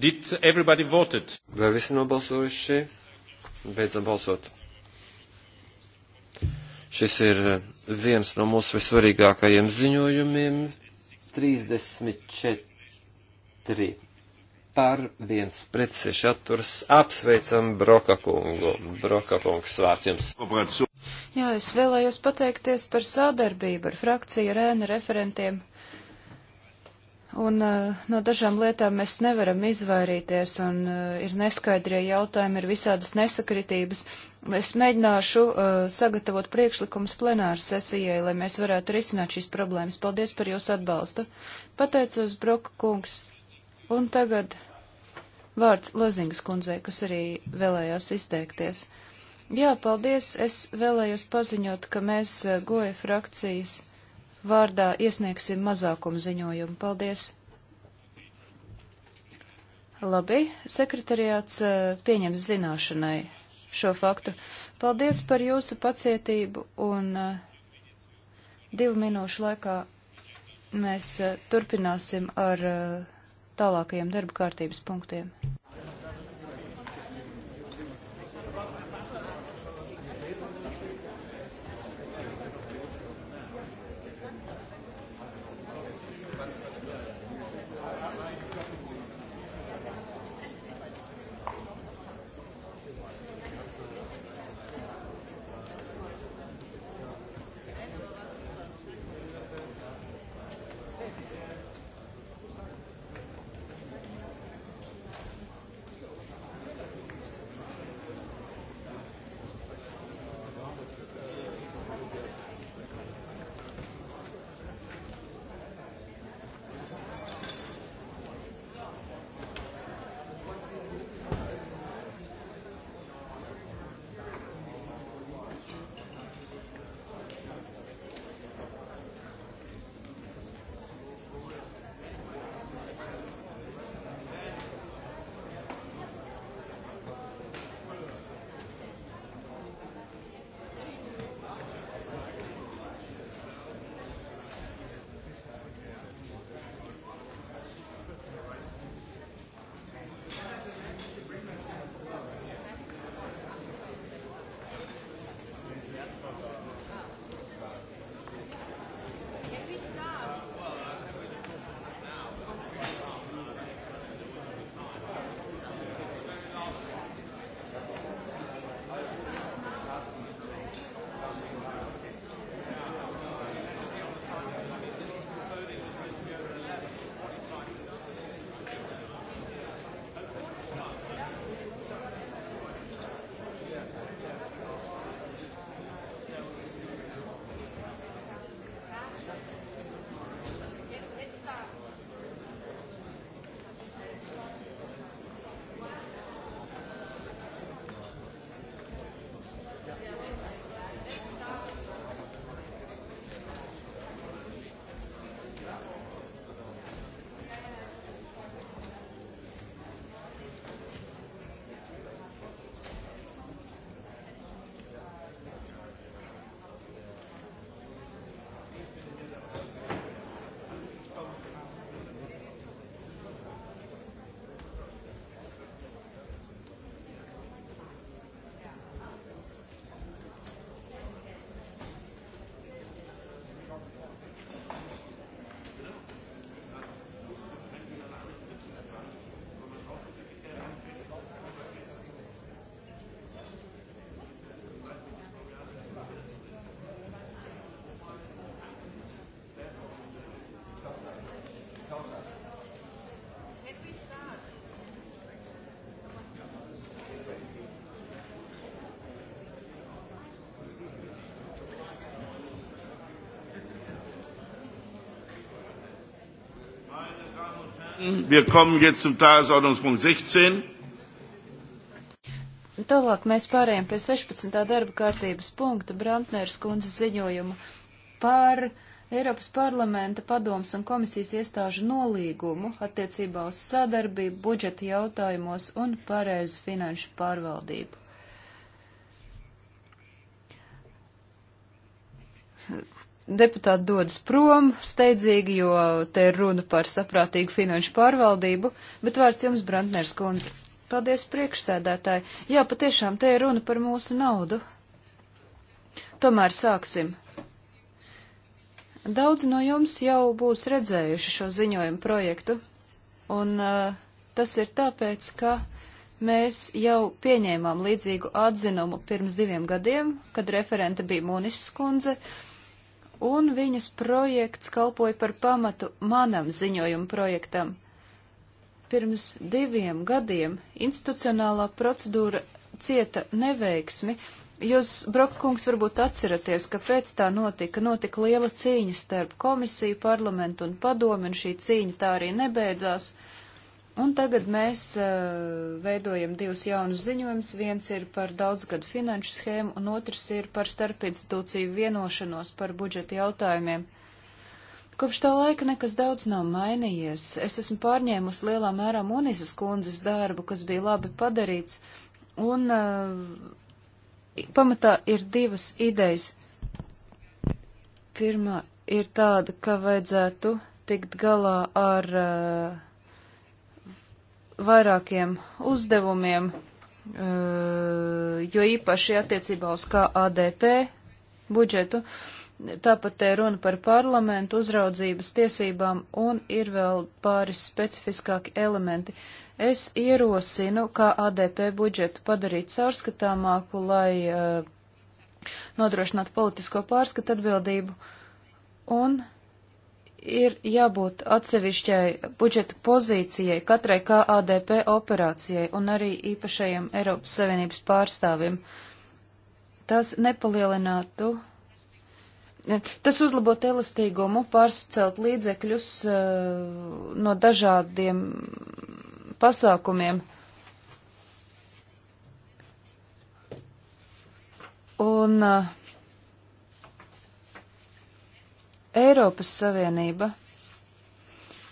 Did everybody voted? Vai visi nobalsojuši? Beidzam balsot. Šis ir eh, viens no mūsu visvarīgākajiem ziņojumiem. 34 par 1 pret 6 atturs. Apsveicam Broka kungu. Broka kungs vārds jums. Jā, es vēlējos pateikties par sadarbību ar frakciju rēna referentiem Un eh, no dažām lietām mēs nevaram izvairīties, un eh, ir neskaidrie jautājumi, ir visādas nesakritības. Es mēģināšu uh, sagatavot priekšlikumus plenāru sesijai, lai mēs varētu risināt šīs problēmas. Paldies par jūsu atbalstu. Pateicos, Broka kungs. Un tagad vārds Lozingas kundzei, kas arī vēlējās izteikties. Jā, paldies. Es vēlējos paziņot, ka mēs uh, goja frakcijas. Uh, vārdā iesniegsim mazākumu ziņojumu. Paldies! Labi, sekretariāts eh, pieņems zināšanai šo faktu. Paldies par jūsu pacietību un eh, divu minūšu laikā mēs eh, turpināsim ar tālākajiem darba kārtības punktiem. Abgeordneten, wir kommen jetzt zum Tagesordnungspunkt 16. Tālāk mēs pārējām pie 16. darba kārtības punkta Brantnēras kundzes ziņojumu par Eiropas parlamenta padoms un komisijas iestāžu nolīgumu attiecībā uz sadarbību budžeta jautājumos un pareizu finanšu pārvaldību. deputāti dodas prom steidzīgi, jo te ir runa par saprātīgu finanšu pārvaldību, bet vārds jums, Brantners kundze. Paldies, priekšsēdētāji. Jā, patiešām te ir runa par mūsu naudu. Tomēr sāksim. Daudz no jums jau būs redzējuši šo ziņojumu projektu, un uh, tas ir tāpēc, ka mēs jau pieņēmām līdzīgu atzinumu pirms diviem gadiem, kad referente bija Munis Skundze. Uh, un viņas projekts kalpoja par pamatu manam ziņojumu projektam. Pirms diviem gadiem institucionālā procedūra cieta neveiksmi, Jūs, Brokkungs, varbūt atceraties, ka pēc tā notika, notika liela cīņa starp komisiju, parlamentu un padomu, un šī cīņa tā arī nebeidzās. Un tagad mēs uh, veidojam divus jaunus ziņojumus. Viens ir par daudzgadu finanšu schēmu, un otrs ir par starpinstitūciju vienošanos par budžeta jautājumiem. Kopš tā laika nekas daudz nav mainījies. Es esmu pārņēmusi lielā mērā Munisas kundzes darbu, kas bija labi padarīts, un uh, pamatā ir divas idejas. Pirmā ir tāda, ka vajadzētu tikt galā ar uh, vairākiem uzdevumiem, eh, jo īpaši attiecībā uz KADP budžetu. Tāpat te runa par parlamentu uzraudzības tiesībām un ir vēl pāris specifiskāki elementi. Es ierosinu, kā ADP budžetu padarīt caurskatāmāku, lai uh, nodrošinātu politisko pārskatu atbildību un ir jābūt atsevišķai budžeta pozīcijai katrai KADP operācijai un arī īpašajam Eiropas Savienības pārstāvim. Tas nepalielinātu, tas uzlabot elastīgumu, pārcelt līdzekļus uh, no dažādiem pasākumiem. Un uh, Eiropas Savienība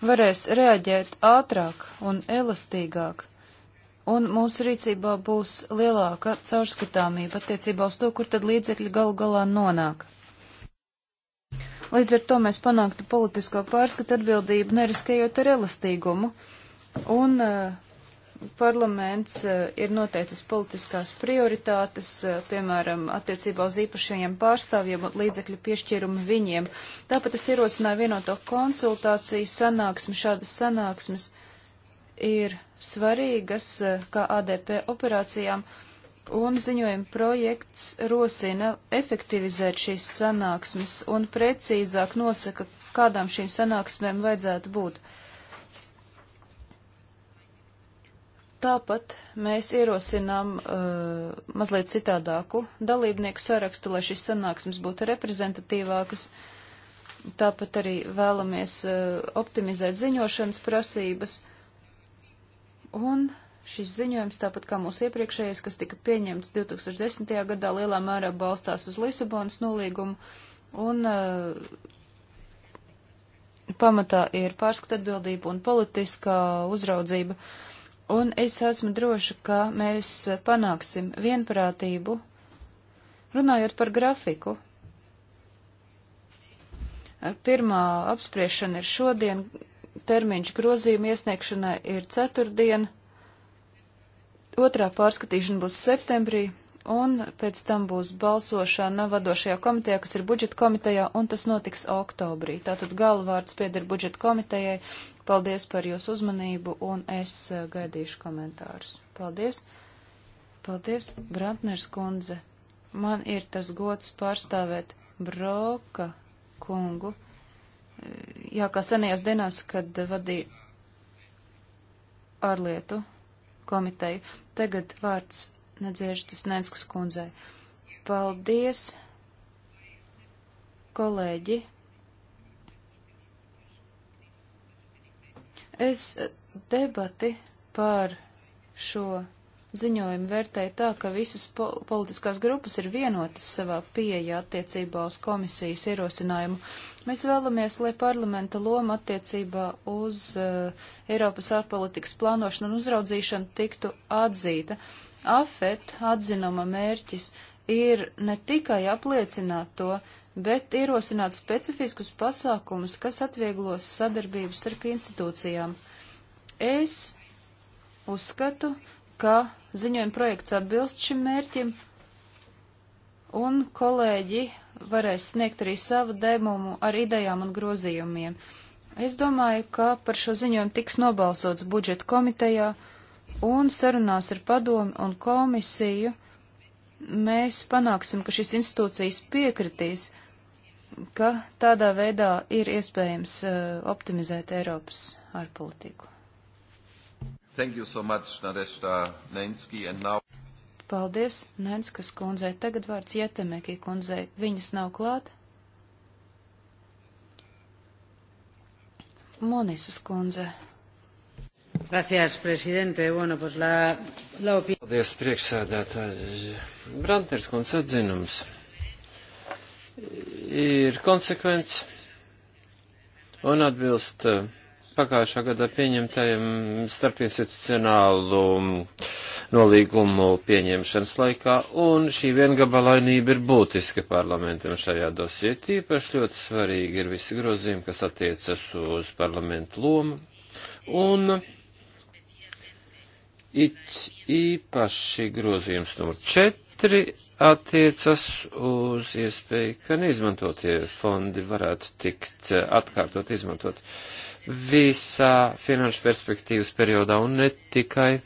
varēs reaģēt ātrāk un elastīgāk, un mūsu rīcībā būs lielāka caurskatāmība attiecībā uz to, kur tad līdzekļi galu galā nonāk. Līdz ar to mēs panāktu politisko pārskatu atbildību, neriskējot ar elastīgumu, un uh, parlaments eh, ir noteicis politiskās prioritātes, eh, piemēram, attiecībā uz īpašajiem pārstāvjiem un līdzekļu piešķirumu viņiem. Tāpat es ierosināju vienoto konsultāciju sanāksmi. Šādas sanāksmes ir svarīgas eh, kā ADP operācijām, un ziņojuma projekts rosina efektivizēt šīs sanāksmes un precīzāk nosaka, kādām šīm sanāksmēm vajadzētu būt. Tāpat mēs ierosinām uh, mazliet citādāku dalībnieku sarakstu, lai šīs sanāksmes būtu reprezentatīvākas. Tāpat arī vēlamies uh, optimizēt ziņošanas prasības. Un šis ziņojums, tāpat kā mūsu iepriekšējais, kas tika pieņemts 2010. gadā, lielā mērā balstās uz Lisabonas nolīgumu un uh, pamatā ir pārskat atbildība un politiskā uzraudzība. Uh, un es esmu droša, ka mēs panāksim vienprātību, runājot par grafiku. Pirmā apspriešana ir šodien, termiņš grozījuma iesniegšanai ir ceturtdien, otrā pārskatīšana būs septembrī, un pēc tam būs balsošana vadošajā komitejā, kas ir budžeta komitejā, un tas notiks oktobrī. Tātad galvārds pieder budžeta komitejai, Paldies par jūsu uzmanību, un es eh, gaidīšu komentārus. Paldies! Paldies, Brantners kundze! Man ir tas gods pārstāvēt Broka kungu. Eh, jā, kā senajās dienās, kad vadīja ārlietu komiteju. Tagad vārds nedziežas Nenskas kundzei. Paldies, kolēģi! Es debati par šo ziņojumu vērtēju tā, ka visas po politiskās grupas ir vienotas savā pieeja attiecībā uz komisijas ierosinājumu. Mēs vēlamies, lai parlamenta loma attiecībā uz uh, Eiropas ārpolitikas plānošanu un uzraudzīšanu tiktu atzīta. AFET atzinuma mērķis ir ne tikai apliecināt to, bet ierosināt specifiskus pasākumus, kas atvieglos sadarbību starp institūcijām. Es uzskatu, ka ziņojuma projekts atbilst šim mērķim, un kolēģi varēs sniegt arī savu demumu ar idejām un grozījumiem. Es domāju, ka par šo ziņojumu tiks nobalsots budžeta komitejā un sarunās ar padomi un komisiju. Mēs panāksim, ka šīs institūcijas piekritīs ka tādā veidā ir iespējams uh, optimizēt Eiropas ārpolitiku. Thank you so much, Nadešta Nenski, and now. Paldies, Nenskas kundzei. Tagad vārds Jetemekī kundzei. Viņas nav klāt. Monisas kundze. Gracias, presidente. Bueno, pues la, la opinión. Paldies, priekšsēdētāji. Branters kundze atzinums ir konsekvents un atbilst eh, pagājušā gada pieņemtajam starpinstitucionālu nolīgumu pieņemšanas laikā, un šī viengabalainība ir būtiska parlamentam šajā dosie. Tīpaši ļoti svarīgi ir visi grozījumi, kas attiecas uz parlamentu lomu, un it īpaši grozījums numur 4 Otri attiecas uz iespēju, ka neizmantotie fondi varētu tikt eh, atkārtot izmantot visā finanšu perspektīvas periodā un ne tikai eh,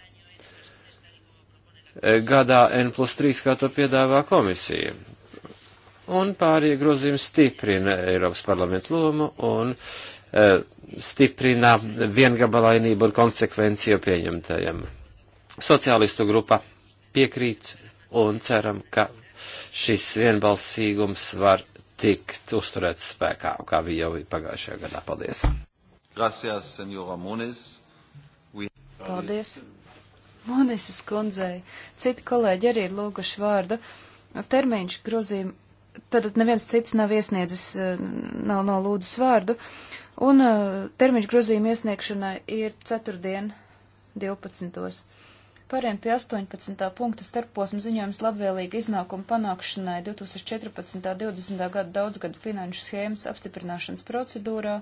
gadā N plus 3, kā to piedāvā komisija. Un pārējie grozījumi stiprina Eiropas parlamentu lomu un e, stiprina viengabalainību un konsekvenciju pieņemtajam. Sociālistu grupa piekrīt un ceram, ka šis vienbalsīgums var tikt uzturēts spēkā, kā bija jau pagājušajā gadā. Paldies! Gracias, senjora Munis. We... Paldies! Monisas kundzei. Citi kolēģi arī ir lūguši vārdu. Termiņš grozījuma. Tad neviens cits nav iesniedzis, nav, nav lūdzis vārdu. Un eh, termiņš grozījuma iesniegšanai ir ceturtdien 12. Pāriem pie 18. punkta starposma ziņojums labvēlīga iznākuma panākšanai 2014. 20. gada daudzgadu finanšu schēmas apstiprināšanas procedūrā.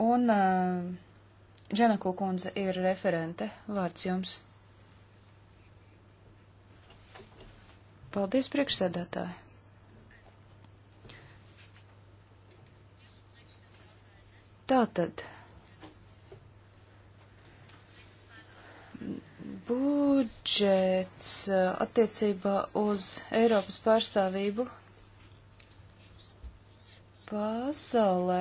Un uh, Dženako kundze ir referente. Vārds jums. Paldies, priekšsēdētāji. Tātad. budžets uh, attiecībā uz Eiropas pārstāvību pasaulē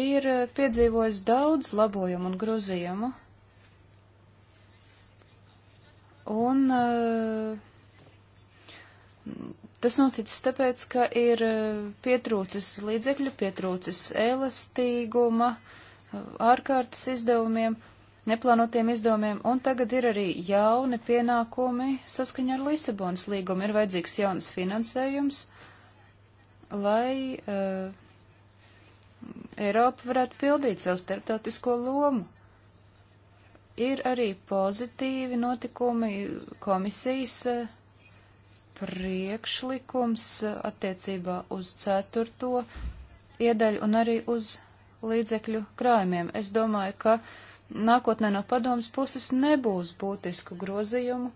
ir uh, piedzīvojis daudz labojumu un grozījumu. Un uh, tas noticis tāpēc, ka ir pietrūcis līdzekļu, pietrūcis elastīguma, ārkārtas izdevumiem neplānotiem izdevumiem, un tagad ir arī jauni pienākumi saskaņā ar Lisabonas līgumu. Ir vajadzīgs jauns finansējums, lai uh, Eiropa varētu pildīt savu starptautisko lomu. Ir arī pozitīvi notikumi komisijas. Uh, priekšlikums eh, attiecībā uz ceturto iedaļu un arī uz līdzekļu krājumiem. Es domāju, ka uh, nākotnē no padomas puses nebūs būtisku grozījumu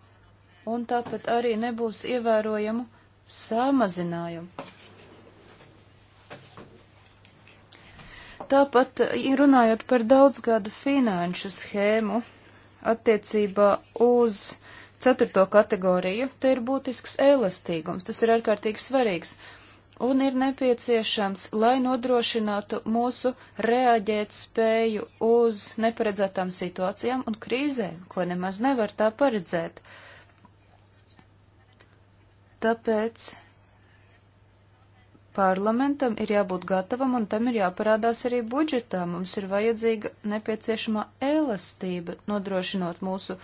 un tāpat arī nebūs ievērojamu samazinājumu. Tāpat, runājot par daudzgadu finanšu schēmu attiecībā uz ceturto kategoriju, te ir būtisks elastīgums. Tas ir ārkārtīgi svarīgs un ir nepieciešams, lai nodrošinātu mūsu reaģēt spēju uz neparedzētām situācijām un krīzēm, ko nemaz nevar tā paredzēt. Tāpēc parlamentam ir jābūt gatavam un tam ir jāparādās arī budžetā. Mums ir vajadzīga nepieciešamā elastība, nodrošinot mūsu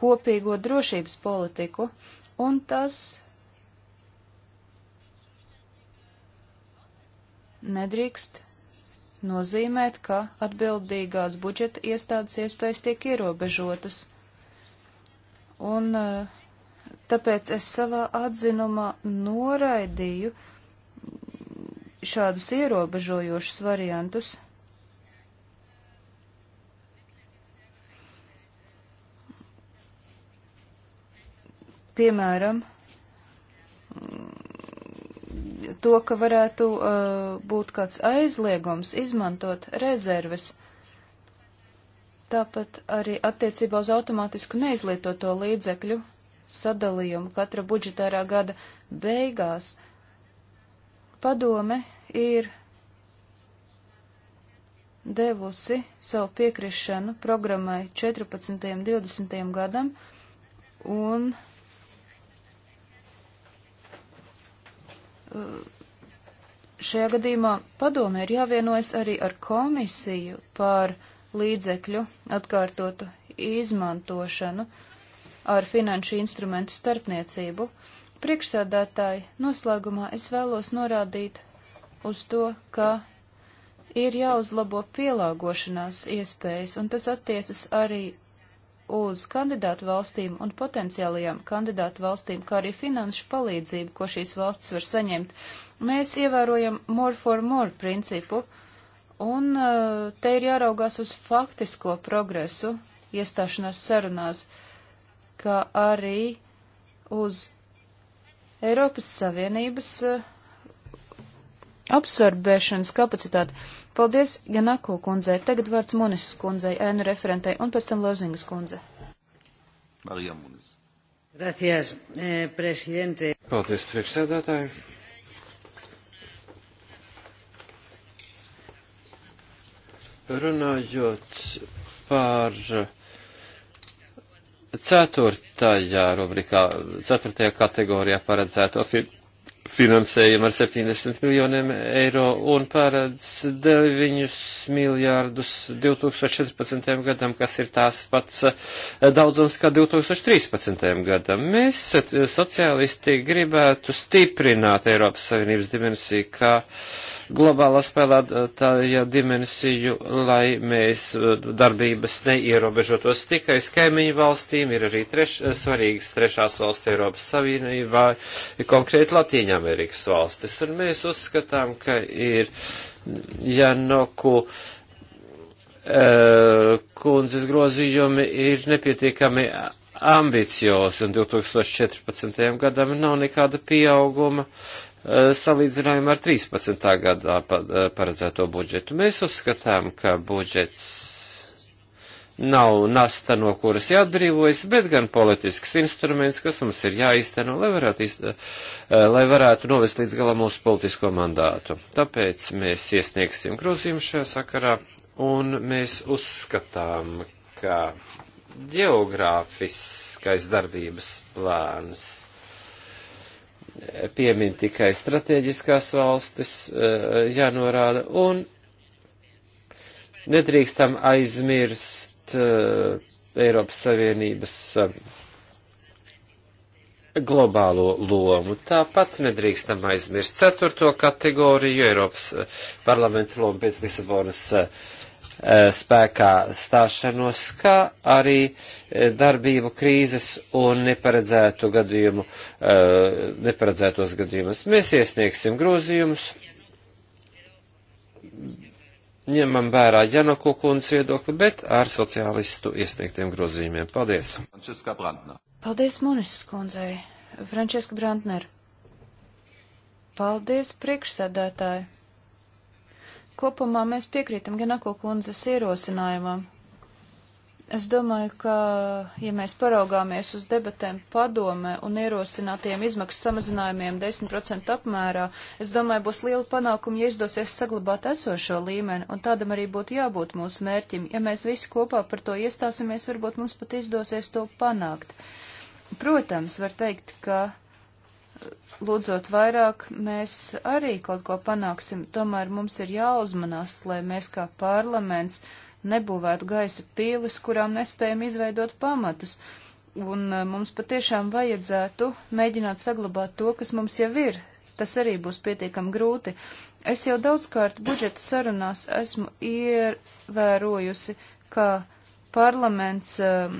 kopīgo drošības politiku, un tas nedrīkst nozīmēt, ka atbildīgās budžeta iestādes iespējas tiek ierobežotas. Un eh, tāpēc es savā atzinumā noraidīju šādus ierobežojošus variantus. Piemēram, to, ka varētu uh, būt kāds aizliegums izmantot rezerves. Tāpat arī attiecībā uz automātisku neizlietoto līdzekļu sadalījumu katra budžetārā gada beigās padome ir devusi savu piekrišanu programmai 14. un 20. gadam un Eh, šajā gadījumā padomē ir jāvienojas arī ar komisiju par līdzekļu atkārtotu izmantošanu ar finanšu instrumentu starpniecību. Priekšsēdētāji, noslēgumā es vēlos norādīt uz to, ka ir jāuzlabo pielāgošanās iespējas, un tas attiecas arī uz kandidātu valstīm un potenciālajām kandidātu valstīm, kā arī finanšu palīdzību, ko šīs valstis var saņemt. Mēs ievērojam more for more principu, un eh, te ir jāraugās uz faktisko progresu iestāšanās sarunās, kā arī uz Eiropas Savienības eh, absorbēšanas kapacitāti. Paldies Janako kundzei. Tagad vārds Monisas kundzei, ēnu referentei un pēc tam Lozingas kundze. Marija Monis. Gracias, eh, presidente. Paldies, priekšsēdētāji. Runājot par ceturtajā rubrikā, ceturtajā kategorijā paredzēto filmu finansējumu ar 70 miljoniem eiro un pārēdz 9 miljārdus 2014. gadam, kas ir tās pats eh, daudzums kā 2013. gadam. Mēs, eh, sociālisti, gribētu stiprināt Eiropas Savienības dimensiju kā globālā spēlētāja dimensiju, lai mēs darbības neierobežotos tikai uz kaimiņu valstīm, ir arī treš, svarīgas trešās valsts Eiropas Savienībā, konkrēti Latīņa Amerikas valstis. Un mēs uzskatām, ka ir Janoku. Ja kundzes grozījumi ir nepietiekami ambiciozi, un 2014. gadam nav nekāda pieauguma Eh, salīdzinājumā ar 13. gadā eh, paredzēto budžetu. Mēs uzskatām, ka budžets nav nasta, no kuras jāatbrīvojas, bet gan politisks instruments, kas mums ir jāizteno, lai varētu, izteno, eh, lai varētu novest līdz galam mūsu politisko mandātu. Tāpēc mēs iesniegsim grozījumu šajā sakarā, un mēs uzskatām, ka geogrāfiskais darbības plāns piemin tikai strateģiskās valstis, e, jānorāda, un nedrīkstam aizmirst e, Eiropas Savienības e, globālo lomu. Tāpat nedrīkstam aizmirst ceturto kategoriju Eiropas parlamentu lomu pēc Lisabonas uh, Eh, spēkā stāšanos, kā arī eh, darbību krīzes un neparedzētu gadījumu, eh, neparedzētos gadījumus. Mēs iesniegsim grozījumus, ņemam vērā Janaku kundas viedokli, bet ar sociālistu iesniegtiem grozījumiem. Paldies! Paldies, Munis skundzei! Frančiska Brantner! Paldies, priekšsēdētāji! Kopumā mēs piekrītam Genako kundzes ierosinājumam. Es domāju, ka, ja mēs paraugāmies uz debatēm padome un ierosinātiem izmaksu samazinājumiem 10% apmērā, es domāju, būs liela panākuma, ja izdosies saglabāt esošo līmeni, un tādam arī būtu jābūt mūsu mērķim. Ja mēs visi kopā par to iestāsimies, varbūt mums pat izdosies to panākt. Protams, var teikt, ka lūdzot vairāk, mēs arī kaut ko panāksim. Tomēr mums ir jāuzmanās, lai mēs kā parlaments nebūvētu gaisa pīles, kurām nespējam izveidot pamatus. Un e, mums patiešām vajadzētu mēģināt saglabāt to, kas mums jau ir. Tas arī būs pietiekami grūti. Es jau daudzkārt budžeta sarunās esmu ievērojusi, ka parlaments um,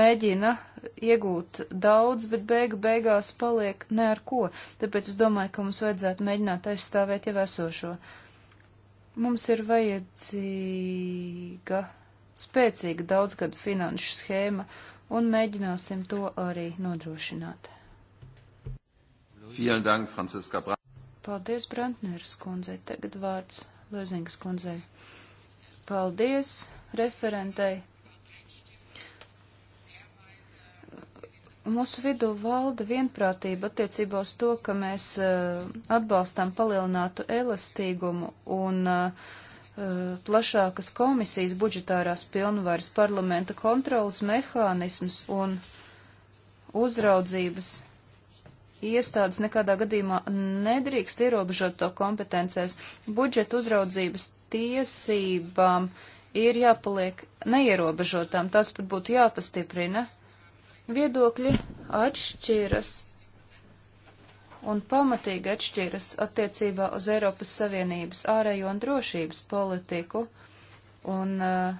mēģina iegūt daudz, bet beigu beigās paliek ne ar ko, tāpēc es domāju, ka mums vajadzētu mēģināt aizstāvēt jau esošo. Mums ir vajadzīga spēcīga daudzgadu finanšu schēma, un mēģināsim to arī nodrošināt. Dank, Paldies, Brantneris kundzei. Tagad vārds Lezingas kundzei. Paldies referentei Mūsu vidū valda vienprātība attiecībā uz to, ka mēs eh, atbalstām palielinātu elastīgumu un eh, eh, plašākas komisijas budžetārās pilnvaras parlamenta kontrolas mehānismus un uzraudzības iestādes nekādā gadījumā nedrīkst ierobežot to kompetencēs. Budžeta uzraudzības tiesībām ir jāpaliek neierobežotām, tās pat būtu jāpastiprina. Viedokļi atšķiras un pamatīgi atšķiras attiecībā uz Eiropas Savienības ārējo un drošības politiku, un eh,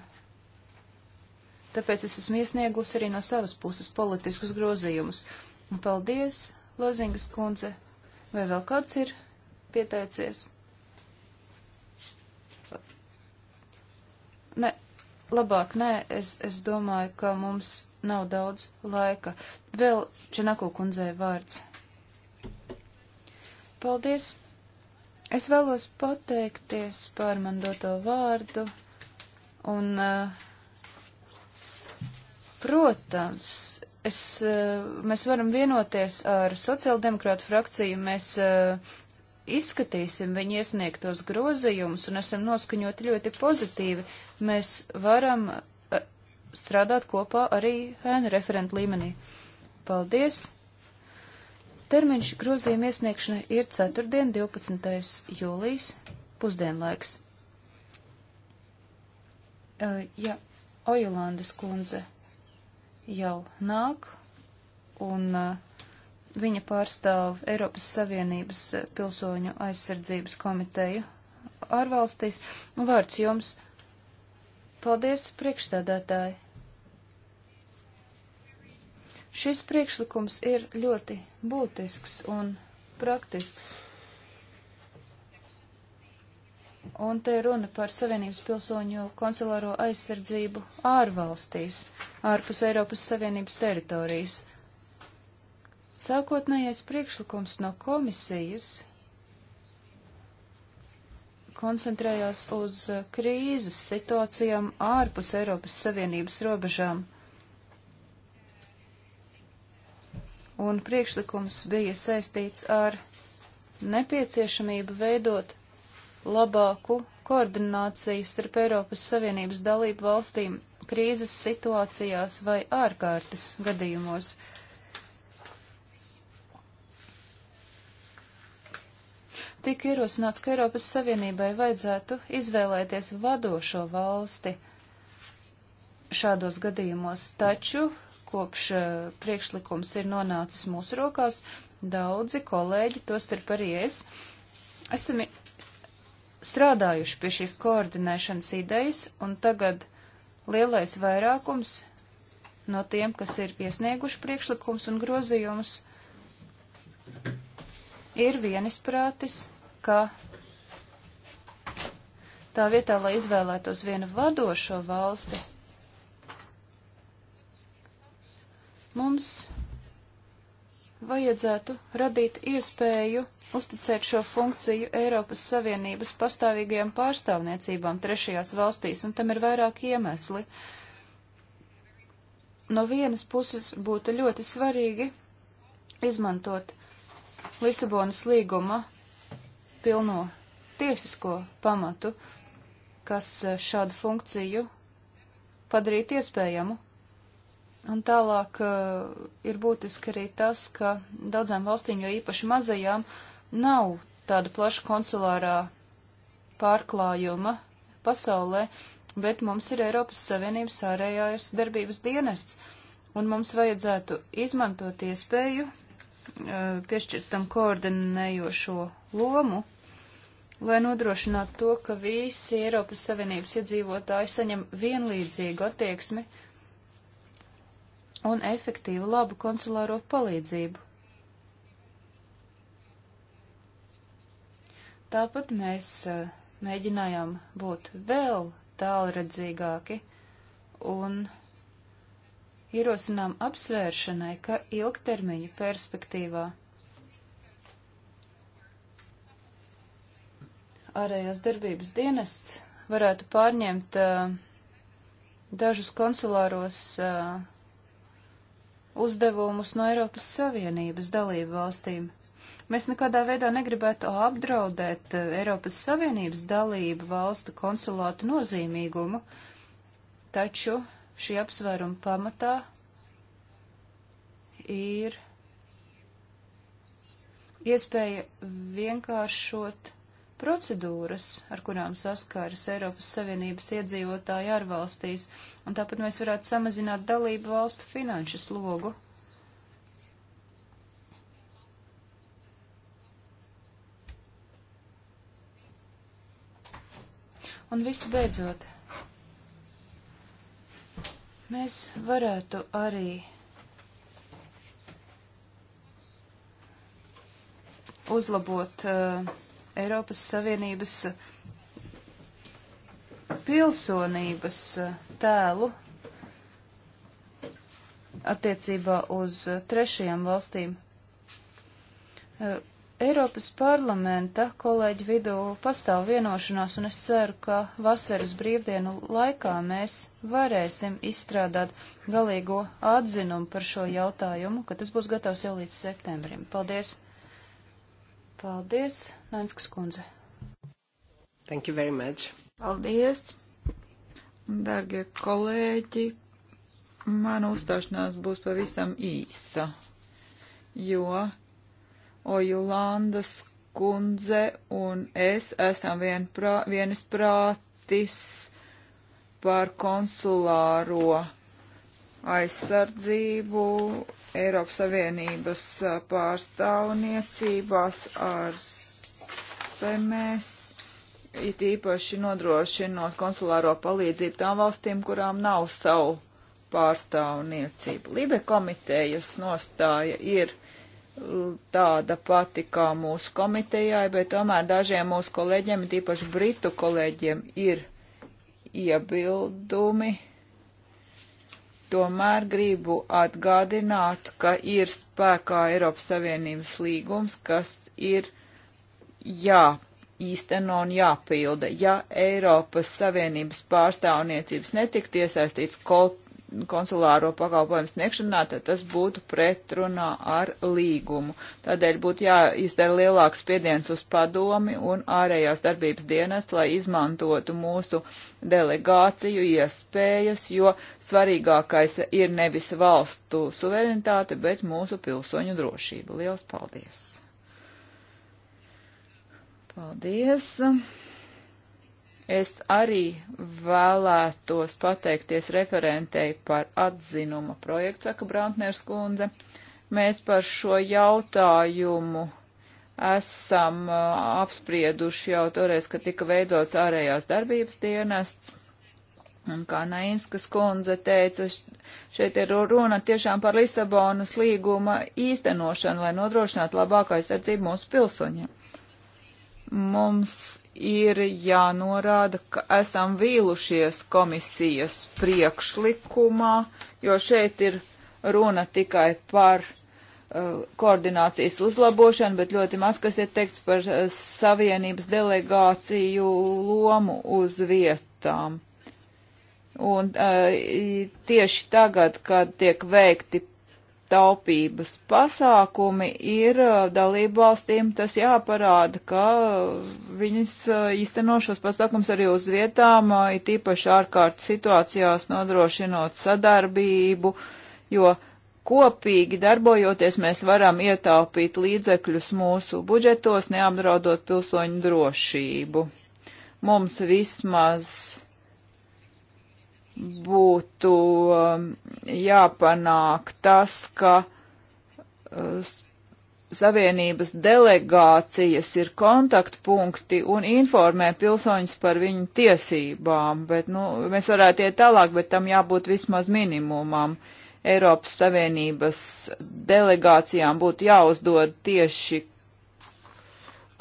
tāpēc es esmu iesniegusi arī no savas puses politiskus grozījumus. Un paldies, Lozingas kundze, vai vēl kāds ir pieteicies? Nē, labāk nē, es, es domāju, ka mums nav daudz laika. Vēl Čenako kundzei vārds. Paldies! Es vēlos pateikties par man doto vārdu un, eh, protams, es, eh, mēs varam vienoties ar sociāldemokrātu frakciju, mēs eh, izskatīsim viņu iesniegtos grozījumus un esam noskaņoti ļoti pozitīvi. Mēs varam strādāt kopā arī ēnu referentu līmenī. Paldies! Termiņš grozījuma iesniegšanai ir 4. 12. jūlijas pusdienlaiks. Uh, ja Ojolandes kundze jau nāk, un uh, viņa pārstāv Eiropas Savienības pilsoņu aizsardzības komiteju ārvalstīs, vārds jums. Uh, Paldies, priekšsēdētāji! Šis priekšlikums ir ļoti būtisks un praktisks. Un te runa par Savienības pilsoņu konsulāro aizsardzību ārvalstīs, ārpus Eiropas Savienības teritorijas. Sākotnējais priekšlikums no komisijas koncentrējās uz uh, krīzes situācijām ārpus Eiropas Savienības robežām. Un priekšlikums bija saistīts ar nepieciešamību veidot labāku koordināciju starp Eiropas Savienības dalību valstīm krīzes situācijās vai ārkārtas gadījumos. Uh, tika ierosināts, ka Eiropas Savienībai vajadzētu izvēlēties vadošo valsti šādos gadījumos, taču kopš uh, priekšlikums ir nonācis mūsu rokās, daudzi kolēģi, tostarp arī es, esam strādājuši pie šīs koordinēšanas idejas, un tagad lielais vairākums no tiem, kas ir iesnieguši priekšlikums un grozījumus, ir vienisprātis, ka tā vietā, lai izvēlētos vienu vadošo valsti, mums vajadzētu radīt iespēju uzticēt šo funkciju Eiropas Savienības pastāvīgajām pārstāvniecībām trešajās valstīs, un tam ir vairāk iemesli. No vienas puses būtu ļoti svarīgi izmantot Lisabonas līguma pilno tiesisko pamatu, kas eh, šādu funkciju padarīt iespējamu. Un tālāk uh, ir būtiski arī tas, ka daudzām valstīm, jo īpaši mazajām, nav tāda plaša konsulārā pārklājuma pasaulē, bet mums ir Eiropas Savienības ārējās darbības dienests, un mums vajadzētu izmantot iespēju Eh, piešķirtam koordinējošo lomu, lai nodrošinātu to, ka visi Eiropas Savienības iedzīvotāji saņem vienlīdzīgu attieksmi un efektīvu labu konsulāro palīdzību. Tāpat mēs eh, mēģinājām būt vēl tālredzīgāki un ierosinām apsvēršanai, ka ilgtermiņa perspektīvā ārējās darbības dienests varētu pārņemt uh, dažus konsulāros uh, uzdevumus no Eiropas Savienības dalību valstīm. Mēs nekādā veidā negribētu apdraudēt Eiropas Savienības dalību valstu konsulātu nozīmīgumu, taču Šī apsvēruma pamatā ir iespēja vienkāršot procedūras, ar kurām saskaras Eiropas Savienības iedzīvotāji ārvalstīs, un tāpat mēs varētu samazināt dalību valstu finanšu slogu. Un visu beidzot, Mēs varētu arī uzlabot uh, Eiropas Savienības pilsonības uh, tēlu attiecībā uz uh, trešajām valstīm. Uh, Eiropas parlamenta kolēģi vidū pastāv vienošanās, un es ceru, ka vasaras brīvdienu laikā mēs varēsim izstrādāt galīgo atzinumu par šo jautājumu, ka tas būs gatavs jau līdz septembrim. Paldies! Paldies, Nānskas kundze! Thank you very much! Paldies! Dargie kolēģi, mana uzstāšanās būs pavisam īsa, jo Ojulandas kundze un es esam vienprā, vienas prātis par konsulāro aizsardzību Eiropas Savienības pārstāvniecībās ārzemēs, it īpaši nodrošinot konsulāro palīdzību tām valstīm, kurām nav savu pārstāvniecību. Libe komitejas nostāja ir tāda pati kā mūsu komitejai, bet tomēr dažiem mūsu kolēģiem, tīpaši britu kolēģiem, ir iebildumi. Tomēr gribu atgādināt, ka ir spēkā Eiropas Savienības līgums, kas ir jā īsteno un jāpilda. Ja Eiropas Savienības pārstāvniecības netiktu iesaistīts kaut konsulāro pakalpojumu sniegšanā, tad tas būtu pretrunā ar līgumu. Tādēļ būtu jāizdara lielāks spiediens uz padomi un ārējās darbības dienestu, lai izmantotu mūsu delegāciju iespējas, jo svarīgākais ir nevis valstu suverenitāte, bet mūsu pilsoņu drošība. Lielas paldies! Paldies! Es arī vēlētos pateikties referentei par atzinuma projektu, saka Brantners kundze. Mēs par šo jautājumu esam apsprieduši jau toreiz, kad tika veidots ārējās darbības dienests. Un kā Nainskas kundze teica, šeit ir runa tiešām par Lisabonas līguma īstenošanu, lai nodrošinātu labākais sardzību mūsu pilsoņiem. Mums ir jānorāda, ka esam vīlušies komisijas priekšlikumā, jo šeit ir runa tikai par uh, koordinācijas uzlabošanu, bet ļoti maz, kas ir teikts par uh, savienības delegāciju lomu uz vietām. Un uh, tieši tagad, kad tiek veikti taupības pasākumi ir dalību valstīm, tas jāparāda, ka viņas īsteno šos pasākums arī uz vietām, it īpaši ārkārtas situācijās nodrošinot sadarbību, jo kopīgi darbojoties mēs varam ietaupīt līdzekļus mūsu budžetos, neapdraudot pilsoņu drošību. Mums vismaz būtu um, jāpanāk tas, ka uh, Savienības delegācijas ir kontaktpunkti un informē pilsoņus par viņu tiesībām, bet, nu, mēs varētu iet tālāk, bet tam jābūt vismaz minimumam. Eiropas Savienības delegācijām būtu jāuzdod tieši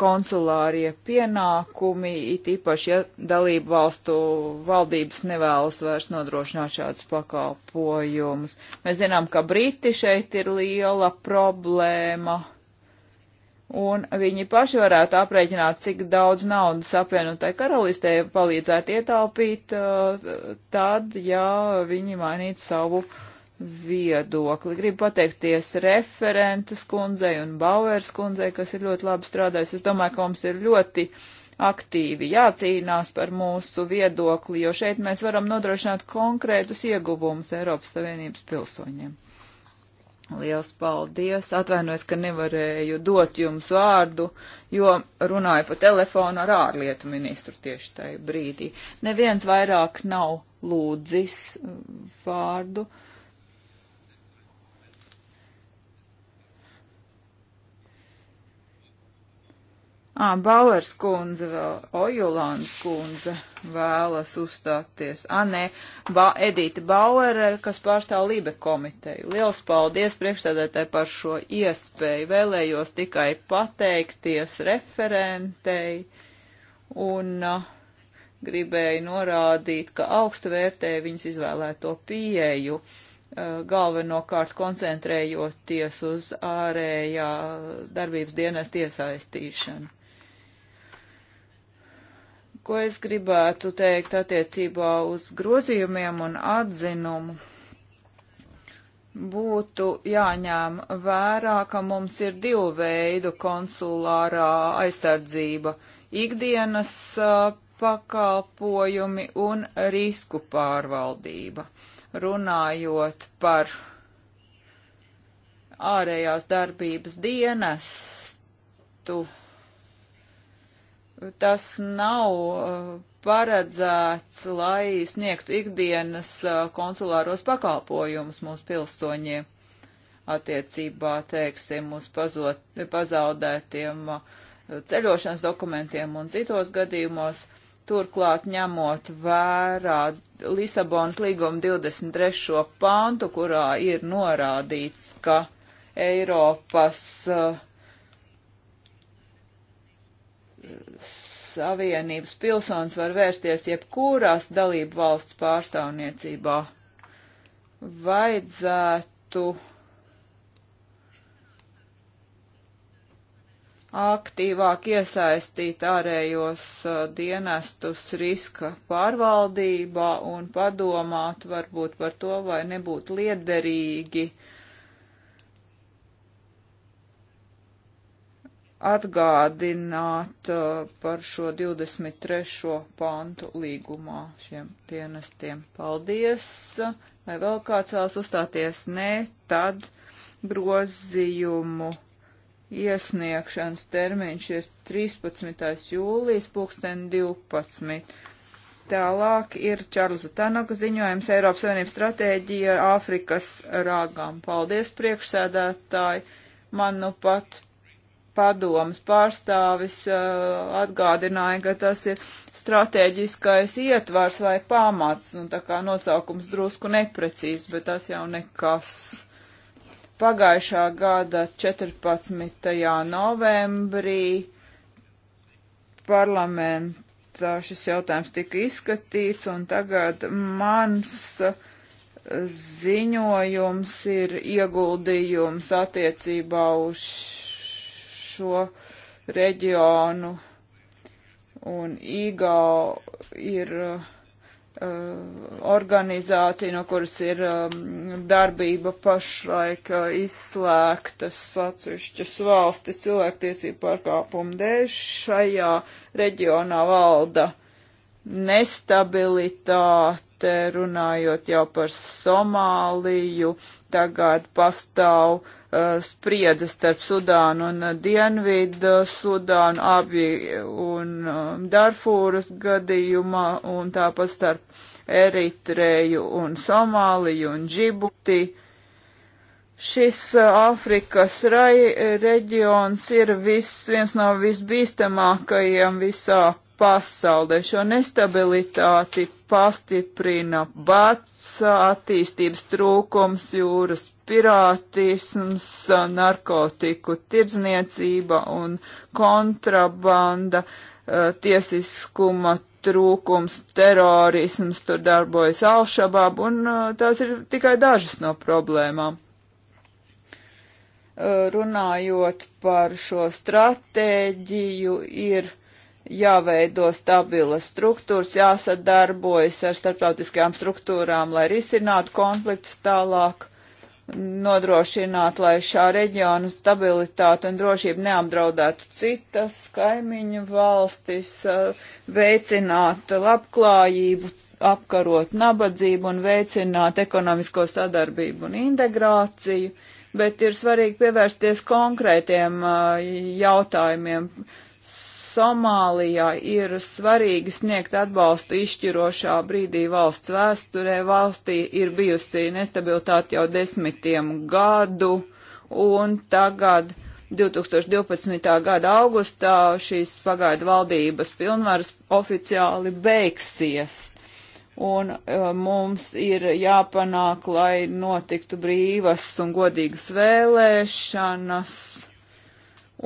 konsulārie pienākumi, it īpaši, ja dalību valstu valdības nevēlas vairs nodrošināt šādus pakalpojumus. Mēs zinām, ka Briti šeit ir liela problēma, un viņi paši varētu aprēķināt, cik daudz naudas apvienotai karalistē palīdzētu ietaupīt, uh, tad, ja viņi mainītu savu uh, viedokli. Gribu pateikties referentes kundzei un Bauers kundzei, kas ir ļoti labi strādājusi. Es domāju, ka mums ir ļoti aktīvi jācīnās par mūsu viedokli, jo šeit mēs varam nodrošināt konkrētus ieguvumus Eiropas Savienības pilsoņiem. Liels paldies! Atvainojos, ka nevarēju dot jums vārdu, jo runāju pa telefonu ar ārlietu ministru tieši tajā brīdī. Neviens vairāk nav lūdzis uh, vārdu. Uh, Ā, Bauers kundze vēl, Ojulāns kundze vēlas uzstāties. Ā, nē, ba Edita Bauere, kas pārstāv Lībe komiteju. Liels paldies priekšstādētāji par šo iespēju. Vēlējos tikai pateikties referentei un uh, gribēju norādīt, ka augstu vērtē viņas izvēlēto pieeju galvenokārt koncentrējoties uz ārējā darbības dienas iesaistīšanu ko es gribētu teikt attiecībā uz grozījumiem un atzinumu, būtu jāņem vērā, ka mums ir divu veidu konsulārā aizsardzība - ikdienas pakalpojumi un risku pārvaldība. Runājot par ārējās darbības dienestu tas nav uh, paredzēts, lai sniegtu ikdienas uh, konsulāros pakalpojumus mūsu pilsoņiem attiecībā, teiksim, uz pazot, pazaudētiem uh, ceļošanas dokumentiem un citos gadījumos. Turklāt ņemot vērā Lisabonas līguma 23. pantu, kurā ir norādīts, ka Eiropas uh, Savienības pilsonis var vērsties jebkurās dalību valsts pārstāvniecībā. Vajadzētu aktīvāk iesaistīt ārējos uh, dienestus riska pārvaldībā un padomāt varbūt par to, vai nebūtu liederīgi uh, atgādināt uh, par šo 23. pantu līgumā šiem dienestiem. Paldies! Vai vēl kāds vēlas uzstāties? Nē, tad grozījumu iesniegšanas termiņš ir 13. jūlijas pulksten 12. Tālāk ir Čārlza Tanaka ziņojums Eiropas Savienības stratēģija Āfrikas rāgām. Paldies, priekšsēdētāji! Man nu pat padomas pārstāvis uh, atgādināja, ka tas ir strateģiskais ietvars vai pamats, un tā kā nosaukums drusku neprecīzs, bet tas jau nekas. Pagājušā gada 14. novembrī parlamentā šis jautājums tika izskatīts, un tagad mans ziņojums ir ieguldījums attiecībā uz šo reģionu. Un IGAU ir uh, organizācija, no kuras ir um, darbība pašlaik uh, izslēgtas atsevišķas valstis cilvēktiesību pārkāpumu dēļ. Šajā reģionā valda nestabilitāte, runājot jau par Somāliju, tagad pastāv uh, Eh, spriedze starp Sudānu un eh, Dienvidu Sudānu abi un eh, Darfūras gadījumā un tāpat starp Eritreju un Somāliju un Džibuti. Šis Āfrikas rai reģions ir viss, viens no visbīstamākajiem visā pasaulē. Šo nestabilitāti pastiprina bats, attīstības trūkums, jūras pirātisms, narkotiku tirdzniecība un kontrabanda, eh, tiesiskuma trūkums, terorisms, tur darbojas Alšabab, un eh, tās ir tikai dažas no problēmām. Eh, runājot par šo stratēģiju, ir jāveido stabilas struktūras, jāsadarbojas ar starptautiskajām struktūrām, lai risinātu konfliktus tālāk, nodrošināt, lai šā reģiona stabilitāte un drošība neapdraudētu citas kaimiņu valstis, eh, veicināt labklājību, apkarot nabadzību un veicināt ekonomisko sadarbību un integrāciju bet ir svarīgi pievērsties konkrētiem eh, jautājumiem, Somālijā ir svarīgi sniegt atbalstu izšķirošā brīdī valsts vēsturē. Valstī ir bijusi nestabilitāte jau desmitiem gadu, un tagad 2012. gada augustā šīs pagaidu valdības pilnvaras oficiāli beigsies. Un e, mums ir jāpanāk, lai notiktu brīvas un godīgas vēlēšanas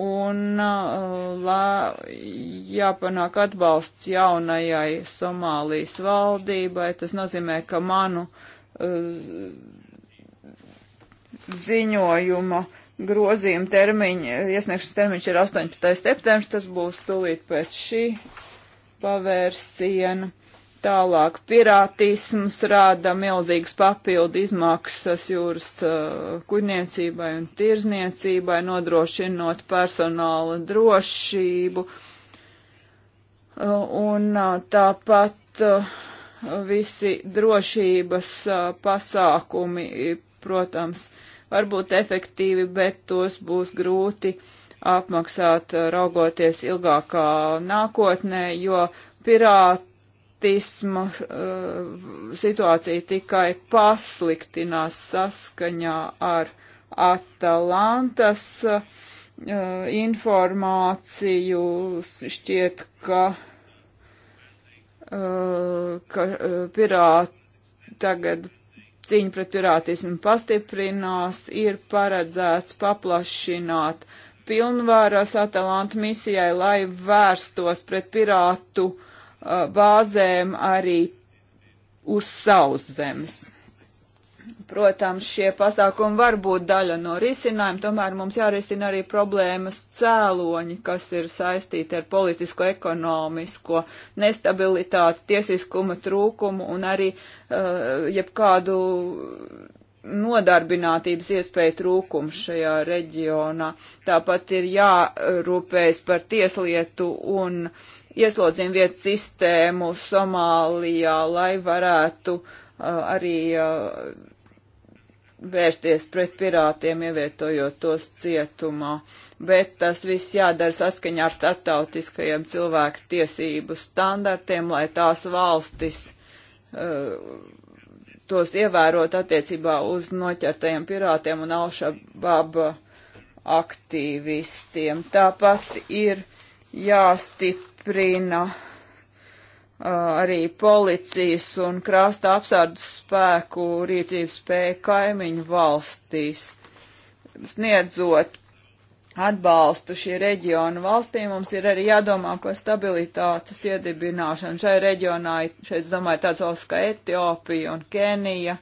un uh, lā, jāpanāk atbalsts jaunajai Somālijas valdībai. Tas nozīmē, ka manu uh, ziņojuma grozījuma termiņa, iesniegšanas termiņš ir 18. septembris, tas būs tūlīt pēc šī pavērsiena. Tālāk pirātisms rāda milzīgas papildu izmaksas jūras uh, kuģniecībai un tirzniecībai, nodrošinot personāla drošību. Uh, un uh, tāpat uh, visi drošības uh, pasākumi, protams, var būt efektīvi, bet tos būs grūti apmaksāt uh, raugoties ilgākā nākotnē, jo pirāti autisma uh, eh, situācija tikai pasliktinās saskaņā ar Atalantas uh, informāciju. Šķiet, ka, uh, ka pirāti tagad cīņa pret pirātismu pastiprinās, ir paredzēts paplašināt pilnvāras Atalanta misijai, lai vērstos pret pirātu Uh, bāzēm arī uz savas zemes. Protams, šie pasākumi var būt daļa no risinājuma, tomēr mums jārisina arī problēmas cēloņi, kas ir saistīti ar politisko, ekonomisko nestabilitāti, tiesiskuma trūkumu un arī uh, jebkādu nodarbinātības iespēju trūkums šajā reģionā. Tāpat ir jārūpējas par tieslietu un uh, ieslodzījumu vietu sistēmu Somālijā, lai varētu uh, arī uh, vērsties pret pirātiem, ievietojot tos cietumā. Bet tas viss jādara saskaņā ar starptautiskajiem cilvēku tiesību standartiem, lai tās valstis uh, tos ievērot attiecībā uz noķertajiem pirātiem un alšababa aktīvistiem. Tāpat ir jāstiprina stiprina uh, arī policijas un krasta apsardzes spēku rīcības spēju kaimiņu valstīs. Sniedzot atbalstu šī reģiona valstīm, mums ir arī jādomā par stabilitātes iedibināšanu. Šai reģionā, šeit domāju tāds valsts kā Etiopija un Kenija,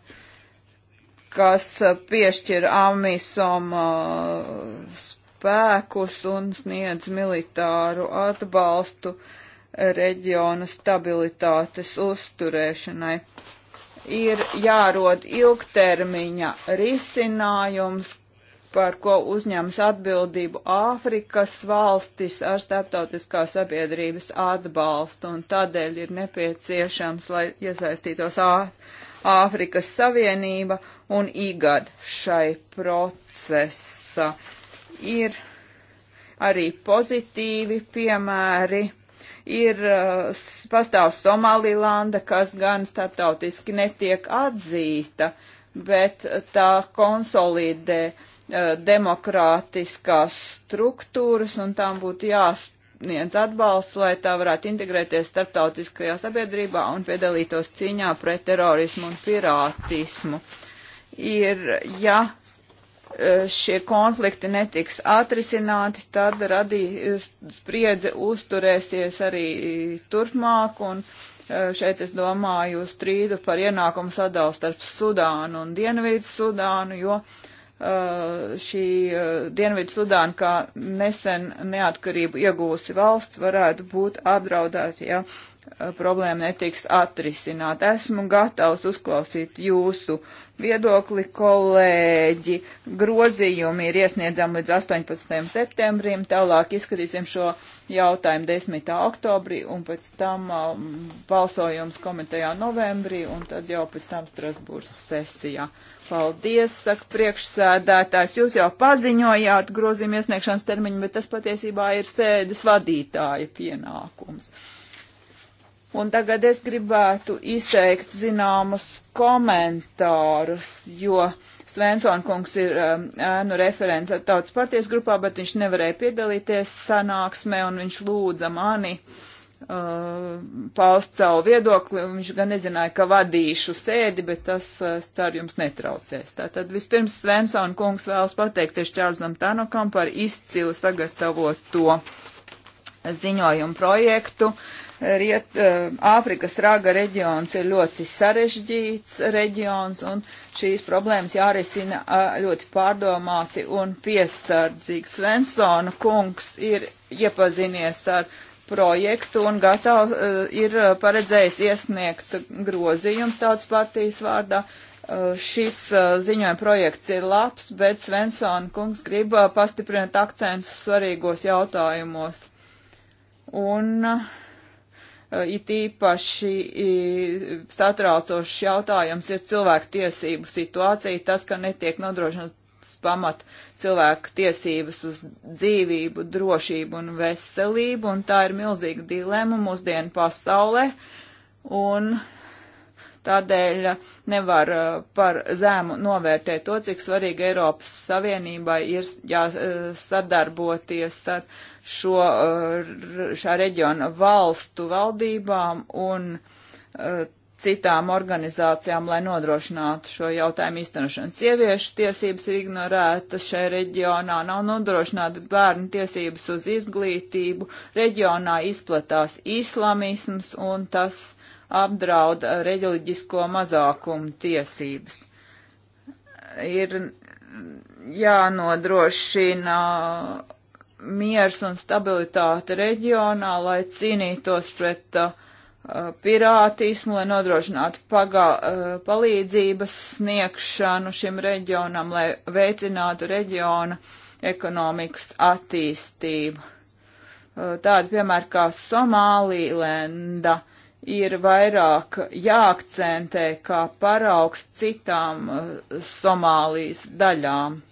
kas piešķir Amisom uh, spēkus un sniedz militāru atbalstu reģiona stabilitātes uzturēšanai. Ir jārod ilgtermiņa risinājums, par ko uzņems atbildību Āfrikas valstis ar starptautiskā sabiedrības atbalstu, un tādēļ ir nepieciešams, lai iesaistītos Āfrikas Savienība un IGAD šai procesa ir arī pozitīvi piemēri. Ir uh, pastāv Somalilanda, kas gan starptautiski netiek atzīta, bet tā konsolidē uh, demokrātiskās struktūras un tām būtu jāspēj sniedz atbalsts, lai tā varētu integrēties starptautiskajā sabiedrībā un piedalītos cīņā pret terorismu un pirātismu. Ir, ja E, šie konflikti netiks atrisināti, tad radīs e, spriedze uzturēsies arī turpmāk, un e, šeit es domāju strīdu par ienākumu sadalu starp Sudānu un Dienvidu Sudānu, jo šī Dienvidu Sudāna, kā nesen neatkarību iegūsi valsts, varētu būt apdraudēta, ja Eh, problēma netiks atrisināt. Esmu gatavs uzklausīt jūsu viedokli, kolēģi. Grozījumi ir iesniedzami līdz 18. septembrim. Tālāk izskatīsim šo jautājumu 10. oktobrī un pēc tam um, balsojums komitejā novembrī un tad jau pēc tam Strasbūras sesijā. Paldies, saka priekšsēdētājs. Jūs jau paziņojāt grozījuma iesniegšanas termiņu, bet tas patiesībā ir sēdes vadītāja pienākums. Un tagad es gribētu izteikt zināmus komentārus, jo Svensona kungs ir um, ēnu um, referents tautas partijas grupā, bet viņš nevarēja piedalīties sanāksmē un viņš lūdza mani uh, paust savu viedokli. Viņš gan nezināja, ka vadīšu sēdi, bet tas, uh, es ceru, jums netraucēs. Tātad vispirms Svensona kungs vēlas pateikties Čārlzam Tanokam par izcili sagatavoto ziņojumu projektu. Riet, eh, Āfrikas raga reģions ir ļoti sarežģīts reģions, un šīs problēmas jārisina eh, ļoti pārdomāti un piesardzīgi. Svensona kungs ir iepazinies ar projektu un gatav, eh, ir paredzējis iesniegt grozījums tautas partijas vārdā. Šis ziņojuma projekts ir labs, bet Svensona kungs grib pastiprināt akcentus svarīgos jautājumos. Un uh, Eh, it īpaši eh, satraucošs jautājums ir cilvēku tiesību situācija, tas, ka netiek nodrošināts pamat cilvēku tiesības uz dzīvību, drošību un veselību, un tā ir milzīga dilema mūsdienu pasaulē, un tādēļ nevar eh, par zēmu novērtēt to, cik svarīgi Eiropas Savienībai ir jāsadarboties ar šo, eh, šā reģiona valstu valdībām un uh, citām organizācijām, lai nodrošinātu šo jautājumu īstenošanu. Sieviešu tiesības ir ignorētas šajā reģionā, nav nodrošināta bērnu tiesības uz izglītību, reģionā izplatās islamisms un tas apdraud eh, reģiļģisko mazākumu tiesības. Ir jānodrošina miers un stabilitāte reģionā, lai cīnītos pret uh, uh, pirātismu, lai nodrošinātu pagā, uh, palīdzības sniegšanu šim reģionam, lai veicinātu reģiona ekonomikas attīstību. Uh, Tāda piemēra kā Somālīlenda ir vairāk jāakcentē kā paraugs citām uh, Somālijas daļām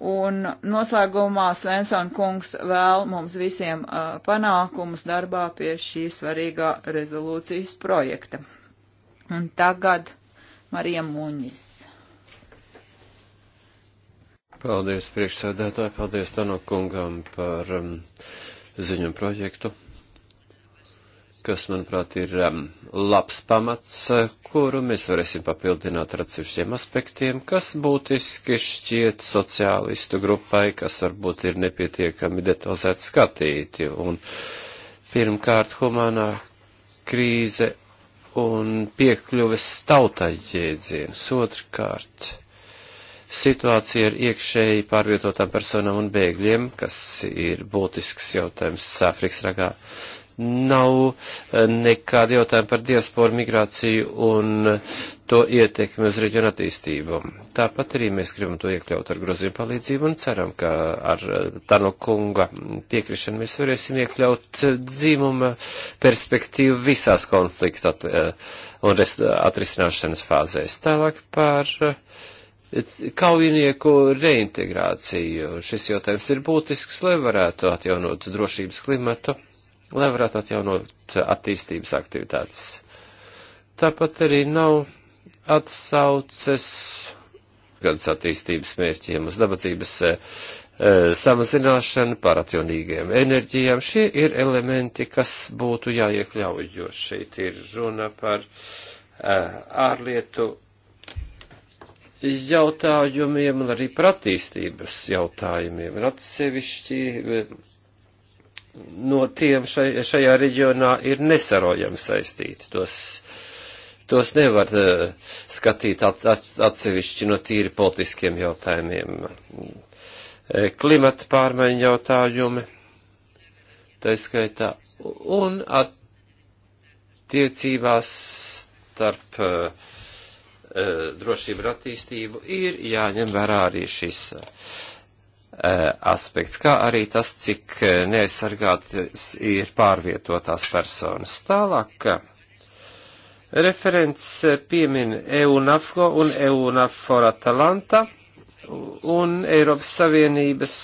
Un noslēgumā Svensson kungs vēl mums visiem uh, panākumus darbā pie šī svarīgā rezolūcijas projekta. Un tagad Marija Muņis. Paldies priekšsēdētāji, paldies Tanokungam par um, ziņu projektu kas, manuprāt, ir um, labs pamats, uh, kuru mēs varēsim papildināt ar atsevišķiem aspektiem, kas būtiski šķiet sociālistu grupai, kas varbūt ir nepietiekami detalizēti skatīti. Un pirmkārt, humanā krīze un piekļuves tautai jēdziens. Otrkārt, situācija ar iekšēji pārvietotām personām un bēgļiem, kas ir būtisks jautājums Āfrikas ragā nav eh, nekāda jautājuma par diasporu migrāciju un eh, to ietekmi uz reģionu attīstību. Tāpat arī mēs gribam to iekļaut ar grozījumu palīdzību un ceram, ka ar eh, Tano kunga piekrišanu mēs varēsim iekļaut dzīmuma perspektīvu visās konflikta at un atrisināšanas fāzēs. Tālāk par kaujinieku reintegrāciju. Šis jautājums ir būtisks, lai varētu atjaunot drošības klimatu lai varētu atjaunot attīstības aktivitātes. Tāpat arī nav atsauces gadas attīstības mērķiem uz nabadzības e, samazināšanu, par atjaunīgiem enerģijām. Šie ir elementi, kas būtu jāiekļauj, jo šeit ir runa par e, ārlietu jautājumiem un arī par attīstības jautājumiem. Ir atsevišķi no tiem šai, šajā reģionā ir nesarojami saistīti. Tos, tos nevar uh, skatīt at, at, atsevišķi no tīri politiskiem jautājumiem. Eh, klimata pārmaiņu jautājumi, tā skaitā, un attiecībās starp uh, drošību un attīstību ir jāņem vērā arī šis Eh, aspekts, kā arī tas, cik eh, neaizsargātas ir pārvietotās personas. Tālāk eh, referents piemin EUNAFO un EUNAFOR Atalanta un Eiropas Savienības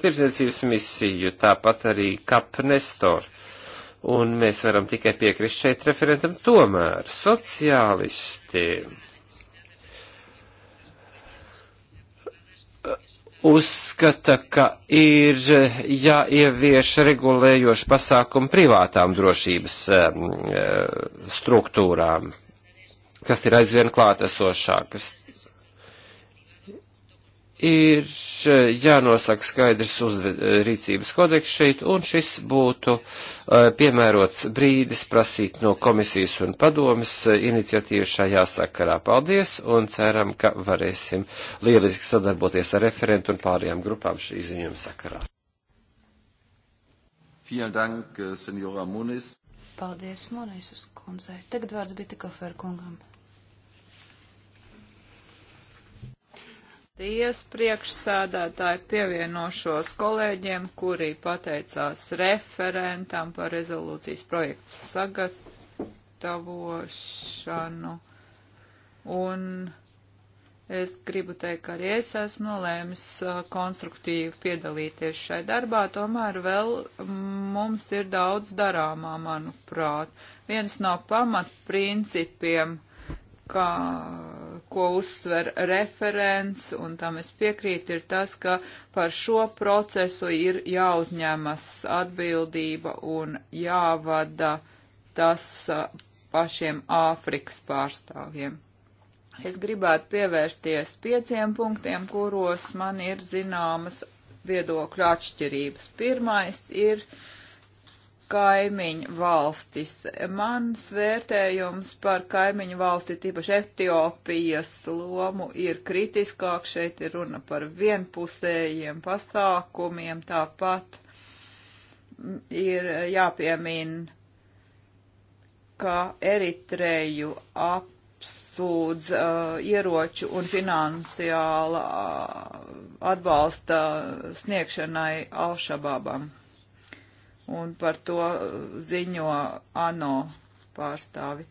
tirdzniecības misiju, tāpat arī Kap Nestor. Un mēs varam tikai piekrist šeit referentam, tomēr sociālisti uzskata, ka ir eh, jāievieš regulējoši pasākumi privātām drošības eh, struktūrām, kas ir aizvien klātesošākas ir eh, jānosaka skaidrs eh, rīcības kodeks šeit, un šis būtu eh, piemērots brīdis prasīt no komisijas un padomas iniciatīvu šajā sakarā. Paldies, un ceram, ka varēsim lieliski sadarboties ar referentu un pārējām grupām šī ziņojuma sakarā. Dank, Paldies, Monēs uz kundzei. Tagad vārds bija tikai Ferkungam. Paldies priekšsēdētāji pievienošos kolēģiem, kuri pateicās referentam par rezolūcijas projektu sagatavošanu. Un es gribu teikt, ka arī es esmu nolēmis uh, konstruktīvi piedalīties šai darbā, tomēr vēl mm, mums ir daudz darāmā, manuprāt. Viens no pamatprincipiem, kā ko uzsver referents, un tam es piekrītu, ir tas, ka par šo procesu ir jāuzņemas atbildība un jāvada tas pašiem Āfrikas pārstāvjiem. Es gribētu pievērsties pieciem punktiem, kuros man ir zināmas viedokļu atšķirības. Pirmais ir uh, kaimiņu valstis. Mans vērtējums par kaimiņu valsti, tīpaši Etiopijas lomu, ir kritiskāk. Šeit ir runa par vienpusējiem pasākumiem. Tāpat ir jāpiemin, ka Eritreju apsūdz uh, ieroču un finansiāla uh, atbalsta sniegšanai Alšababam un par to ziņo ANO pārstāvi.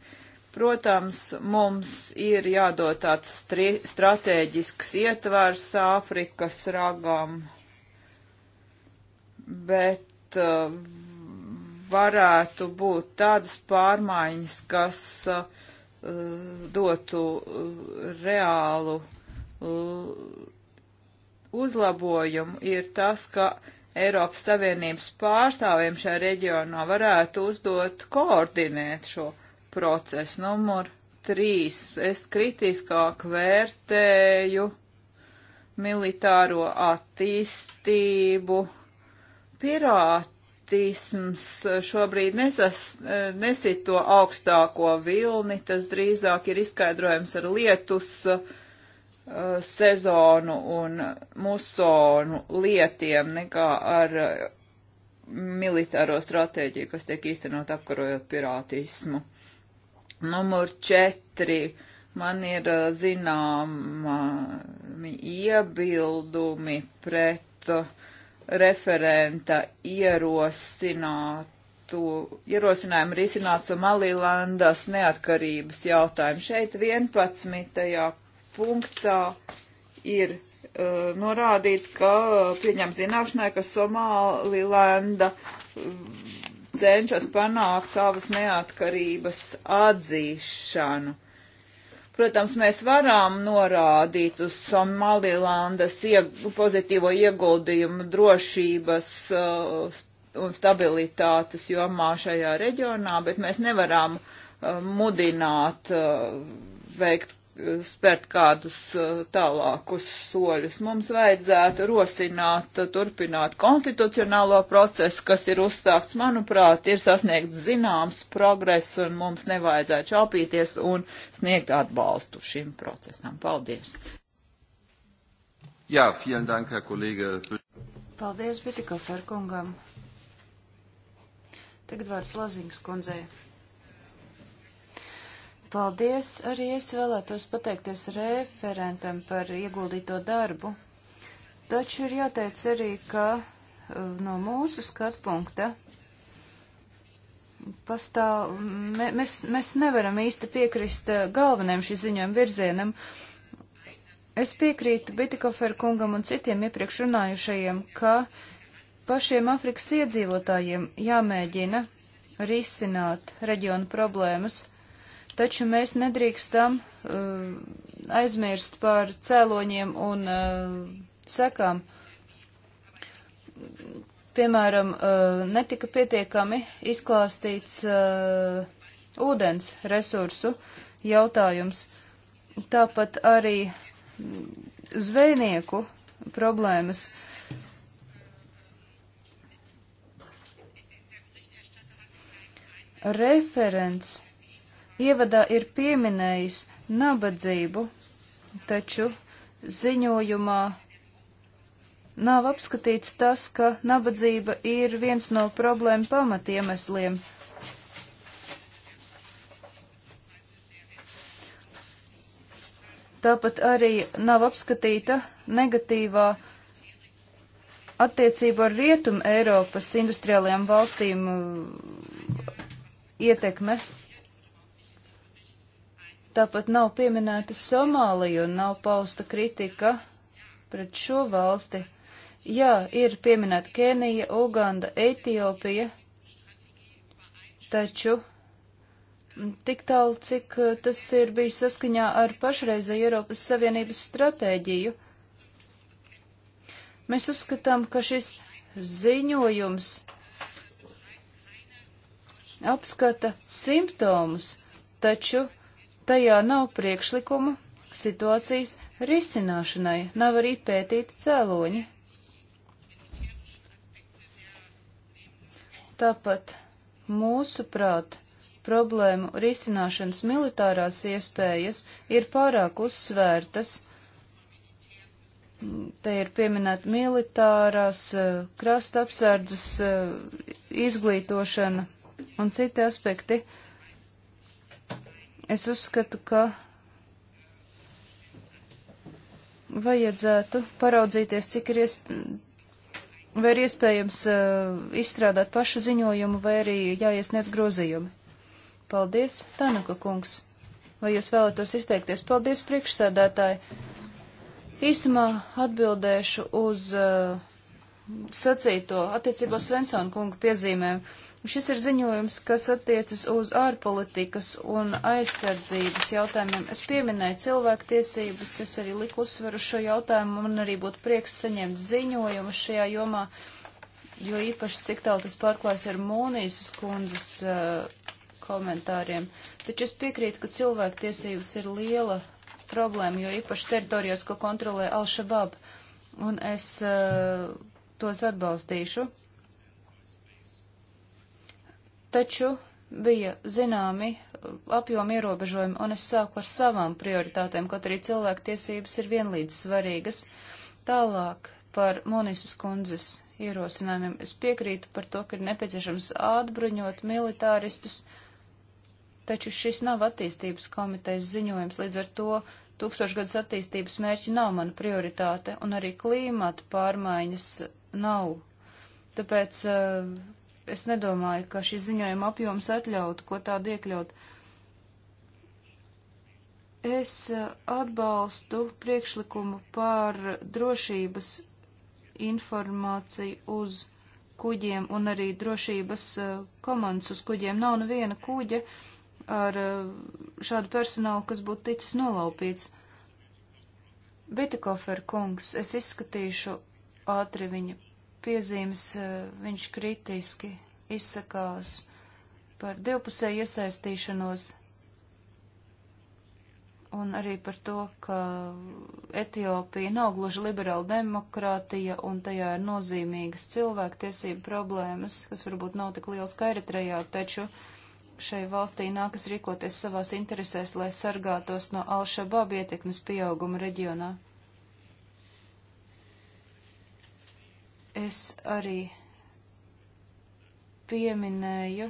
Protams, mums ir jādod tāds strateģisks ietvars Āfrikas ragam, bet uh, varētu būt tādas pārmaiņas, kas uh, dotu uh, reālu uh, uzlabojumu, ir tas, ka Eiropas Savienības pārstāvjiem šajā reģionā varētu uzdot koordinēt šo procesu. Numur trīs. Es kritiskāk vērtēju militāro attīstību. Pirātisms šobrīd nesas, nesit to augstāko vilni, tas drīzāk ir izskaidrojams ar lietus uh, Eh, sezonu un musonu lietiem nekā ar eh, militāro stratēģiju, kas tiek īstenot apkarojot pirātismu. Numur četri. Man ir eh, zināmi iebildumi pret referenta ierosinātu, ierosinājumu risināt Somalilandas neatkarības jautājumu. Šeit 11 punktā ir uh, norādīts, ka uh, pieņem zināšanai, ka Somālilanda uh, cenšas panākt savas neatkarības atzīšanu. Protams, mēs varam norādīt uz Somalilandas ieg pozitīvo ieguldījumu drošības uh, un stabilitātes jomā šajā reģionā, bet mēs nevaram uh, mudināt uh, veikt spērt kādus eh, tālākus soļus. Mums vajadzētu rosināt, eh, turpināt konstitucionālo procesu, kas ir uzsākts, manuprāt, ir sasniegts zināms progress, un mums nevajadzētu šaupīties un sniegt atbalstu šim procesam. Paldies! Jā, vielen dank, Herr kolēģe. Paldies, Bitika Ferkungam. Tagad vārds Lazings kundzei. Paldies! Arī es vēlētos pateikties referentam par ieguldīto darbu. Taču ir jāteic arī, ka eh, no mūsu skatu punkta pastāv, mē, mēs, mēs nevaram īsti piekrist eh, galvenajam šī ziņojuma virzienam. Es piekrītu Bitikoferu kungam un citiem iepriekš runājušajiem, ka pašiem Afrikas iedzīvotājiem jāmēģina risināt reģionu problēmas taču mēs nedrīkstam uh, aizmirst par cēloņiem un uh, sekām. Piemēram, uh, netika pietiekami izklāstīts uh, ūdens resursu jautājums, tāpat arī zvejnieku problēmas. Referents ievadā ir pieminējis nabadzību, taču ziņojumā nav apskatīts tas, ka nabadzība ir viens no problēmu pamatiemesliem. Tāpat arī nav apskatīta negatīvā attiecība ar Rietumu Eiropas industriālajām valstīm uh, ietekme Tāpat nav pieminēta Somālija un nav pausta kritika pret šo valsti. Jā, ir pieminēta Kenija, Uganda, Etiopija, taču tik tālu, cik eh, tas ir bijis saskaņā ar pašreizēju Eiropas Savienības stratēģiju. Mēs uzskatām, ka šis ziņojums apskata simptomus, taču tajā nav priekšlikumu situācijas risināšanai, nav arī pētīti cēloņi. Tāpat mūsuprāt, problēmu risināšanas militārās iespējas ir pārāk uzsvērtas. Te ir pieminēta militārās, eh, krasta apsardzes eh, izglītošana un citi aspekti. Uh, Es uzskatu, ka vajadzētu paraudzīties, cik ir iespējams, vai ir iespējams uh, izstrādāt pašu ziņojumu, vai arī jāiesniedz grozījumi. Paldies, Tanuka kungs. Vai jūs vēlētos izteikties? Paldies, priekšsēdētāji. Īsumā atbildēšu uz uh, sacīto attiecībā Svensona kunga piezīmēm. Šis ir ziņojums, kas attiecas uz ārpolitikas un aizsardzības jautājumiem. Es pieminēju cilvēktiesības, es arī liku uzsveru šo jautājumu, man arī būtu prieks saņemt ziņojumu šajā jomā, jo īpaši cik tālu tas pārklājas ar Mūnijas kundzes uh, eh, komentāriem. Taču es piekrītu, ka cilvēktiesības ir liela problēma, jo īpaši teritorijās, ko kontrolē Al-Shabaab, un es uh, tos atbalstīšu taču bija zināmi uh, apjomi ierobežojumi, un es sāku ar savām prioritātēm, kaut arī cilvēktiesības ir vienlīdz svarīgas. Tālāk par Monisas kundzes ierosinājumiem es piekrītu par to, ka ir nepieciešams atbruņot militāristus, taču šis nav attīstības komitejas ziņojums, līdz ar to tūkstošgadus attīstības mērķi nav mana prioritāte, un arī klīmata pārmaiņas nav. Tāpēc uh, es nedomāju, ka šis ziņojuma apjoms atļautu, ko tādu iekļaut. Es eh, atbalstu priekšlikumu par drošības informāciju uz kuģiem un arī drošības eh, komandas uz kuģiem. Nav neviena kuģa ar eh, šādu personālu, kas būtu ticis nolaupīts. Bitikofer kungs, es izskatīšu ātri viņa piezīmes, eh, viņš kritiski izsakās par divpusēju iesaistīšanos un arī par to, ka Etiopija nav gluži liberāla demokrātija un tajā ir nozīmīgas cilvēktiesība problēmas, kas varbūt nav tik liels kā Eritrejā, taču šai valstī nākas rīkoties savās interesēs, lai sargātos no Alšabāba ietekmes pieauguma reģionā. Es arī pieminēju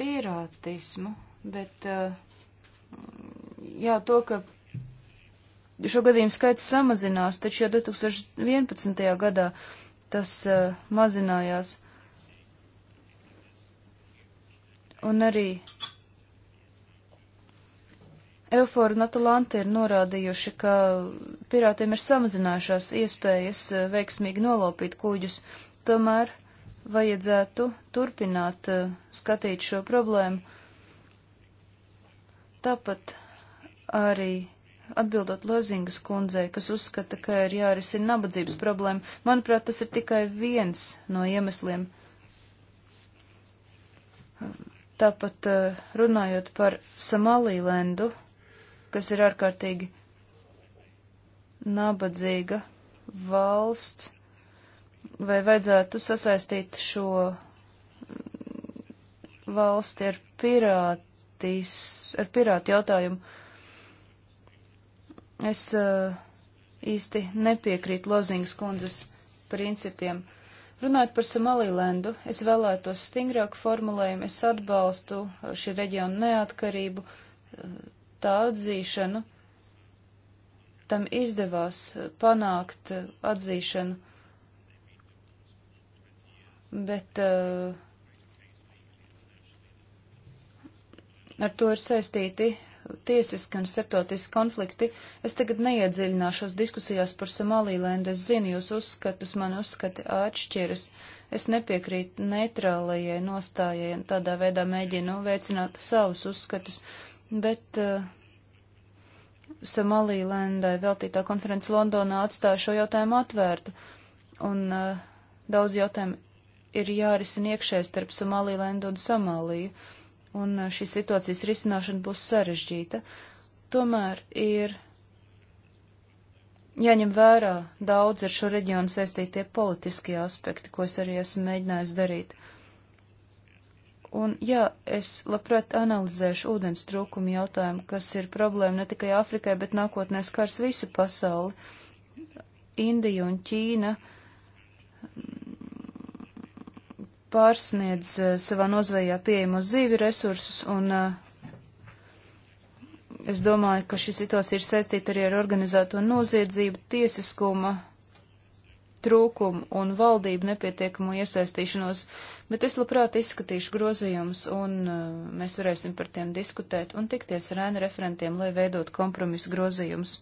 pirātismu, bet jā, to, ka šo gadījumu skaits samazinās, taču jau 2011. gadā tas mazinājās. Un arī Eufor un Atalanta ir norādījuši, ka pirātiem ir samazinājušās iespējas eh, veiksmīgi nolopīt kuģus, tomēr vajadzētu turpināt eh, skatīt šo problēmu. Tāpat arī atbildot Lozingas kundzei, kas uzskata, ka ir jārisina nabadzības problēma, manuprāt, tas ir tikai viens no iemesliem. Tāpat eh, runājot par Somalilendu, kas ir ārkārtīgi nabadzīga valsts, vai vajadzētu sasaistīt šo valsti ar pirātīs, ar pirātu jautājumu. Es uh, īsti nepiekrītu Lozingas kundzes principiem. Runājot par Somalilendu, es vēlētos stingrāku formulējumu, es atbalstu uh, šī reģiona neatkarību, uh, tā atzīšanu, tam izdevās panākt eh, atzīšanu, bet uh, ar to ir saistīti tiesiski un starptautiski konflikti. Es tagad neiedziļināšos diskusijās par Somālīlēndu, es zinu jūs uzskatus, man uzskati atšķiras. Es nepiekrītu neitrālajai nostājai un tādā veidā mēģinu veicināt savus uzskatus. Uh, bet uh, eh, Somalīlendai veltītā konferences Londonā atstāja šo jautājumu atvērtu, un uh, daudz jautājumu ir jārisina iekšēji starp Somalīlendu un Somāliju, un uh, eh, šī situācijas risināšana būs sarežģīta. Tomēr ir jāņem vērā daudz ar šo reģionu saistītie politiskie aspekti, ko es arī esmu mēģinājis darīt. Un jā, es labprāt analizēšu ūdens trūkumu jautājumu, kas ir problēma ne tikai Āfrikai, bet nākotnē skars visu pasauli. Indija un Ķīna pārsniedz eh, savā nozvejā pieejamos zīvi resursus, un eh, es domāju, ka šī situācija ir saistīta arī ar organizēto noziedzību, tiesiskuma trūkumu un valdību nepietiekamo iesaistīšanos. Uh, bet es labprāt izskatīšu grozījumus, un uh, mēs varēsim par tiem diskutēt un tikties ar ēnu referentiem, lai veidot kompromisu grozījumus.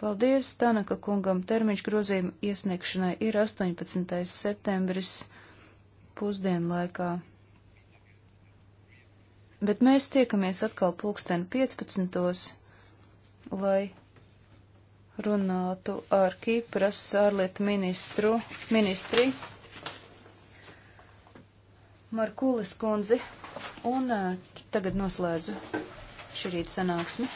Paldies Tanaka kungam. Termiņš grozījuma iesniegšanai ir 18. septembris pusdienlaikā. Bet mēs tiekamies atkal pulksten 15. lai runātu ar Kīpras ārlietu ministru, ministri. Markulis kundzi, un eh, tagad noslēdzu šī rīta sanāksmi.